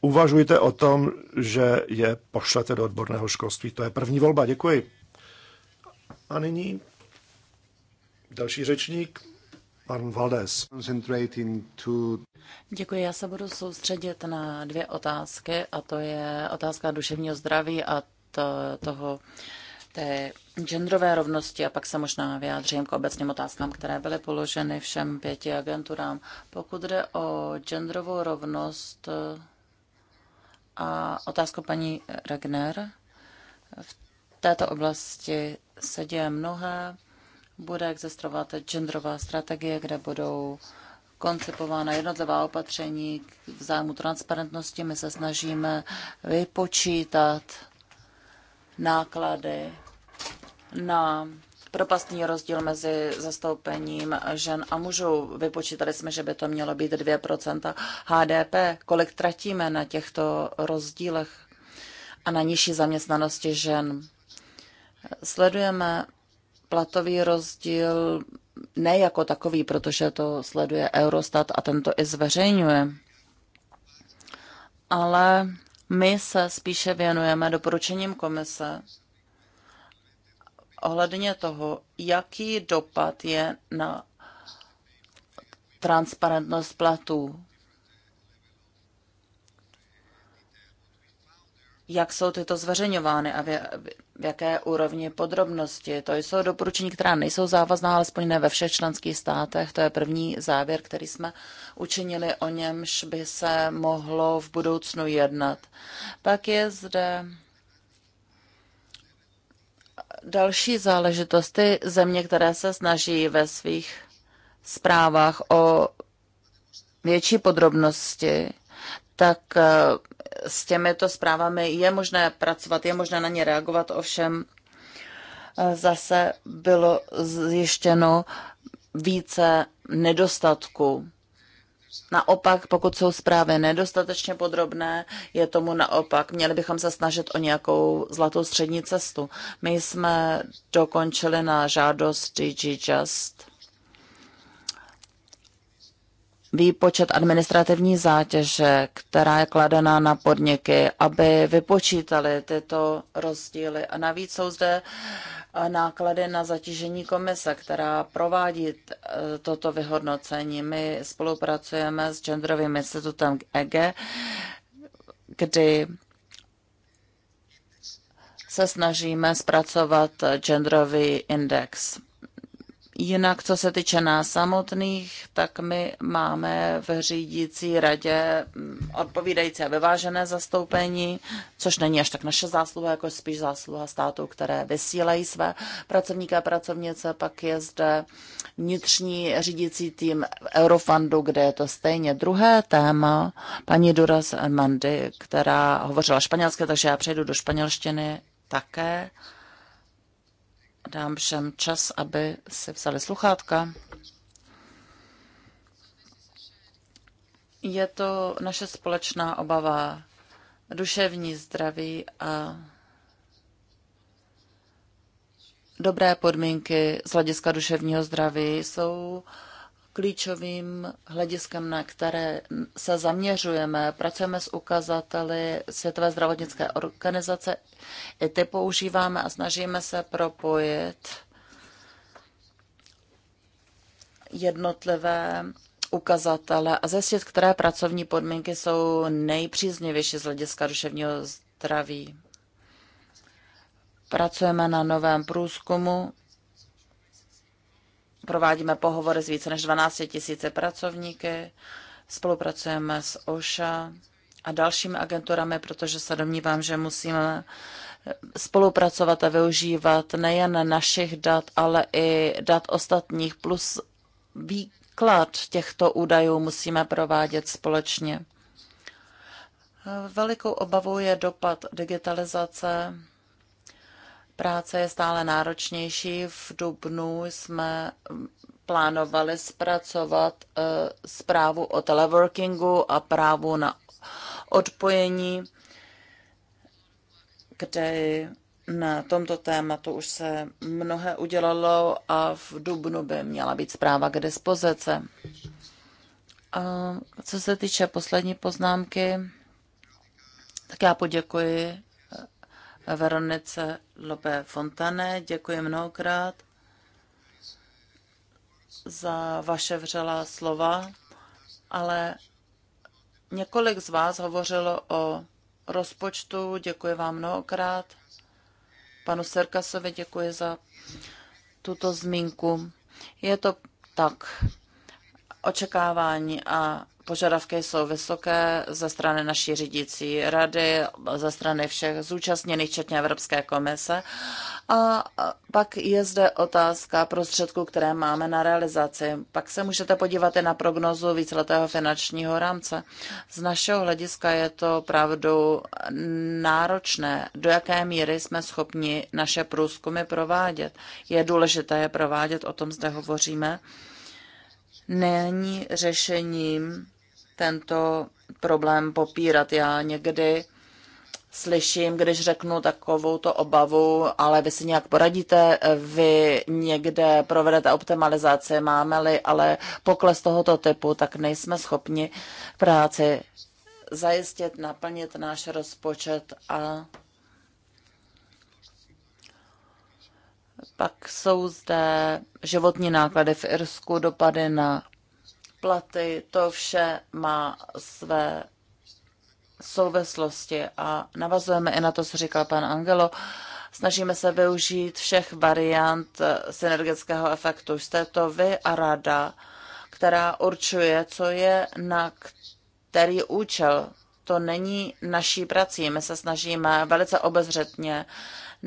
uvažujte o tom, že je pošlete do odborného školství. To je první volba. Děkuji. A nyní další řečník, pan Valdés. Děkuji, já se budu soustředit na dvě otázky a to je otázka duševního zdraví a to, toho té genderové rovnosti a pak se možná vyjádřím k obecným otázkám, které byly položeny všem pěti agenturám. Pokud jde o genderovou rovnost, a otázka paní Regner. V této oblasti se děje mnohé. Bude existovat genderová strategie, kde budou koncipována jednotlivá opatření v zájmu transparentnosti. My se snažíme vypočítat náklady na propastný rozdíl mezi zastoupením žen a mužů. Vypočítali jsme, že by to mělo být 2% HDP. Kolik tratíme na těchto rozdílech a na nižší zaměstnanosti žen? Sledujeme platový rozdíl ne jako takový, protože to sleduje Eurostat a tento i zveřejňuje. Ale my se spíše věnujeme doporučením komise ohledně toho, jaký dopad je na transparentnost platů. Jak jsou tyto zveřejňovány a v jaké úrovni podrobnosti? To jsou doporučení, která nejsou závazná, alespoň ne ve všech členských státech. To je první závěr, který jsme učinili, o němž by se mohlo v budoucnu jednat. Pak je zde další záležitosti země, které se snaží ve svých zprávách o větší podrobnosti, tak eh, s těmito zprávami je možné pracovat, je možné na ně reagovat, ovšem eh, zase bylo zjištěno více nedostatků. Naopak, pokud jsou zprávy nedostatečně podrobné, je tomu naopak. Měli bychom se snažit o nějakou zlatou střední cestu. My jsme dokončili na žádost DG Just výpočet administrativní zátěže, která je kladená na podniky, aby vypočítali tyto rozdíly. A navíc jsou zde uh, náklady na zatížení komise, která provádí e, toto vyhodnocení. My spolupracujeme s Genderovým institutem EG, kdy se snažíme zpracovat genderový index. Jinak, co se týče nás samotných, tak my máme v řídící radě mm, odpovídající a vyvážené zastoupení, což není až tak naše zásluha, jako spíš zásluha států, které vysílají své pracovníky a pracovnice. Pak je zde vnitřní řídící tým Eurofundu, kde je to stejně druhé téma. Paní Duras Mandy, která hovořila španělsky, takže já přejdu do španělštiny také dám všem čas, aby si vzali sluchátka. Je to naše společná obava, duševní zdraví a dobré podmínky z hlediska duševního zdraví jsou klíčovým hlediskem, na které se zaměřujeme. Pracujeme s ukazateli Světové zdravotnické organizace. I ty používáme a snažíme se propojit jednotlivé ukazatele a zjistit, které pracovní podmínky jsou nejpříznivější z hlediska duševního zdraví. Pracujeme na novém průzkumu Provádíme pohovory s více než 12 tisíce pracovníky, spolupracujeme s OSHA a dalšími agenturami, protože se domnívám, že musíme spolupracovat a využívat nejen našich dat, ale i dat ostatních, plus výklad těchto údajů musíme provádět společně. Velikou obavou je dopad digitalizace Práce je stále náročnější. V Dubnu jsme plánovali zpracovat eh, zprávu o teleworkingu a právu na odpojení, kde na tomto tématu už se mnohé udělalo a v Dubnu by měla být zpráva k dispozice. A co se týče poslední poznámky, tak já poděkuji Veronice Lobe Fontane. Děkuji mnohokrát za vaše vřelá slova, ale několik z vás hovořilo o rozpočtu. Děkuji vám mnohokrát. Panu Serkasovi děkuji za tuto zmínku. Je to tak, očekávání a Požadavky jsou vysoké ze strany naší řídící rady, ze strany všech zúčastněných, včetně Evropské komise. A pak je zde otázka prostředků, které máme na realizaci. Pak se můžete podívat i na prognozu víceletého finančního rámce. Z našeho hlediska je to opravdu náročné, do jaké míry jsme schopni naše průzkumy provádět. Je důležité je provádět, o tom zde hovoříme není řešením tento problém popírat. Já někdy slyším, když řeknu takovou to obavu, ale vy si nějak poradíte, vy někde provedete optimalizaci, máme-li ale pokles tohoto typu, tak nejsme schopni práci zajistit, naplnit náš rozpočet a pak jsou zde životní náklady v Irsku, dopady na platy, to vše má své souvislosti a navazujeme i na to, co říkal pan Angelo. Snažíme se využít všech variant synergického efektu. Jste to vy a rada, která určuje, co je na který účel. To není naší prací. My se snažíme velice obezřetně uh,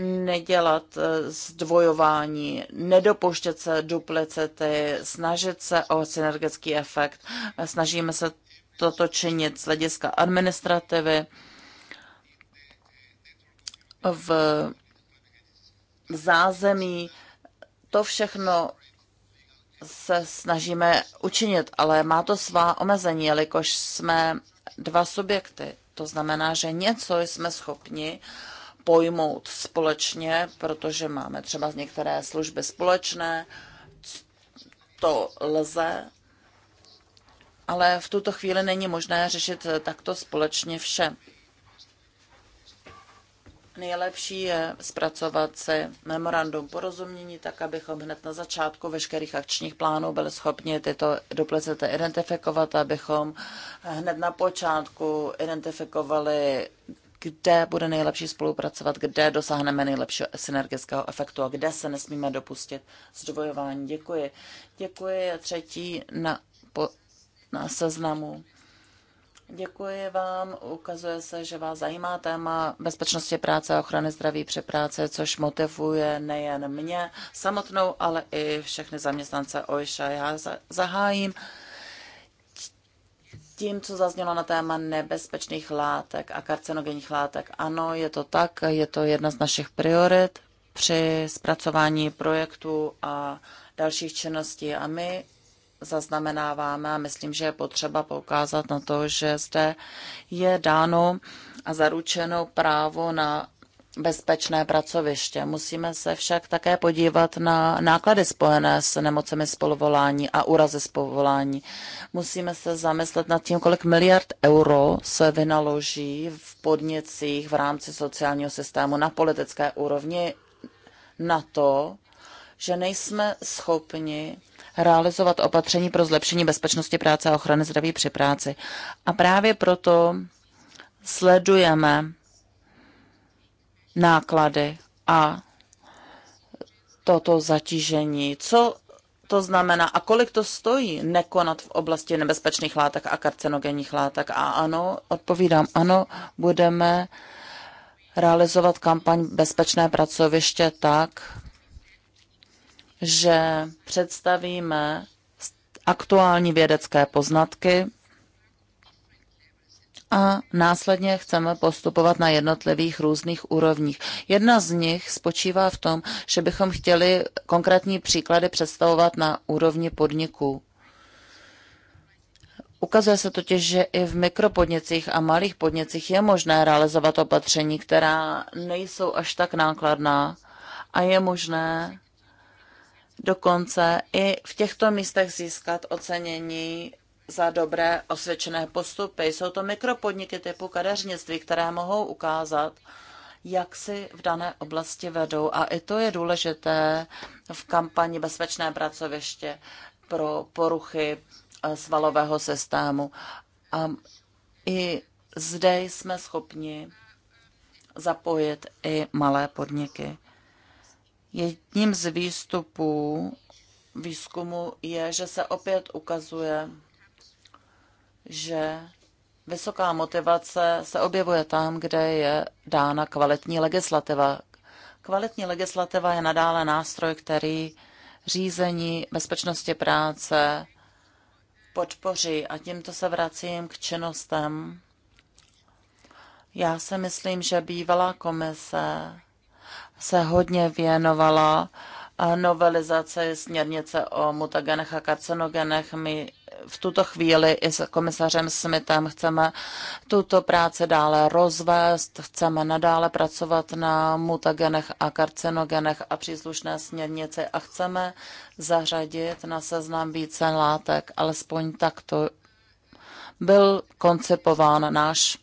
nedělat eh, zdvojování, nedopouštět, se duplicity, snažit se o synergický efekt. Snažíme se toto činit z hlediska administrativy v zázemí. To všechno se snažíme učinit, ale má to svá omezení, jelikož jsme dva subjekty. To znamená, že něco jsme schopni uh, pojmout společně, protože máme třeba některé služby společné, to lze, ale v tuto chvíli není možné řešit takto společně vše. Nejlepší je zpracovat si memorandum porozumění, tak abychom hned na začátku veškerých akčních plánů byli schopni tyto duplicity identifikovat, abychom hned na počátku identifikovali kde bude nejlepší spolupracovat, kde dosáhneme nejlepšího synergického efektu a kde se nesmíme dopustit zdvojování. Děkuji. Děkuji. Třetí na, po, na seznamu. Děkuji vám. Ukazuje se, že vás zajímá téma bezpečnosti práce a ochrany zdraví při práci, což motivuje nejen mě samotnou, ale i všechny zaměstnance OISHA. Já zahájím tím, co zaznělo na téma nebezpečných látek a karcinogenních látek. Ano, je to tak, je to jedna z našich priorit při zpracování projektů a dalších činností. A my zaznamenáváme a myslím, že je potřeba poukázat na to, že zde je dáno a zaručeno právo na bezpečné pracoviště. Musíme se však také podívat na náklady spojené s nemocemi z povolání a úrazy z povolání. Musíme se zamyslet nad tím, kolik miliard euro se vynaloží v podnicích v rámci sociálního systému na politické úrovni na to, že nejsme schopni realizovat opatření pro zlepšení bezpečnosti práce a ochrany zdraví při práci. A právě proto sledujeme náklady a toto zatížení. Co to znamená a kolik to stojí nekonat v oblasti nebezpečných látek a karcinogenních látek? A ano, odpovídám ano, budeme realizovat kampaň Bezpečné pracoviště tak, že představíme aktuální vědecké poznatky a následně chceme postupovat na jednotlivých různých úrovních. Jedna z nich spočívá v tom, že bychom chtěli konkrétní příklady představovat na úrovni podniků. Ukazuje se totiž, že i v mikropodnicích a malých podnicích je možné realizovat opatření, která nejsou až tak nákladná a je možné dokonce i v těchto místech získat ocenění za dobré osvědčené postupy. Jsou to mikropodniky typu kadeřnictví, které mohou ukázat, jak si v dané oblasti vedou. A i to je důležité v kampani Bezpečné pracoviště pro poruchy eh, svalového systému. A i zde jsme schopni zapojit i malé podniky. Jedním z výstupů výzkumu je, že se opět ukazuje, že vysoká motivace se objevuje tam, kde je dána kvalitní legislativa. Kvalitní legislativa je nadále nástroj, který řízení bezpečnosti práce podpoří. A tímto se vracím k činnostem. Já si myslím, že bývalá komise se hodně věnovala novelizaci směrnice o mutagenech a karcinogenech. My v tuto chvíli i s komisařem Smithem chceme tuto práci dále rozvést, chceme nadále pracovat na mutagenech a karcinogenech a příslušné směrnici a chceme zařadit na seznam více látek, alespoň takto byl koncipován náš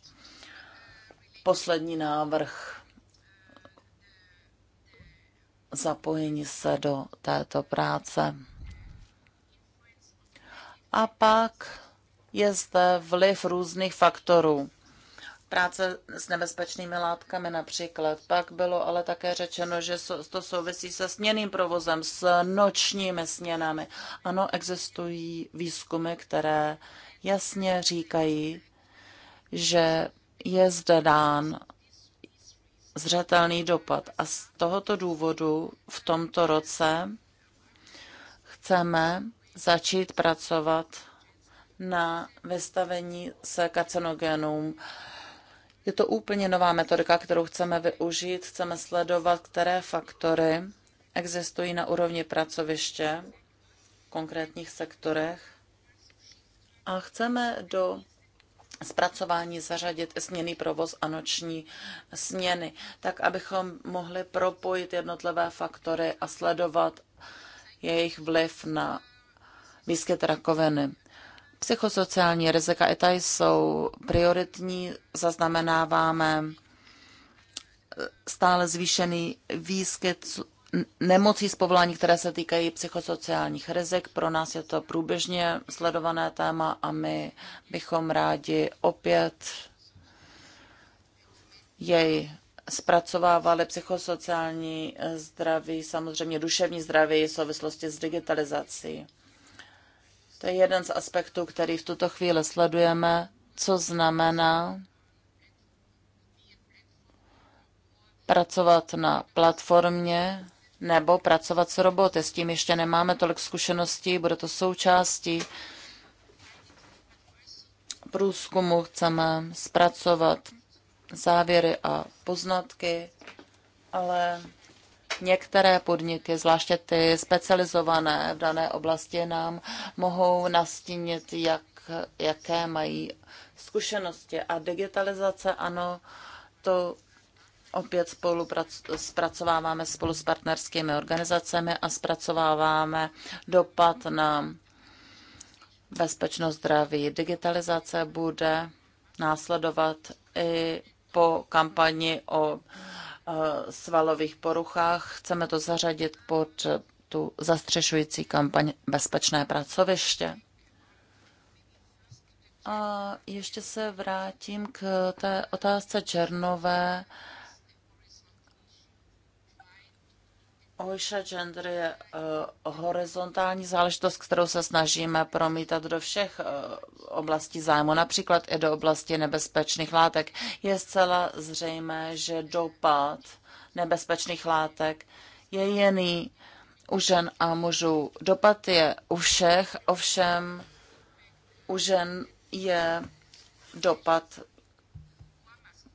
poslední návrh zapojení se do této práce. A pak je zde vliv různých faktorů. Práce s nebezpečnými látkami například. Pak bylo ale také řečeno, že to souvisí se směným provozem, s nočními směnami. Ano, existují výzkumy, které jasně říkají, že je zde dán zřetelný dopad. A z tohoto důvodu v tomto roce chceme začít pracovat na vystavení se karcinogenům. Je to úplně nová metodika, kterou chceme využít. Chceme sledovat, které faktory existují na úrovni pracoviště v konkrétních sektorech. A chceme do zpracování zařadit i směný provoz a noční směny, tak abychom mohli propojit jednotlivé faktory a sledovat jejich vliv na výskyt rakoviny. Psychosociální rizika ETA jsou prioritní, zaznamenáváme eh, stále zvýšený výskyt nemocí z povolání, které se týkají psychosociálních rizik. Pro nás je to průběžně sledované téma a my bychom rádi opět jej zpracovávali psychosociální eh, zdraví, samozřejmě duševní zdraví v souvislosti s digitalizací. To je jeden z aspektů, který v tuto chvíli sledujeme, co znamená pracovat na platformě nebo pracovat s roboty. S tím ještě nemáme tolik zkušeností, bude to součástí průzkumu. Chceme zpracovat závěry a poznatky, ale Některé podniky, zvláště ty specializované v dané oblasti, nám mohou nastínit, jak, jaké mají zkušenosti. A digitalizace, ano, to opět spolu zpracováváme spolu s partnerskými organizacemi a zpracováváme dopad na bezpečnost zdraví. Digitalizace bude následovat i po kampani o Eh, svalových poruchách. Chceme to zařadit pod tu zastřešující kampaň Bezpečné pracoviště. A ještě se vrátím k té otázce Černové Ojša gender je uh, horizontální záležitost, kterou se snažíme promítat do všech uh, oblastí zájmu, například i do oblasti nebezpečných látek. Je zcela zřejmé, že dopad nebezpečných látek je jiný u žen a mužů. Dopad je u všech, ovšem u žen je dopad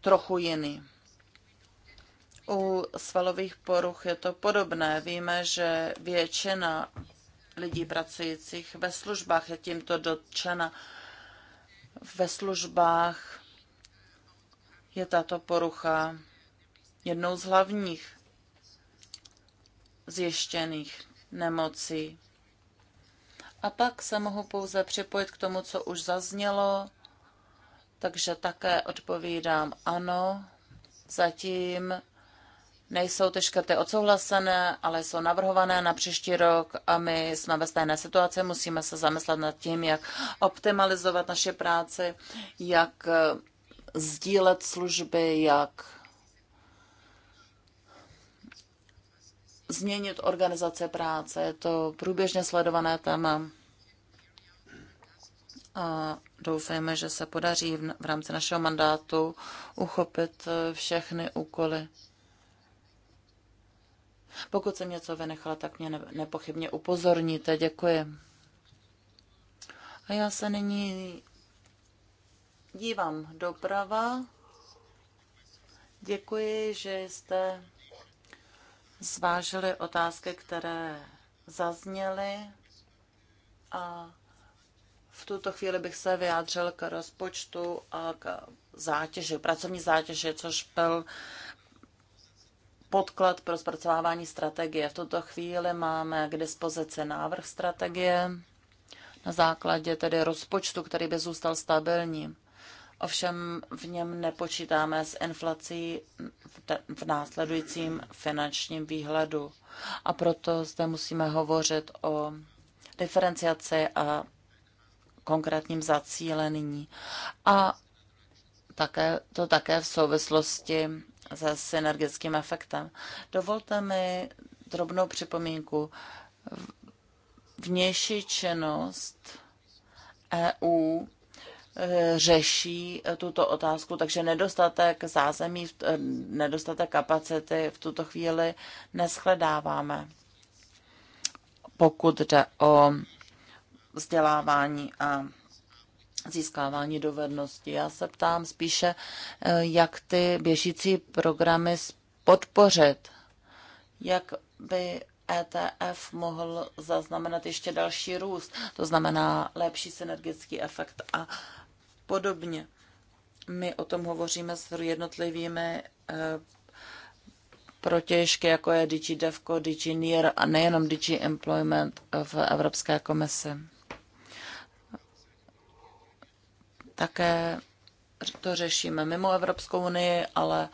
trochu jiný. U svalových poruch je to podobné. Víme, že většina lidí pracujících ve službách je tímto dotčena. Ve službách je tato porucha jednou z hlavních zjištěných nemocí. A pak se mohu pouze připojit k tomu, co už zaznělo, takže také odpovídám ano. Zatím nejsou ty škrty odsouhlasené, ale jsou navrhované na příští rok a my jsme ve stejné situaci, musíme se zamyslet nad tím, jak optimalizovat naše práci, jak eh, sdílet služby, jak změnit organizace práce. Je to průběžně sledované téma a doufejme, že se podaří v rámci našeho mandátu uchopit eh, všechny úkoly. Pokud jsem něco vynechala, tak mě nepochybně upozorníte. Děkuji. A já se nyní dívám doprava. Děkuji, že jste zvážili otázky, které zazněly a v tuto chvíli bych se vyjádřil k rozpočtu a k zátěži, pracovní zátěži, což byl podklad pro zpracovávání strategie. V tuto chvíli máme k dispozici návrh strategie na základě tedy rozpočtu, který by zůstal stabilní. Ovšem v něm nepočítáme s inflací v následujícím finančním výhledu. A proto zde musíme hovořit o diferenciaci a konkrétním zacílení. A také, to také v souvislosti se synergickým efektem. Dovolte mi drobnou připomínku. Vnější činnost EU eh, řeší eh, tuto otázku, takže nedostatek zázemí, eh, nedostatek kapacity v tuto chvíli neschledáváme, pokud jde o vzdělávání a získávání dovedností. Já se ptám spíše, eh, jak ty běžící programy podpořit, jak by ETF mohl zaznamenat ještě další růst, to znamená lepší synergický efekt a podobně. My o tom hovoříme s jednotlivými eh, protěžky, jako je DigiDevco, DigiNear a nejenom DigiEmployment v Evropské komisi. Také to řešíme mimo Evropskou unii, ale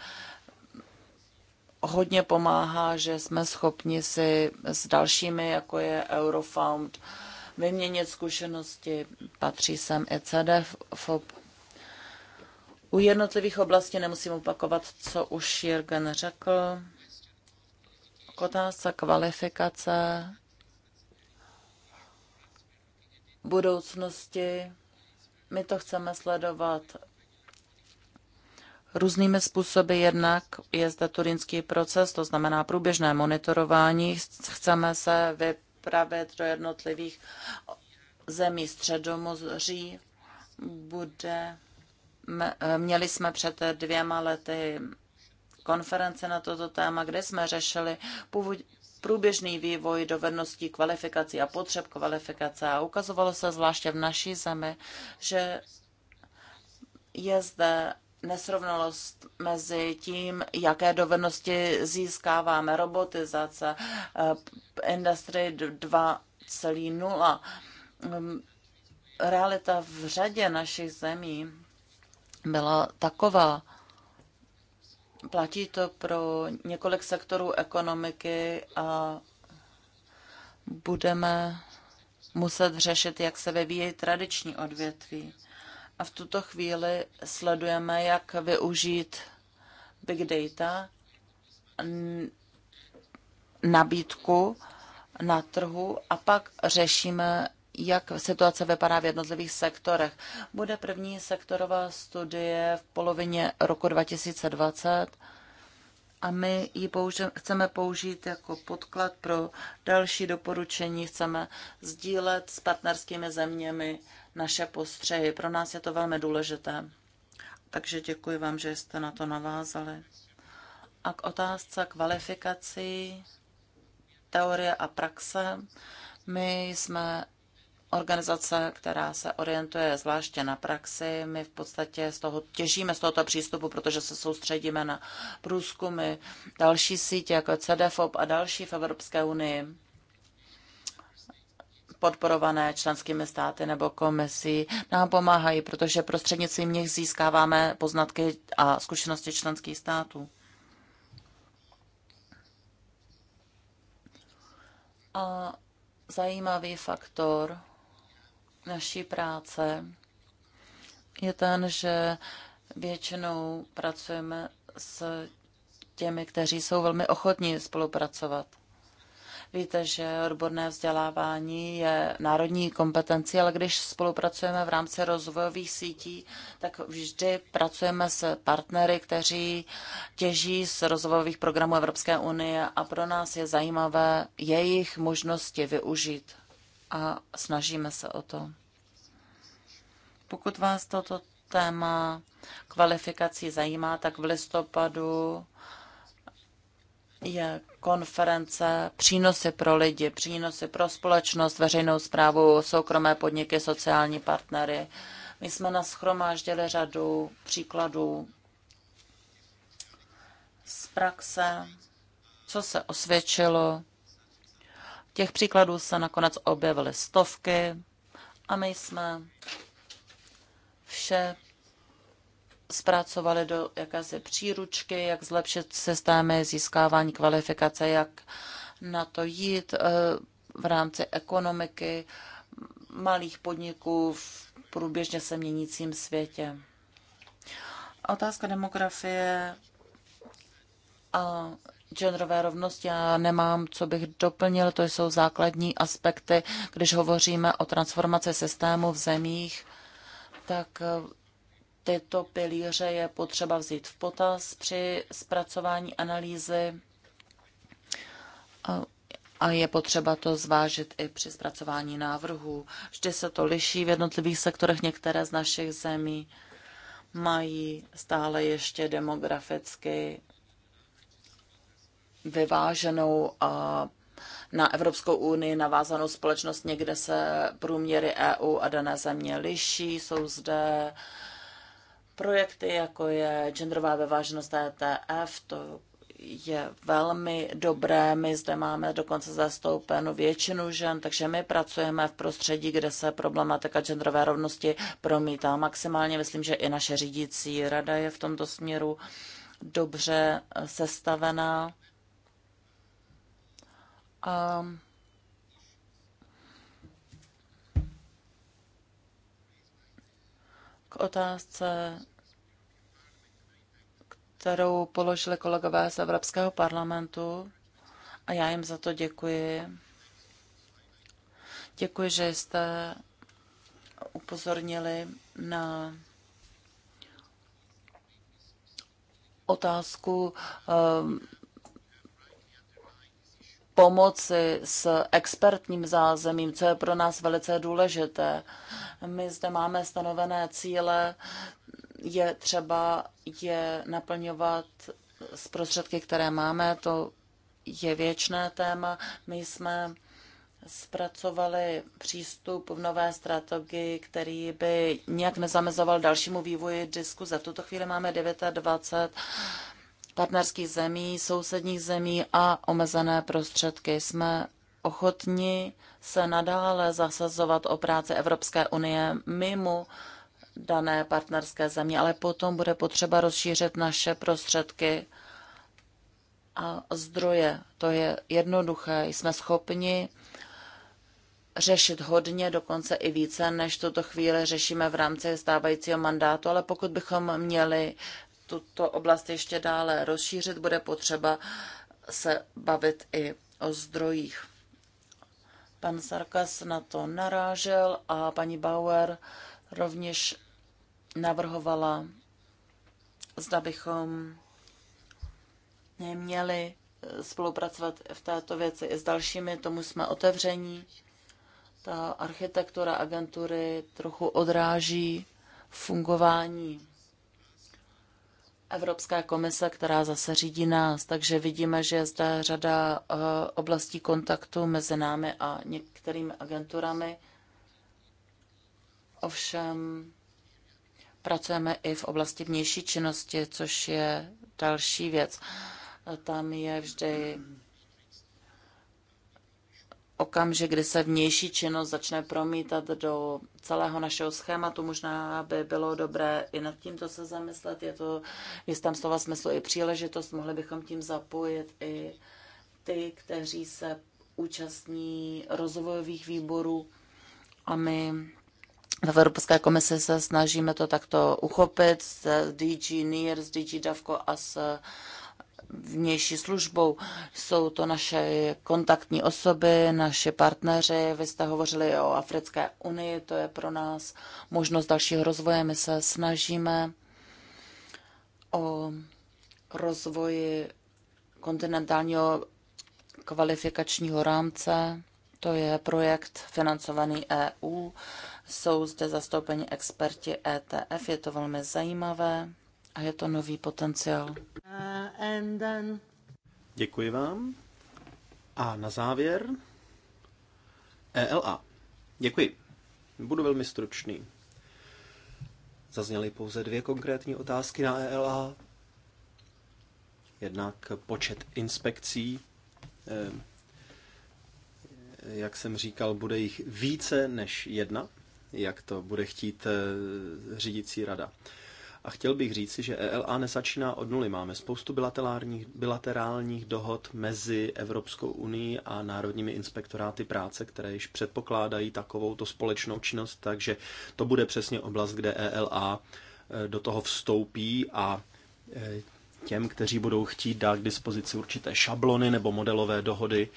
hodně pomáhá, že jsme schopni si s dalšími, jako je Eurofound, vyměnit zkušenosti. Patří sem i CDFOP. U jednotlivých oblastí nemusím opakovat, co už Jirgen řekl. K kvalifikace, budoucnosti my to chceme sledovat různými způsoby. Jednak je zde turinský proces, to znamená průběžné monitorování. Chceme se vypravit do jednotlivých zemí středomoří. Bude, měli jsme před dvěma lety konference na toto téma, kde jsme řešili průběžný vývoj dovedností, kvalifikací a potřeb kvalifikace. A ukazovalo se zvláště v naší zemi, že je zde nesrovnalost mezi tím, jaké dovednosti získáváme, robotizace, eh, Industry 2.0, mm, realita v řadě našich zemí byla taková, Platí to pro několik sektorů ekonomiky a budeme muset řešit, jak se vyvíjejí tradiční odvětví. A v tuto chvíli sledujeme, jak využít big data, nabídku na trhu a pak řešíme jak situace vypadá v jednotlivých sektorech. Bude první sektorová studie v polovině roku 2020 a my ji použi- chceme použít jako podklad pro další doporučení. Chceme sdílet s partnerskými zeměmi naše postřehy. Pro nás je to velmi důležité. Takže děkuji vám, že jste na to navázali. A k otázce kvalifikací, teorie a praxe. My jsme organizace, která se orientuje zvláště na praxi. My v podstatě z toho těžíme z tohoto přístupu, protože se soustředíme na průzkumy, další sítě jako CDFOP a další v Evropské unii podporované členskými státy nebo komisí nám pomáhají, protože prostřednictvím nich získáváme poznatky a zkušenosti členských států. A zajímavý faktor naší práce je ten, že většinou pracujeme s těmi, kteří jsou velmi ochotní spolupracovat. Víte, že odborné vzdělávání je národní kompetenci, ale když spolupracujeme v rámci rozvojových sítí, tak vždy pracujeme s partnery, kteří těží z rozvojových programů Evropské unie a pro nás je zajímavé jejich možnosti využít a snažíme se o to. Pokud vás toto téma kvalifikací zajímá, tak v listopadu je konference Přínosy pro lidi, přínosy pro společnost, veřejnou zprávu, soukromé podniky, sociální partnery. My jsme naschromáždili řadu příkladů z praxe, co se osvědčilo, Těch příkladů se nakonec objevily stovky a my jsme vše zpracovali do jakési příručky, jak zlepšit systémy získávání kvalifikace, jak na to jít eh, v rámci ekonomiky, malých podniků v průběžně se měnícím světě. Otázka demografie a genderové rovnosti já nemám, co bych doplnil, to jsou základní aspekty, když hovoříme o transformaci systému v zemích, tak eh, tyto pilíře je potřeba vzít v potaz při zpracování analýzy eh, a je potřeba to zvážit i při zpracování návrhů. Vždy se to liší v jednotlivých sektorech. Některé z našich zemí mají stále ještě demograficky vyváženou a na Evropskou unii navázanou společnost. Někde se průměry EU a dané země liší. Jsou zde projekty, jako je genderová vyváženost ETF, to je velmi dobré. My zde máme dokonce zastoupenou většinu žen, takže my pracujeme v prostředí, kde se problematika genderové rovnosti promítá maximálně. Myslím, že i naše řídící rada je v tomto směru dobře sestavená. A um, k otázce, kterou položili kolegové z Evropského parlamentu, a já jim za to děkuji. Děkuji, že jste upozornili na otázku um, pomoci s expertním zázemím, co je pro nás velice důležité. My zde máme stanovené cíle, je třeba je naplňovat z prostředky, které máme, to je věčné téma. My jsme zpracovali přístup v nové strategii, který by nějak nezamezoval dalšímu vývoji diskuze. V tuto chvíli máme 29 partnerských zemí, sousedních zemí a omezené prostředky. Jsme ochotni se nadále zasazovat o práci Evropské unie mimo dané partnerské země, ale potom bude potřeba rozšířit naše prostředky a zdroje. To je jednoduché. Jsme schopni řešit hodně, dokonce i více, než tuto chvíli řešíme v rámci stávajícího mandátu, ale pokud bychom měli tuto oblast ještě dále rozšířit, bude potřeba se bavit i o zdrojích. Pan Sarkas na to narážel a paní Bauer rovněž navrhovala, zda bychom neměli spolupracovat v této věci i s dalšími, tomu jsme otevření. Ta architektura agentury trochu odráží fungování Evropská komise, která zase řídí nás, takže vidíme, že je zde řada eh, oblastí kontaktu mezi námi a některými agenturami. Ovšem pracujeme i v oblasti vnější činnosti, což je další věc. Tam je vždy okamžik, kdy se vnější činnost začne promítat do celého našeho schématu, možná by bylo dobré i nad tímto se zamyslet. Je to v jistém slova smyslu i příležitost. Mohli bychom tím zapojit i ty, kteří se účastní rozvojových výborů a my v Evropské komisi se snažíme to takto uchopit s DG NIR, s DG DAVKO a s vnější službou. Jsou to naše kontaktní osoby, naše partneři. Vy jste hovořili o Africké unii, to je pro nás možnost dalšího rozvoje. My se snažíme o rozvoji kontinentálního kvalifikačního rámce. To je projekt financovaný EU. Jsou zde zastoupeni experti ETF, je to velmi zajímavé a je to nový potenciál. Uh, then... Děkuji vám. A na závěr ELA. Děkuji. Budu velmi stručný. Zazněly pouze dvě konkrétní otázky na ELA. Jednak počet inspekcí. Eh, jak jsem říkal, bude jich více než jedna, jak to bude chtít eh, řídící rada. A chtěl bych říci, že ELA nesačíná od nuly. Máme spoustu bilaterálních, bilaterálních dohod mezi Evropskou unii a národními inspektoráty práce, které již předpokládají takovouto společnou činnost, takže to bude přesně oblast, kde ELA e, do toho vstoupí a e, těm, kteří budou chtít dát k dispozici určité šablony nebo modelové dohody,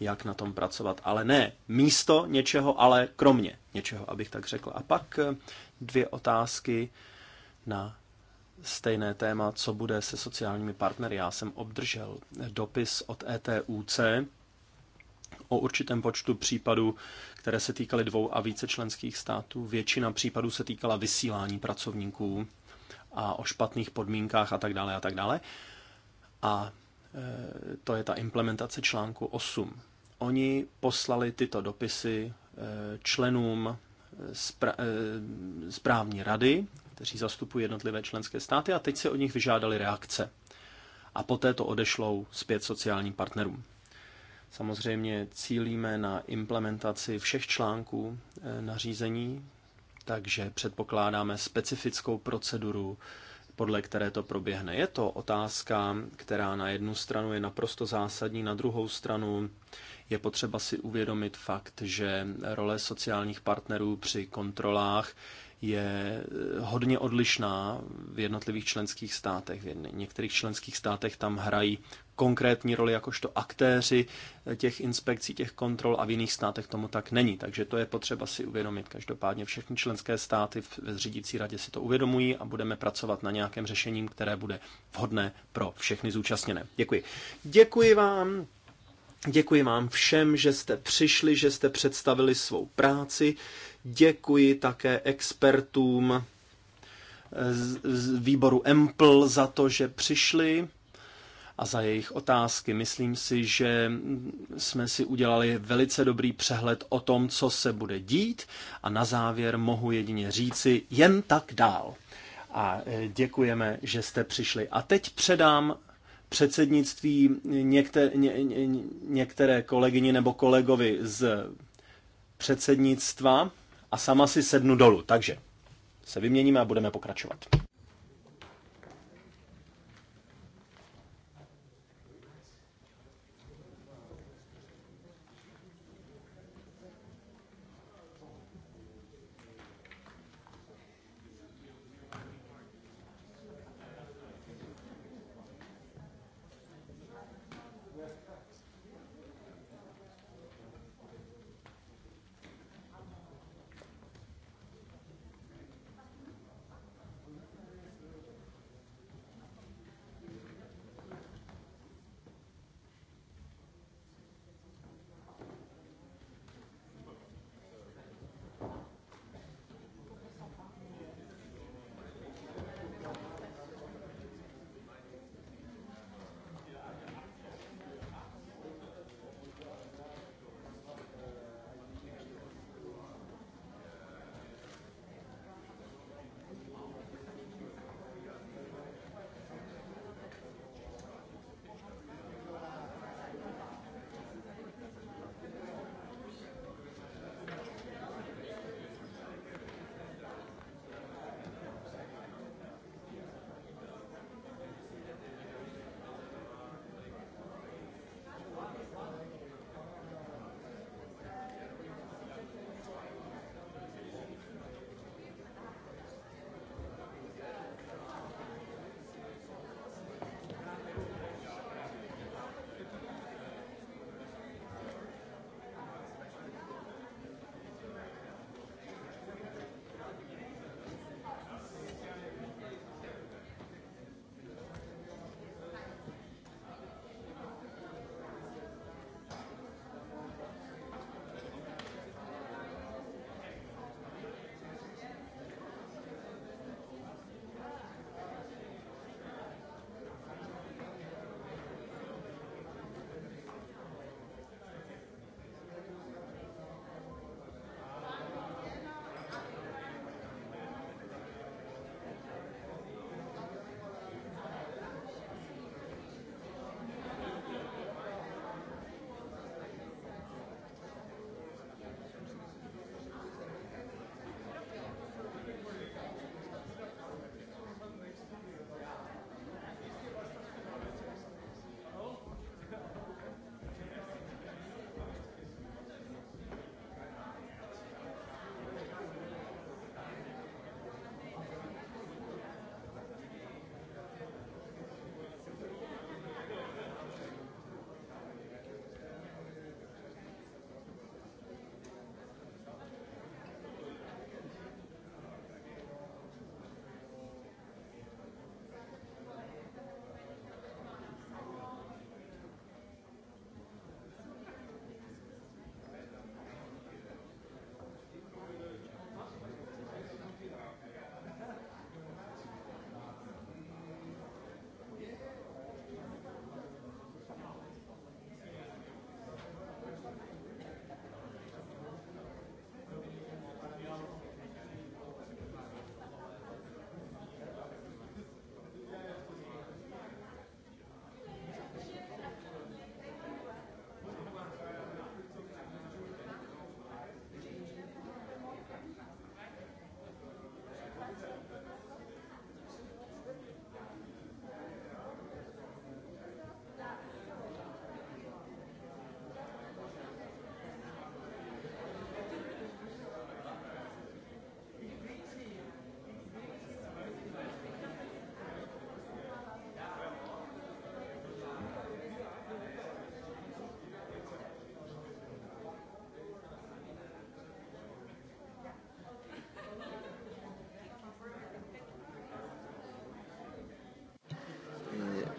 jak na tom pracovat. Ale ne místo něčeho, ale kromě něčeho, abych tak řekl. A pak e, dvě otázky na stejné téma, co bude se sociálními partnery. Já jsem obdržel dopis od ETUC o určitém počtu případů, které se týkaly dvou a více členských států. Většina případů se týkala vysílání pracovníků a o špatných podmínkách a tak dále a tak dále. A e, to je ta implementace článku 8. Oni poslali tyto dopisy e, členům e, správní rady, kteří zastupují jednotlivé členské státy a teď se od nich vyžádali reakce. A poté to odešlo zpět sociálním partnerům. Samozřejmě cílíme na implementaci všech článků eh, nařízení, takže předpokládáme specifickou proceduru, podle které to proběhne. Je to otázka, která na jednu stranu je naprosto zásadní, na druhou stranu je potřeba si uvědomit fakt, že role sociálních partnerů při kontrolách je eh, hodně odlišná v jednotlivých členských státech. V některých členských státech tam hrají konkrétní roli jakožto aktéři eh, těch inspekcí, těch kontrol a v jiných státech tomu tak není. Takže to je potřeba si uvědomit. Každopádně všechny členské státy ve řídící radě si to uvědomují a budeme pracovat na nějakém řešení, které bude vhodné pro všechny zúčastněné. Děkuji. Děkuji vám. Děkuji vám všem, že jste přišli, že jste představili svou práci. Děkuji také expertům z výboru EMPL za to, že přišli a za jejich otázky. Myslím si, že jsme si udělali velice dobrý přehled o tom, co se bude dít a na závěr mohu jedině říci jen tak dál. A e, děkujeme, že jste přišli. A teď předám předsednictví některé, ně, ně, některé kolegyni nebo kolegovi z předsednictva a sama si sednu dolů. Takže se vyměníme a budeme pokračovat.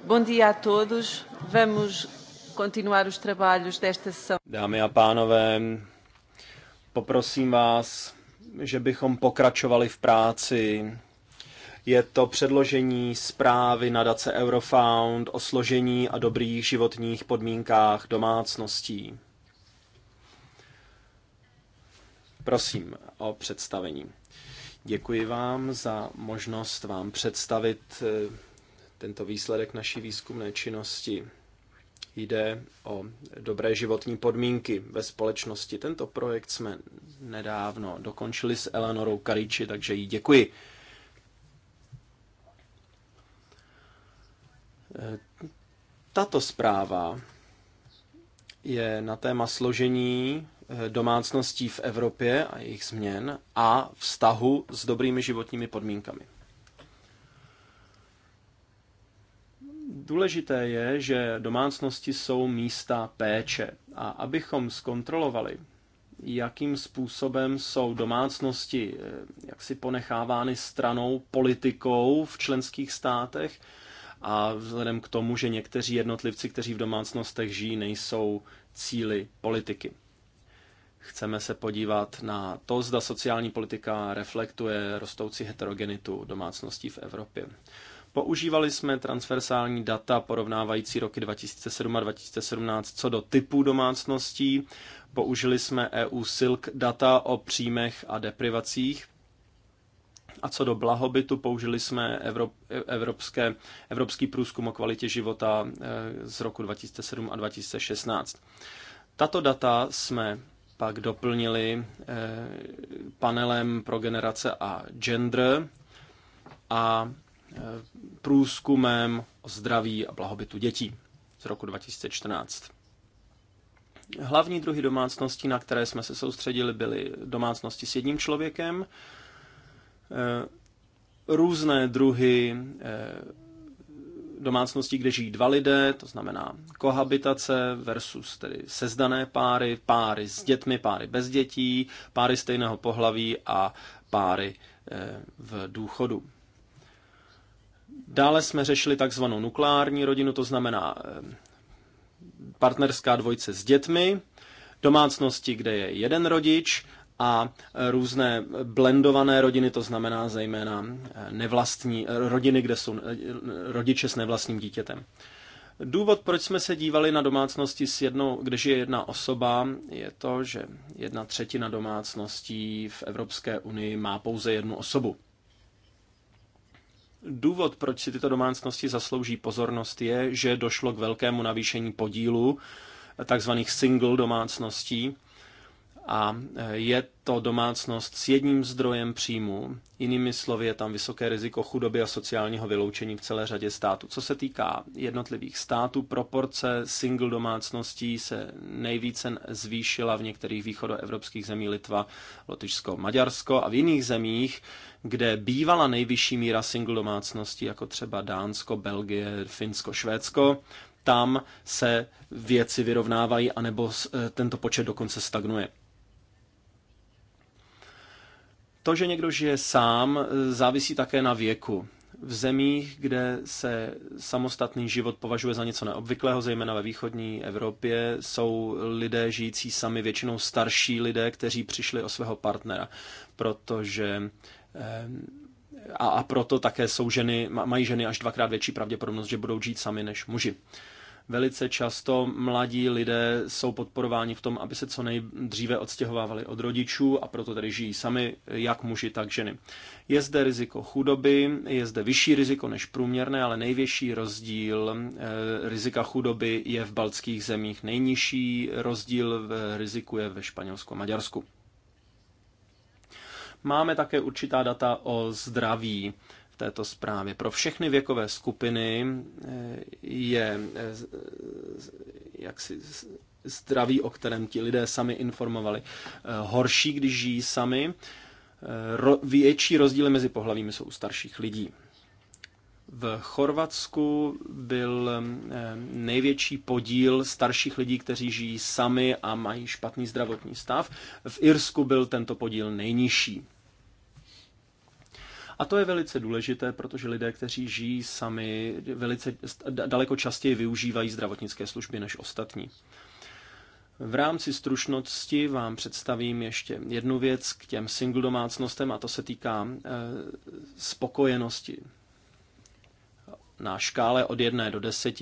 Bom dia a todos. Vamos continuar os trabalhos desta sessão. Dámy a pánové, poprosím vás, že bychom pokračovali v práci. Je to předložení zprávy nadace Eurofound o složení a dobrých životních podmínkách domácností. Prosím o představení. Děkuji vám za možnost vám představit eh, tento výsledek naší výzkumné činnosti. Jde o dobré životní podmínky ve společnosti. Tento projekt jsme nedávno dokončili s Eleanorou Kariči, takže jí děkuji. Tato zpráva je na téma složení eh, domácností v Evropě a jejich změn a vztahu s dobrými životními podmínkami. Důležité je, že domácnosti jsou místa péče a abychom zkontrolovali, jakým způsobem jsou domácnosti eh, jaksi ponechávány stranou politikou v členských státech a vzhledem k tomu, že někteří jednotlivci, kteří v domácnostech žijí, nejsou cíly politiky. Chceme se podívat na to, zda sociální politika reflektuje rostoucí heterogenitu domácností v Evropě. Používali jsme transversální data porovnávající roky 2007 a 2017 co do typů domácností. Použili jsme EU Silk data o příjmech a deprivacích. A co do blahobytu, použili jsme Evrop, evropské, evropský průzkum o kvalitě života e, z roku 2007 a 2016. Tato data jsme pak doplnili e, panelem pro generace a gender a Eh, průzkumem o zdraví a blahobytu dětí z roku 2014. Hlavní druhy domácností, na které jsme se soustředili, byly domácnosti s jedním člověkem, eh, různé druhy eh, domácností, kde žijí dva lidé, to znamená kohabitace versus tedy sezdané páry, páry s dětmi, páry bez dětí, páry stejného pohlaví a páry v důchodu. Dále jsme řešili takzvanou nukleární rodinu, to znamená eh, partnerská dvojce s dětmi, domácnosti, kde je jeden rodič a eh, různé blendované rodiny, to znamená zejména eh, nevlastní, rodiny, kde jsou rodiče s nevlastním dítětem. Důvod, proč jsme se dívali na domácnosti s jednou, kde žije jedna osoba, je to, že jedna třetina domácností v Evropské unii má pouze jednu osobu. Důvod, proč si tyto domácnosti zaslouží pozornost, je, že došlo k velkému navýšení podílu takzvaných single domácností a eh, je to domácnost s jedním zdrojem příjmu. Jinými slovy je tam vysoké riziko chudoby a sociálního vyloučení v celé řadě států. Co se týká jednotlivých států, proporce single domácností se nejvíce zvýšila v některých východoevropských zemí Litva, Lotyšsko, Maďarsko a v jiných zemích, kde bývala nejvyšší míra single domácností, jako třeba Dánsko, Belgie, Finsko, Švédsko, tam se věci vyrovnávají, anebo eh, tento počet dokonce stagnuje. To, že někdo žije sám, závisí také na věku. V zemích, kde se samostatný život považuje za něco neobvyklého, zejména ve východní Evropě, jsou lidé žijící sami většinou starší lidé, kteří přišli o svého partnera, protože eh, a, proto také jsou ženy, mají ženy až dvakrát větší pravděpodobnost, že budou žít sami než muži. Velice často mladí lidé jsou podporováni v tom, aby se co nejdříve odstěhovávali od rodičů a proto tedy žijí sami, jak muži, tak ženy. Je zde riziko chudoby, je zde vyšší riziko než průměrné, ale největší rozdíl eh, rizika chudoby je v baltských zemích. Nejnižší rozdíl v riziku je ve Španělsku a Maďarsku. Máme také určitá data o zdraví této zprávě. Pro všechny věkové skupiny eh, je eh, jaksi zdraví, o kterém ti lidé sami informovali, eh, horší, když žijí sami. Větší rozdíly mezi pohlavími jsou u starších lidí. V Chorvatsku byl největší podíl starších lidí, kteří žijí sami a mají špatný zdravotní stav. V Irsku byl tento podíl nejnižší. A to je velice důležité, protože lidé, kteří žijí sami, velice daleko častěji využívají zdravotnické služby než ostatní. V rámci stručnosti vám představím ještě jednu věc k těm single domácnostem a to se týká eh, spokojenosti. Na škále od 1 do 10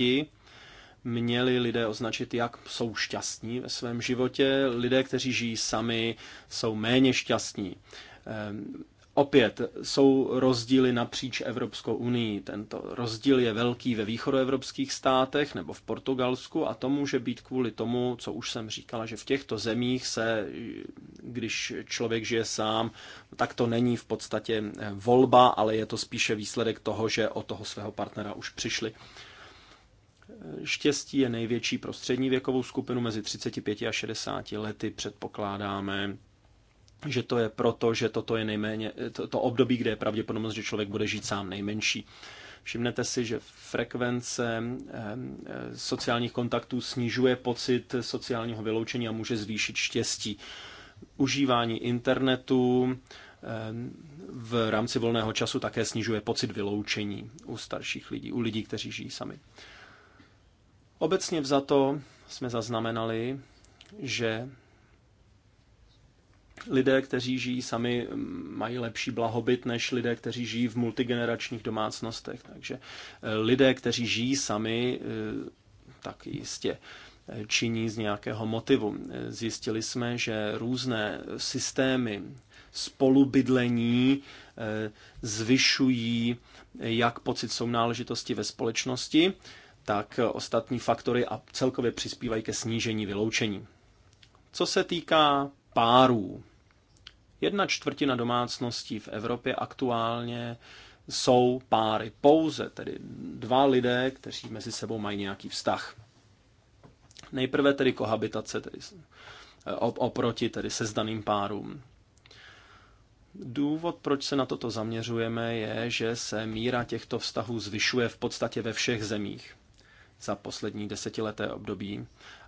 měli lidé označit, jak jsou šťastní ve svém životě. Lidé, kteří žijí sami, jsou méně šťastní. Ehm, Opět jsou rozdíly napříč Evropskou unii. Tento rozdíl je velký ve východoevropských státech nebo v Portugalsku a to může být kvůli tomu, co už jsem říkala, že v těchto zemích se, když člověk žije sám, tak to není v podstatě eh, volba, ale je to spíše výsledek toho, že o toho svého partnera už přišli. Štěstí je největší pro střední věkovou skupinu mezi 35 a 60 lety, předpokládáme že to je proto, že toto je nejméně, to, to období, kde je pravděpodobnost, že člověk bude žít sám nejmenší. Všimnete si, že frekvence sociálních kontaktů snižuje pocit sociálního vyloučení a může zvýšit štěstí. Užívání internetu v rámci volného času také snižuje pocit vyloučení u starších lidí, u lidí, kteří žijí sami. Obecně vzato jsme zaznamenali, že lidé, kteří žijí sami, mm, mají lepší blahobyt než lidé, kteří žijí v multigeneračních domácnostech. Takže e, lidé, kteří žijí sami, e, tak jistě e, činí z nějakého motivu. Zjistili jsme, že různé systémy spolubydlení zvyšují jak pocit sounáležitosti ve společnosti, tak ostatní faktory a celkově přispívají ke snížení vyloučení. Co se týká párů. Jedna čtvrtina domácností v Evropě aktuálně jsou páry. Pouze tedy dva lidé, kteří mezi sebou mají nějaký vztah. Nejprve tedy kohabitace tedy oproti tedy sezdaným párům. Důvod, proč se na toto zaměřujeme, je, že se míra těchto vztahů zvyšuje v podstatě ve všech zemích za poslední desetileté období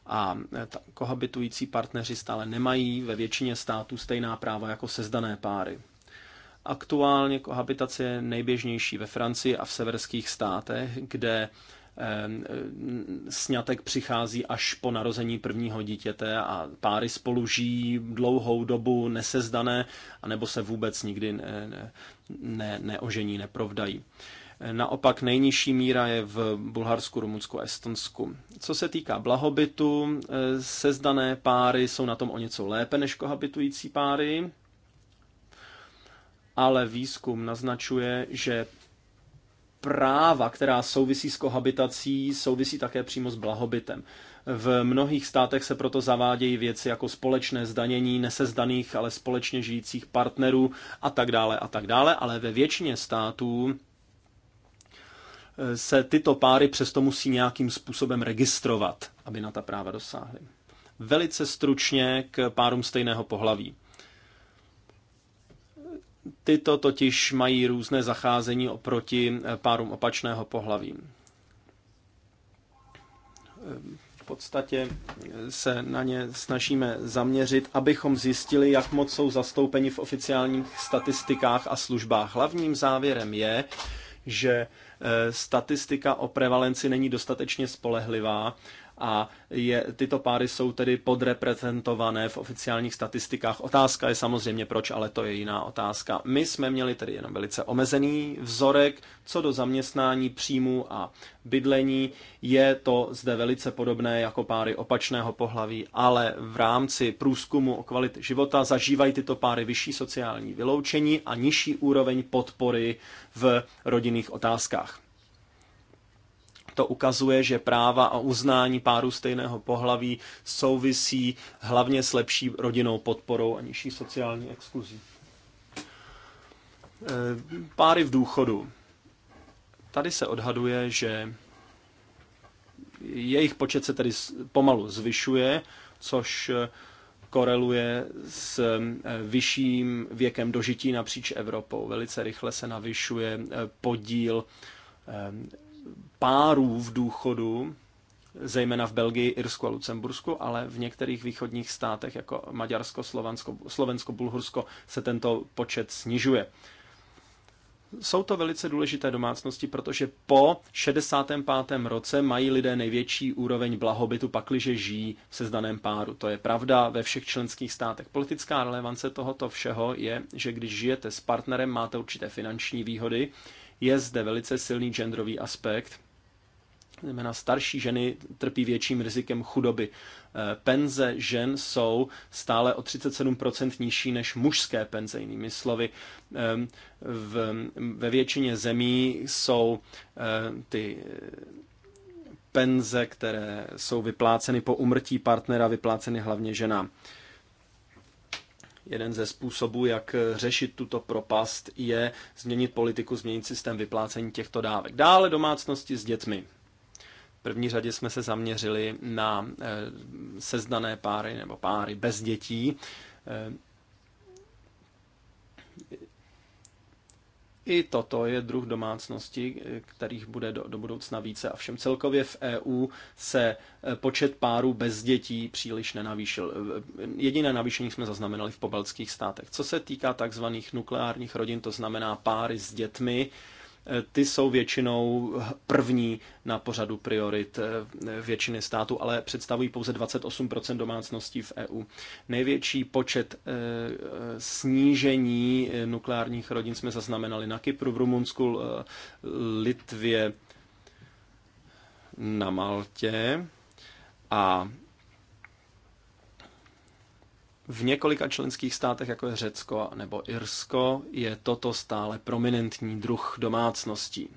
a e, kohabitující partneři stále nemají ve většině států stejná práva jako sezdané páry. Aktuálně kohabitace je nejběžnější ve Francii a v severských státech, kde e, sňatek přichází až po narození prvního dítěte a páry spolu žijí dlouhou dobu nesezdané, anebo se vůbec nikdy ne, ne, neožení, neprovdají. Naopak nejnižší míra je v Bulharsku, Rumunsku a Estonsku. Co se týká blahobytu, eh, sezdané páry jsou na tom o něco lépe než kohabitující páry, ale výzkum naznačuje, že práva, která souvisí s kohabitací, souvisí také přímo s blahobytem. V mnohých státech se proto zavádějí věci jako společné zdanění nesezdaných, ale společně žijících partnerů a tak dále a tak dále, ale ve většině států se tyto páry přesto musí nějakým způsobem registrovat, aby na ta práva dosáhly. Velice stručně k párům stejného pohlaví. Tyto totiž mají různé zacházení oproti eh, párům opačného pohlaví. V podstatě eh, se na ně snažíme zaměřit, abychom zjistili, jak moc jsou zastoupeni v oficiálních statistikách a službách. Hlavním závěrem je, že Eh, statistika o prevalenci není dostatečně spolehlivá a je, tyto páry jsou tedy podreprezentované v oficiálních statistikách. Otázka je samozřejmě proč, ale to je jiná otázka. My jsme měli tedy jenom velice omezený vzorek co do zaměstnání, příjmu a bydlení. Je to zde velice podobné jako páry opačného pohlaví, ale v rámci průzkumu o kvalit života zažívají tyto páry vyšší sociální vyloučení a nižší úroveň podpory v rodinných otázkách to ukazuje, že práva a uznání párů stejného pohlaví souvisí hlavně s lepší rodinnou podporou a nižší sociální exkluzí. E, páry v důchodu. Tady se odhaduje, že jejich počet se tedy pomalu zvyšuje, což e, koreluje s e, vyšším věkem dožití napříč Evropou. Velice rychle se navyšuje podíl párů v důchodu, zejména v Belgii, Irsku a Lucembursku, ale v některých východních státech, jako Maďarsko, Slovensko, Slovensko Bulhursko, se tento počet snižuje. Jsou to velice důležité domácnosti, protože po 65. roce mají lidé největší úroveň blahobytu, pakliže žijí v sezdaném páru. To je pravda ve všech členských státech. Politická relevance tohoto všeho je, že když žijete s partnerem, máte určité finanční výhody, je zde velice silný genderový aspekt. Znamená, starší ženy trpí větším rizikem chudoby. E, penze žen jsou stále o 37% nižší než mužské penze. Jinými slovy, e, v, ve většině zemí jsou e, ty penze, které jsou vypláceny po umrtí partnera, vypláceny hlavně ženám. Jeden ze způsobů, jak řešit tuto propast, je změnit politiku, změnit systém vyplácení těchto dávek. Dále domácnosti s dětmi. V první řadě jsme se zaměřili na eh, sezdané páry nebo páry bez dětí eh, i toto je druh domácností, kterých bude do, do budoucna více a všem celkově v EU se eh, počet párů bez dětí příliš nenavýšil. Eh, jediné navýšení jsme zaznamenali v pobaltských státech. Co se týká takzvaných nukleárních rodin, to znamená páry s dětmi, ty jsou většinou první na pořadu priorit eh, většiny států, ale představují pouze 28 domácností v EU. Největší počet eh, snížení eh, nukleárních rodin jsme zaznamenali na Kypru, v Rumunsku, Litvě, na Maltě a v několika členských státech, jako je Řecko nebo Irsko, je toto stále prominentní druh domácností.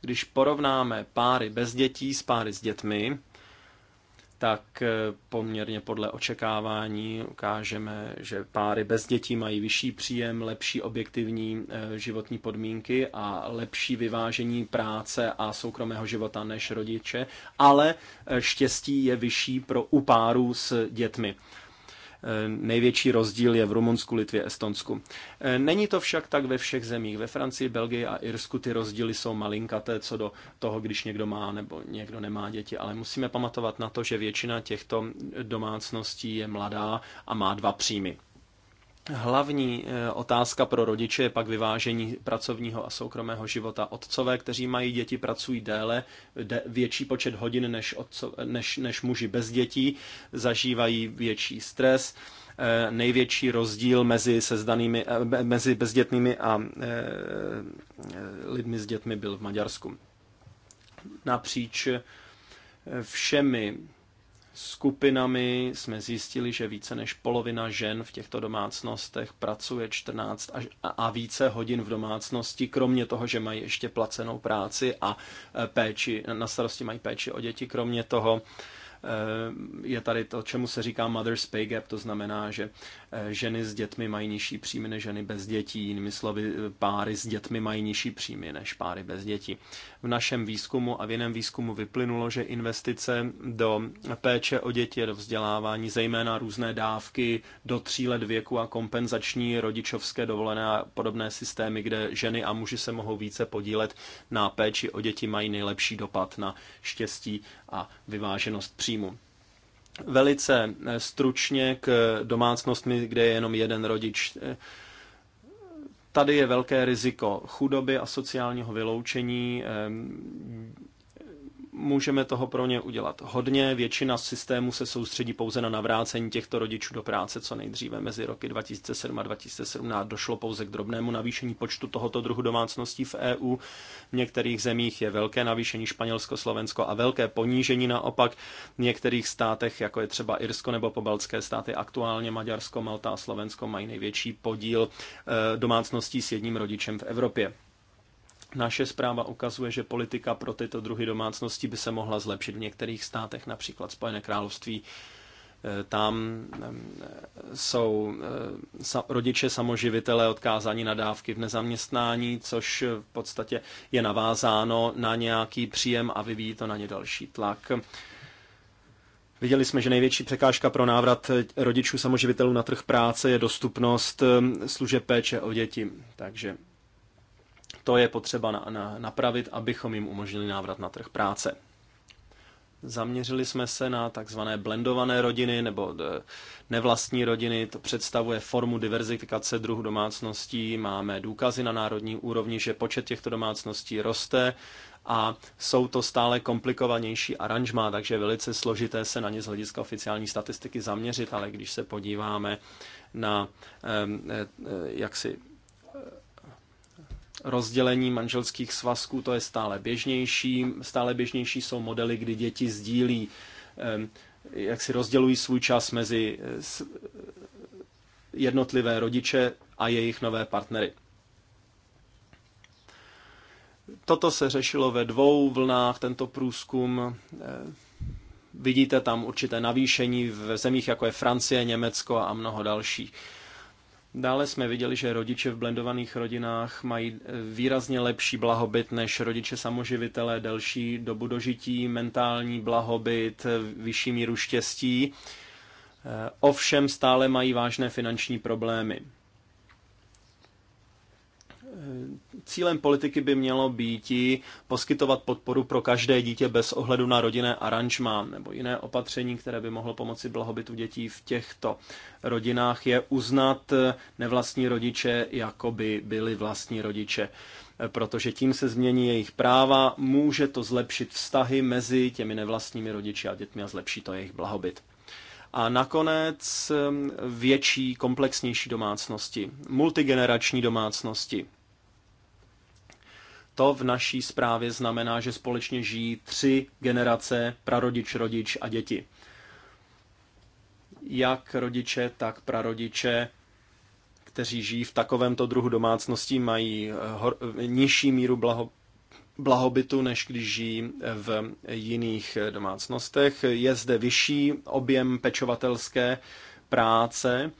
Když porovnáme páry bez dětí s páry s dětmi, tak eh, poměrně podle očekávání ukážeme, že páry bez dětí mají vyšší příjem, lepší objektivní eh, životní podmínky a lepší vyvážení práce a soukromého života než rodiče, ale eh, štěstí je vyšší pro u párů s dětmi. Eh, největší rozdíl je v Rumunsku, Litvě, Estonsku. Eh, není to však tak ve všech zemích. Ve Francii, Belgii a Irsku ty rozdíly jsou malinkaté co do toho, když někdo má nebo někdo nemá děti. Ale musíme pamatovat na to, že většina těchto domácností je mladá a má dva příjmy. Hlavní eh, otázka pro rodiče je pak vyvážení pracovního a soukromého života. Otcové, kteří mají děti, pracují déle, větší počet hodin než, otco, než, než muži bez dětí, zažívají větší stres. Eh, největší rozdíl mezi, sezdanými, eh, mezi bezdětnými a lidmi s dětmi byl v Maďarsku. Napříč všemi skupinami jsme zjistili, že více než polovina žen v těchto domácnostech pracuje 14 a více hodin v domácnosti, kromě toho, že mají ještě placenou práci a e, péči, na starosti mají péči o děti, kromě toho Eh, je tady to, čemu se říká mother's pay gap, to znamená, že eh, ženy s dětmi mají nižší příjmy než ženy bez dětí, jinými slovy eh, páry s dětmi mají nižší příjmy než páry bez dětí. V našem výzkumu a v jiném výzkumu vyplynulo, že investice do péče o děti a do vzdělávání, zejména různé dávky do tří let věku a kompenzační rodičovské dovolené a podobné systémy, kde ženy a muži se mohou více podílet na péči o děti, mají nejlepší dopad na štěstí a vyváženost příjmy příjmu. Velice eh, stručně k domácnostmi, kde je jenom jeden rodič. Eh, tady je velké riziko chudoby a sociálního vyloučení. Ehm, můžeme toho pro ně udělat hodně. Většina systémů se soustředí pouze na navrácení těchto rodičů do práce co nejdříve. Mezi roky 2007 a 2017 došlo pouze k drobnému navýšení počtu tohoto druhu domácností v EU. V některých zemích je velké navýšení Španělsko, Slovensko a velké ponížení naopak. V některých státech, jako je třeba Irsko nebo pobaltské státy, aktuálně Maďarsko, Malta a Slovensko mají největší podíl eh, domácností s jedním rodičem v Evropě. Naše zpráva ukazuje, že politika pro tyto druhy domácností by se mohla zlepšit v některých státech, například Spojené království. E, tam jsou e, rodiče samoživitelé odkázáni na dávky v nezaměstnání, což v podstatě je navázáno na nějaký příjem a vyvíjí to na ně další tlak. Viděli jsme, že největší překážka pro návrat rodičů samoživitelů na trh práce je dostupnost služeb péče o děti. Takže to je potřeba na, na, napravit, abychom jim umožnili návrat na trh práce. Zaměřili jsme se na takzvané blendované rodiny nebo eh, nevlastní rodiny. To představuje formu diverzifikace druhu domácností. Máme důkazy na národní úrovni, že počet těchto domácností roste a jsou to stále komplikovanější aranžma, takže velice složité se na ně z hlediska oficiální statistiky zaměřit, ale když se podíváme na eh, eh, jaksi rozdělení manželských svazků, to je stále běžnější. Stále běžnější jsou modely, kdy děti sdílí, jak si rozdělují svůj čas mezi eh, eh, jednotlivé rodiče a jejich nové partnery. Toto se řešilo ve dvou vlnách, tento průzkum. Eh, vidíte tam určité navýšení v zemích, jako je Francie, Německo a mnoho dalších. Dále jsme viděli, že rodiče v blendovaných rodinách mají eh, výrazně lepší blahobyt než rodiče samoživitelé, delší dobu dožití, mentální blahobyt, eh, vyšší míru štěstí. Eh, ovšem stále mají vážné finanční problémy Cílem politiky by mělo být poskytovat podporu pro každé dítě bez ohledu na rodinné aranžma nebo jiné opatření, které by mohlo pomoci blahobytu dětí v těchto rodinách, je uznat nevlastní rodiče, jako by byli vlastní rodiče protože tím se změní jejich práva, může to zlepšit vztahy mezi těmi nevlastními rodiči a dětmi a zlepší to jejich blahobyt. A nakonec um, větší, komplexnější domácnosti, multigenerační domácnosti. To v naší zprávě znamená, že společně žijí tři generace, prarodič, rodič a děti. Jak rodiče, tak prarodiče, kteří žijí v takovémto druhu domácnosti mají eh, hor- nižší míru blaho- blahobytu, než když žijí v jiných eh, domácnostech. Je zde vyšší objem pečovatelské práce,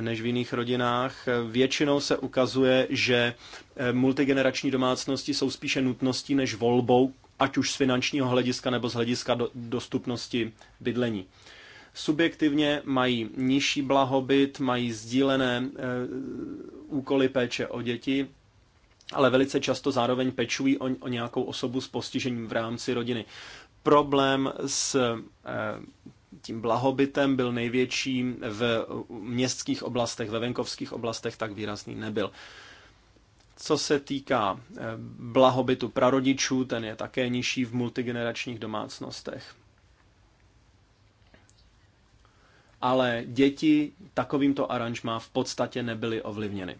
než v jiných rodinách. Většinou se ukazuje, že eh, multigenerační domácnosti jsou spíše nutností než volbou, ať už z finančního hlediska nebo z hlediska dostupnosti bydlení. Subjektivně mají nižší blahobyt, mají sdílené eh, úkoly péče o děti, ale velice často zároveň pečují o, o nějakou osobu s postižením v rámci rodiny. Problém s eh, tím blahobytem byl největší v městských oblastech, ve venkovských oblastech tak výrazný nebyl. Co se týká eh, blahobytu prarodičů, ten je také nižší v multigeneračních domácnostech. Ale děti takovýmto aranžmá v podstatě nebyly ovlivněny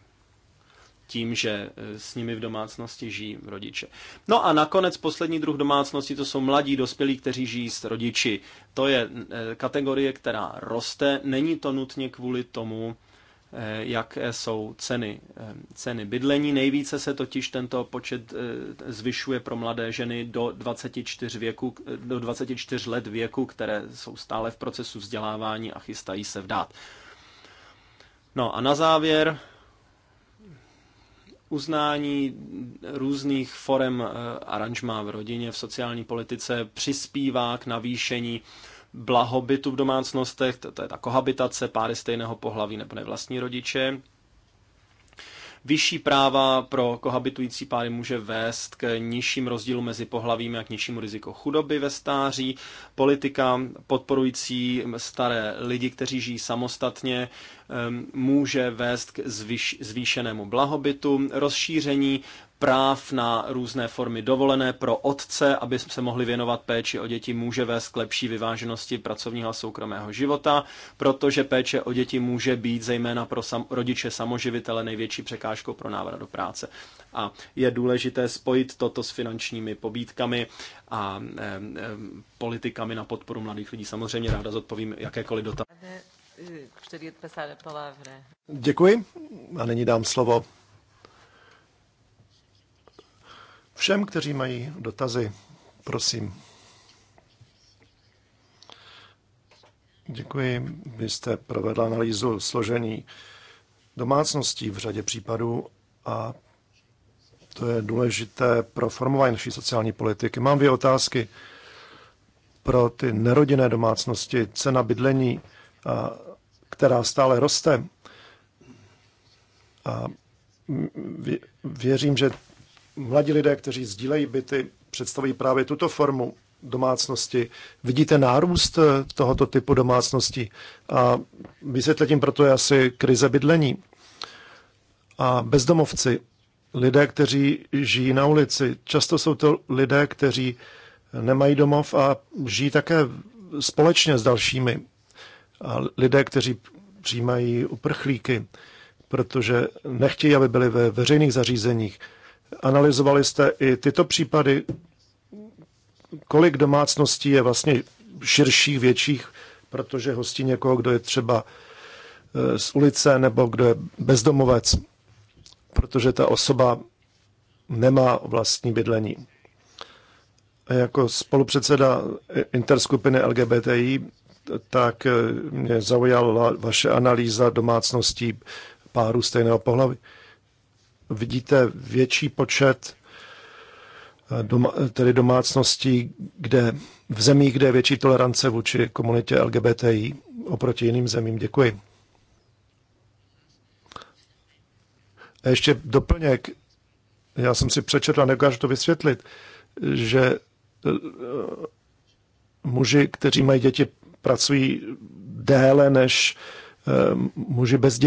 tím, že eh, s nimi v domácnosti žijí rodiče. No a nakonec poslední druh domácnosti, to jsou mladí dospělí, kteří žijí s rodiči. To je eh, kategorie, která roste. Není to nutně kvůli tomu, eh, jaké jsou ceny, ceny bydlení. Nejvíce se totiž tento počet zvyšuje pro mladé ženy do 24, věku, do 24 let věku, které jsou stále v procesu vzdělávání a chystají se vdát. No a na závěr uznání různých forem eh, aranžma v rodině, v sociální politice přispívá k navýšení blahobytu v domácnostech, to, to je ta kohabitace, páry stejného pohlaví nebo nevlastní rodiče vyšší práva pro kohabitující páry může vést k nižším rozdílu mezi pohlavími a k nižšímu riziku chudoby ve stáří. Politika podporující staré lidi, kteří žijí samostatně, může vést k zvýšenému blahobytu. Rozšíření práv na různé formy dovolené pro otce, aby se mohli věnovat péči o děti, může vést k lepší vyváženosti pracovního a soukromého života, protože péče o děti může být zejména pro sam- rodiče samoživitele největší překážkou pro návrat do práce. A je důležité spojit toto s finančními pobídkami a e, e, politikami na podporu mladých lidí. Samozřejmě ráda zodpovím jakékoliv dotazy. Děkuji a nyní dám slovo Všem, kteří mají dotazy, prosím. Děkuji. Vy jste provedla analýzu složení domácností v řadě případů a to je důležité pro formování naší sociální politiky. Mám dvě otázky pro ty nerodinné domácnosti. Cena bydlení, která stále roste. A věřím, že Mladí lidé, kteří sdílejí byty, představují právě tuto formu domácnosti. Vidíte nárůst eh, tohoto typu domácností a vysvětlením proto je asi krize bydlení. A bezdomovci, lidé, kteří žijí na ulici, často jsou to lidé, kteří nemají domov a žijí také společně s dalšími. A lidé, kteří přijímají uprchlíky, protože nechtějí, aby byli ve veřejných zařízeních. Analyzovali jste i tyto případy, kolik domácností je vlastně širších, větších, protože hostí někoho, kdo je třeba e, z ulice nebo kdo je bezdomovec, protože ta osoba nemá vlastní bydlení. A jako spolupředseda interskupiny LGBTI, tak e, mě zaujala vaše analýza domácností párů stejného pohlaví vidíte větší počet eh, doma, tedy domácností, kde, v zemích, kde je větší tolerance vůči komunitě LGBTI oproti jiným zemím. Děkuji. A ještě doplněk. Já jsem si přečetl a nekážu to vysvětlit, že eh, muži, kteří mají děti, pracují déle než eh, muži bez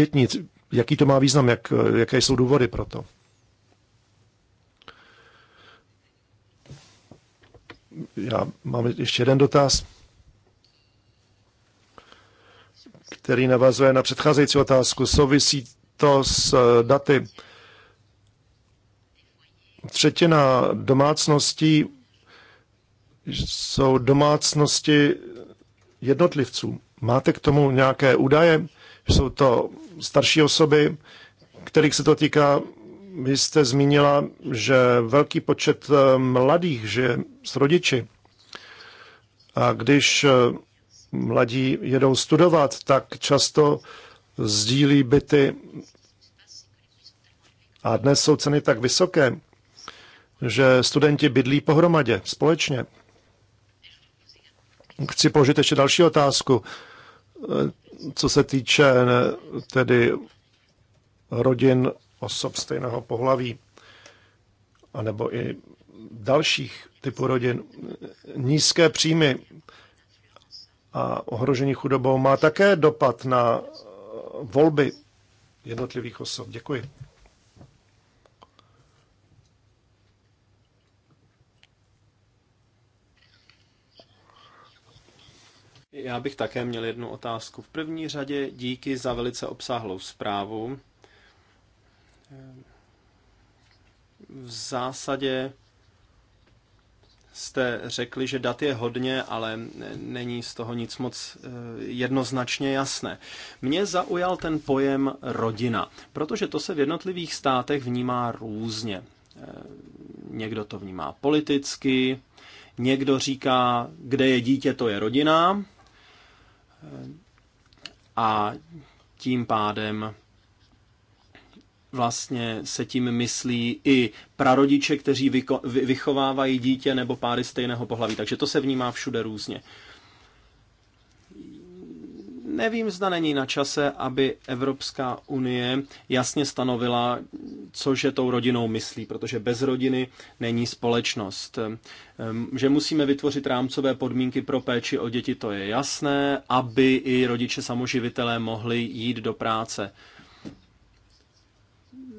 jaký to má význam, jak, jaké jsou důvody pro to. Já mám ještě jeden dotaz, který navazuje na předcházející otázku. Souvisí to s eh, daty. Třetina domácností jsou domácnosti jednotlivců. Máte k tomu nějaké údaje? Jsou to starší osoby, kterých se to týká. Vy jste zmínila, že velký počet eh, mladých žije s rodiči. A když eh, mladí jedou studovat, tak často sdílí byty. A dnes jsou ceny tak vysoké, že studenti bydlí pohromadě, společně. Chci položit ještě další otázku co se týče tedy rodin osob stejného pohlaví, anebo i dalších typů rodin, nízké příjmy a ohrožení chudobou má také dopad na volby jednotlivých osob. Děkuji. Já bych také měl jednu otázku. V první řadě díky za velice obsáhlou zprávu. V zásadě jste řekli, že dat je hodně, ale není z toho nic moc eh, jednoznačně jasné. Mě zaujal ten pojem rodina, protože to se v jednotlivých státech vnímá různě. Eh, někdo to vnímá politicky, někdo říká, kde je dítě, to je rodina, a tím pádem vlastně se tím myslí i prarodiče, kteří vychovávají dítě nebo páry stejného pohlaví. Takže to se vnímá všude různě. Nevím, zda není na čase, aby Evropská unie jasně stanovila, cože tou rodinou myslí, protože bez rodiny není společnost. Ehm, že musíme vytvořit rámcové podmínky pro péči o děti, to je jasné, aby i rodiče samoživitelé mohli jít do práce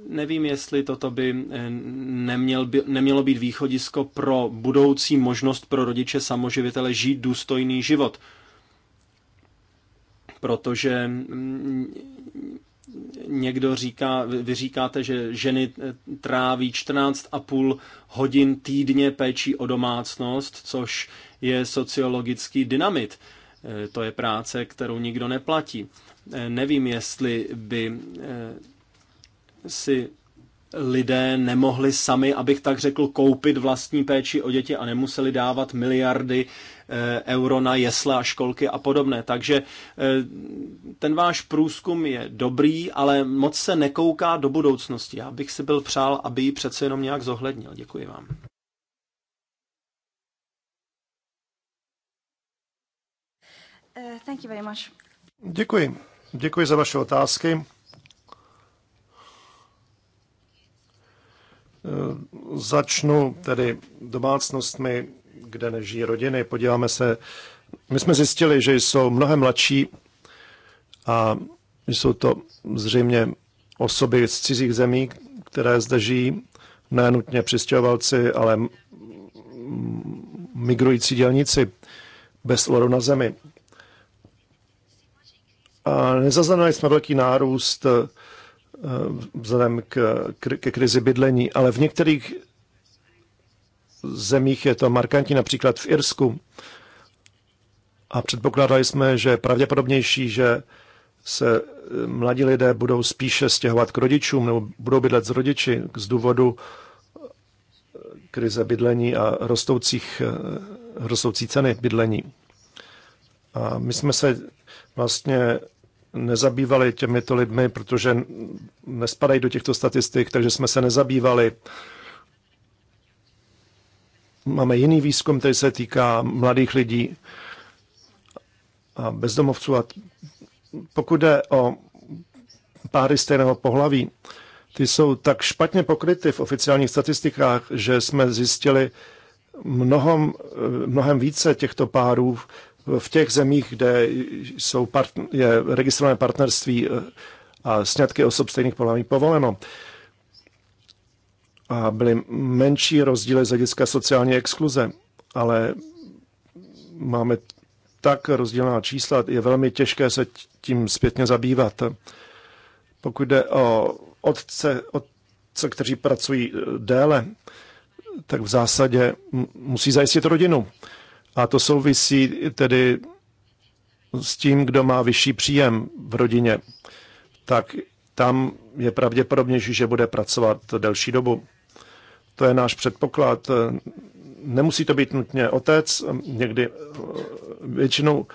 nevím, jestli toto by eh, neměl, by nemělo být východisko pro budoucí možnost pro rodiče samoživitele žít důstojný život protože mm, někdo říká, vy říkáte, že ženy eh, tráví 14,5 hodin týdně péčí o domácnost, což je sociologický dynamit. Eh, to je práce, kterou nikdo neplatí. Eh, nevím, jestli by si lidé nemohli sami, abych tak řekl, koupit vlastní péči o děti a nemuseli dávat miliardy Eh, euro na jesle a školky a podobné. Takže eh, ten váš průzkum je dobrý, ale moc se nekouká do budoucnosti. Já bych si byl přál, aby ji přece jenom nějak zohlednil. Děkuji vám. Eh, thank you very much. Děkuji. Děkuji za vaše otázky. Začnu tedy domácnostmi kde nežijí rodiny. Podíváme se, my jsme zjistili, že jsou mnohem mladší a jsou to zřejmě osoby z cizích zemí, které zde žijí, ne nutně přistěhovalci, ale migrující dělníci bez loru na zemi. A nezaznamenali jsme velký nárůst eh, vzhledem k, ke krizi bydlení, ale v některých zemích je to markantní, například v Irsku. A předpokládali jsme, že je pravděpodobnější, že se eh, mladí lidé budou spíše stěhovat k rodičům nebo budou bydlet s rodiči z důvodu eh, krize bydlení a rostoucích, eh, rostoucí ceny bydlení. A my jsme se vlastně nezabývali těmito lidmi, protože nespadají do těchto statistik, takže jsme se nezabývali uh, Máme jiný výzkum, který se týká mladých lidí a bezdomovců. A pokud jde o páry stejného pohlaví, ty jsou tak špatně pokryty v oficiálních statistikách, že jsme zjistili mnohem, mnohem více těchto párů v těch zemích, kde jsou part, je registrované partnerství eh, a snědky osob stejných pohlaví povoleno a byly menší rozdíly z hlediska sociální exkluze, ale máme tak rozdílná čísla, je velmi těžké se tím zpětně zabývat. Pokud jde o otce, otce kteří pracují eh, déle, tak v zásadě musí zajistit rodinu. A to souvisí tedy s tím, kdo má vyšší příjem v rodině. Tak tam je pravděpodobnější, že bude pracovat delší dobu. To je náš předpoklad. Nemusí to být nutně otec, někdy eh, většinou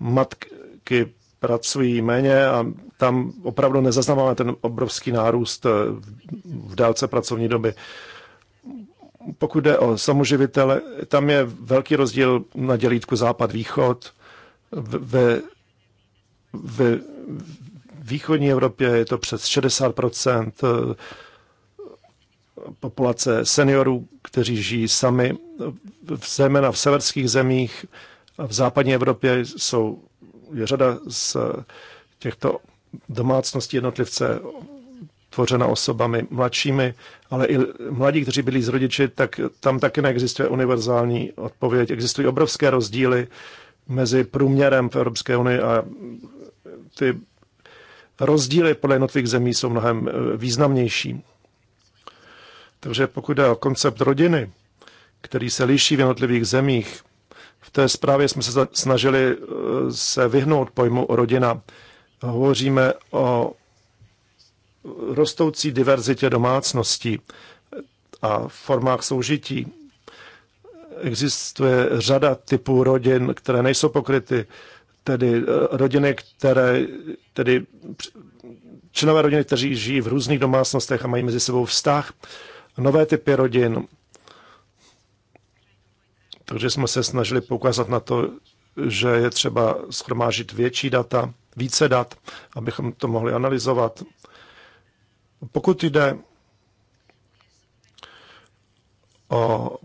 matky pracují méně a tam opravdu nezaznamenáme ten obrovský nárůst eh, v délce pracovní doby. Pokud jde o samoživitele, tam je velký rozdíl na dělítku západ-východ. Ve, ve východní Evropě je to přes 60 populace seniorů, kteří žijí sami, zejména v severských zemích v západní Evropě jsou, je řada z těchto domácností jednotlivce tvořena osobami mladšími, ale i mladí, kteří byli z rodiči, tak tam taky neexistuje univerzální odpověď. Existují obrovské rozdíly mezi průměrem v Evropské unii a ty rozdíly podle jednotlivých zemí jsou mnohem eh, významnější. Takže pokud jde o koncept rodiny, který se liší v jednotlivých zemích, v té zprávě jsme se snažili eh, se vyhnout pojmu rodina. Hovoříme o rostoucí diverzitě domácností a formách soužití. Existuje řada typů rodin, které nejsou pokryty, tedy eh, rodiny, které, tedy členové rodiny, kteří žijí v různých domácnostech a mají mezi sebou vztah nové typy rodin. Takže jsme se snažili poukázat na to, že je třeba schromážit větší data, více dat, abychom to mohli analyzovat. Pokud jde o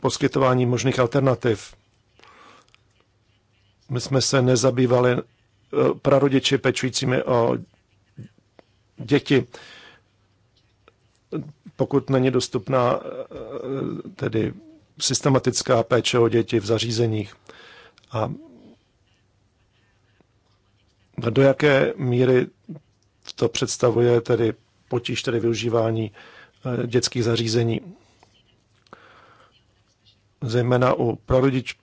poskytování možných alternativ, my jsme se nezabývali eh, prarodiči pečujícími o děti pokud není dostupná eh, eh, tedy systematická péče o děti v zařízeních. A do jaké míry to představuje tedy potíž tedy využívání eh, dětských zařízení. Zejména u prarodič,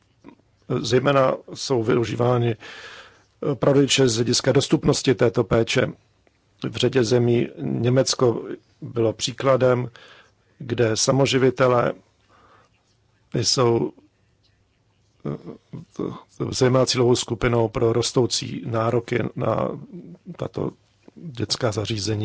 zejména jsou využívány prarodiče z hlediska dostupnosti této péče v řadě zemí. Německo bylo příkladem, kde samoživitelé jsou eh, zejména cílovou skupinou pro rostoucí nároky na tato dětská zařízení.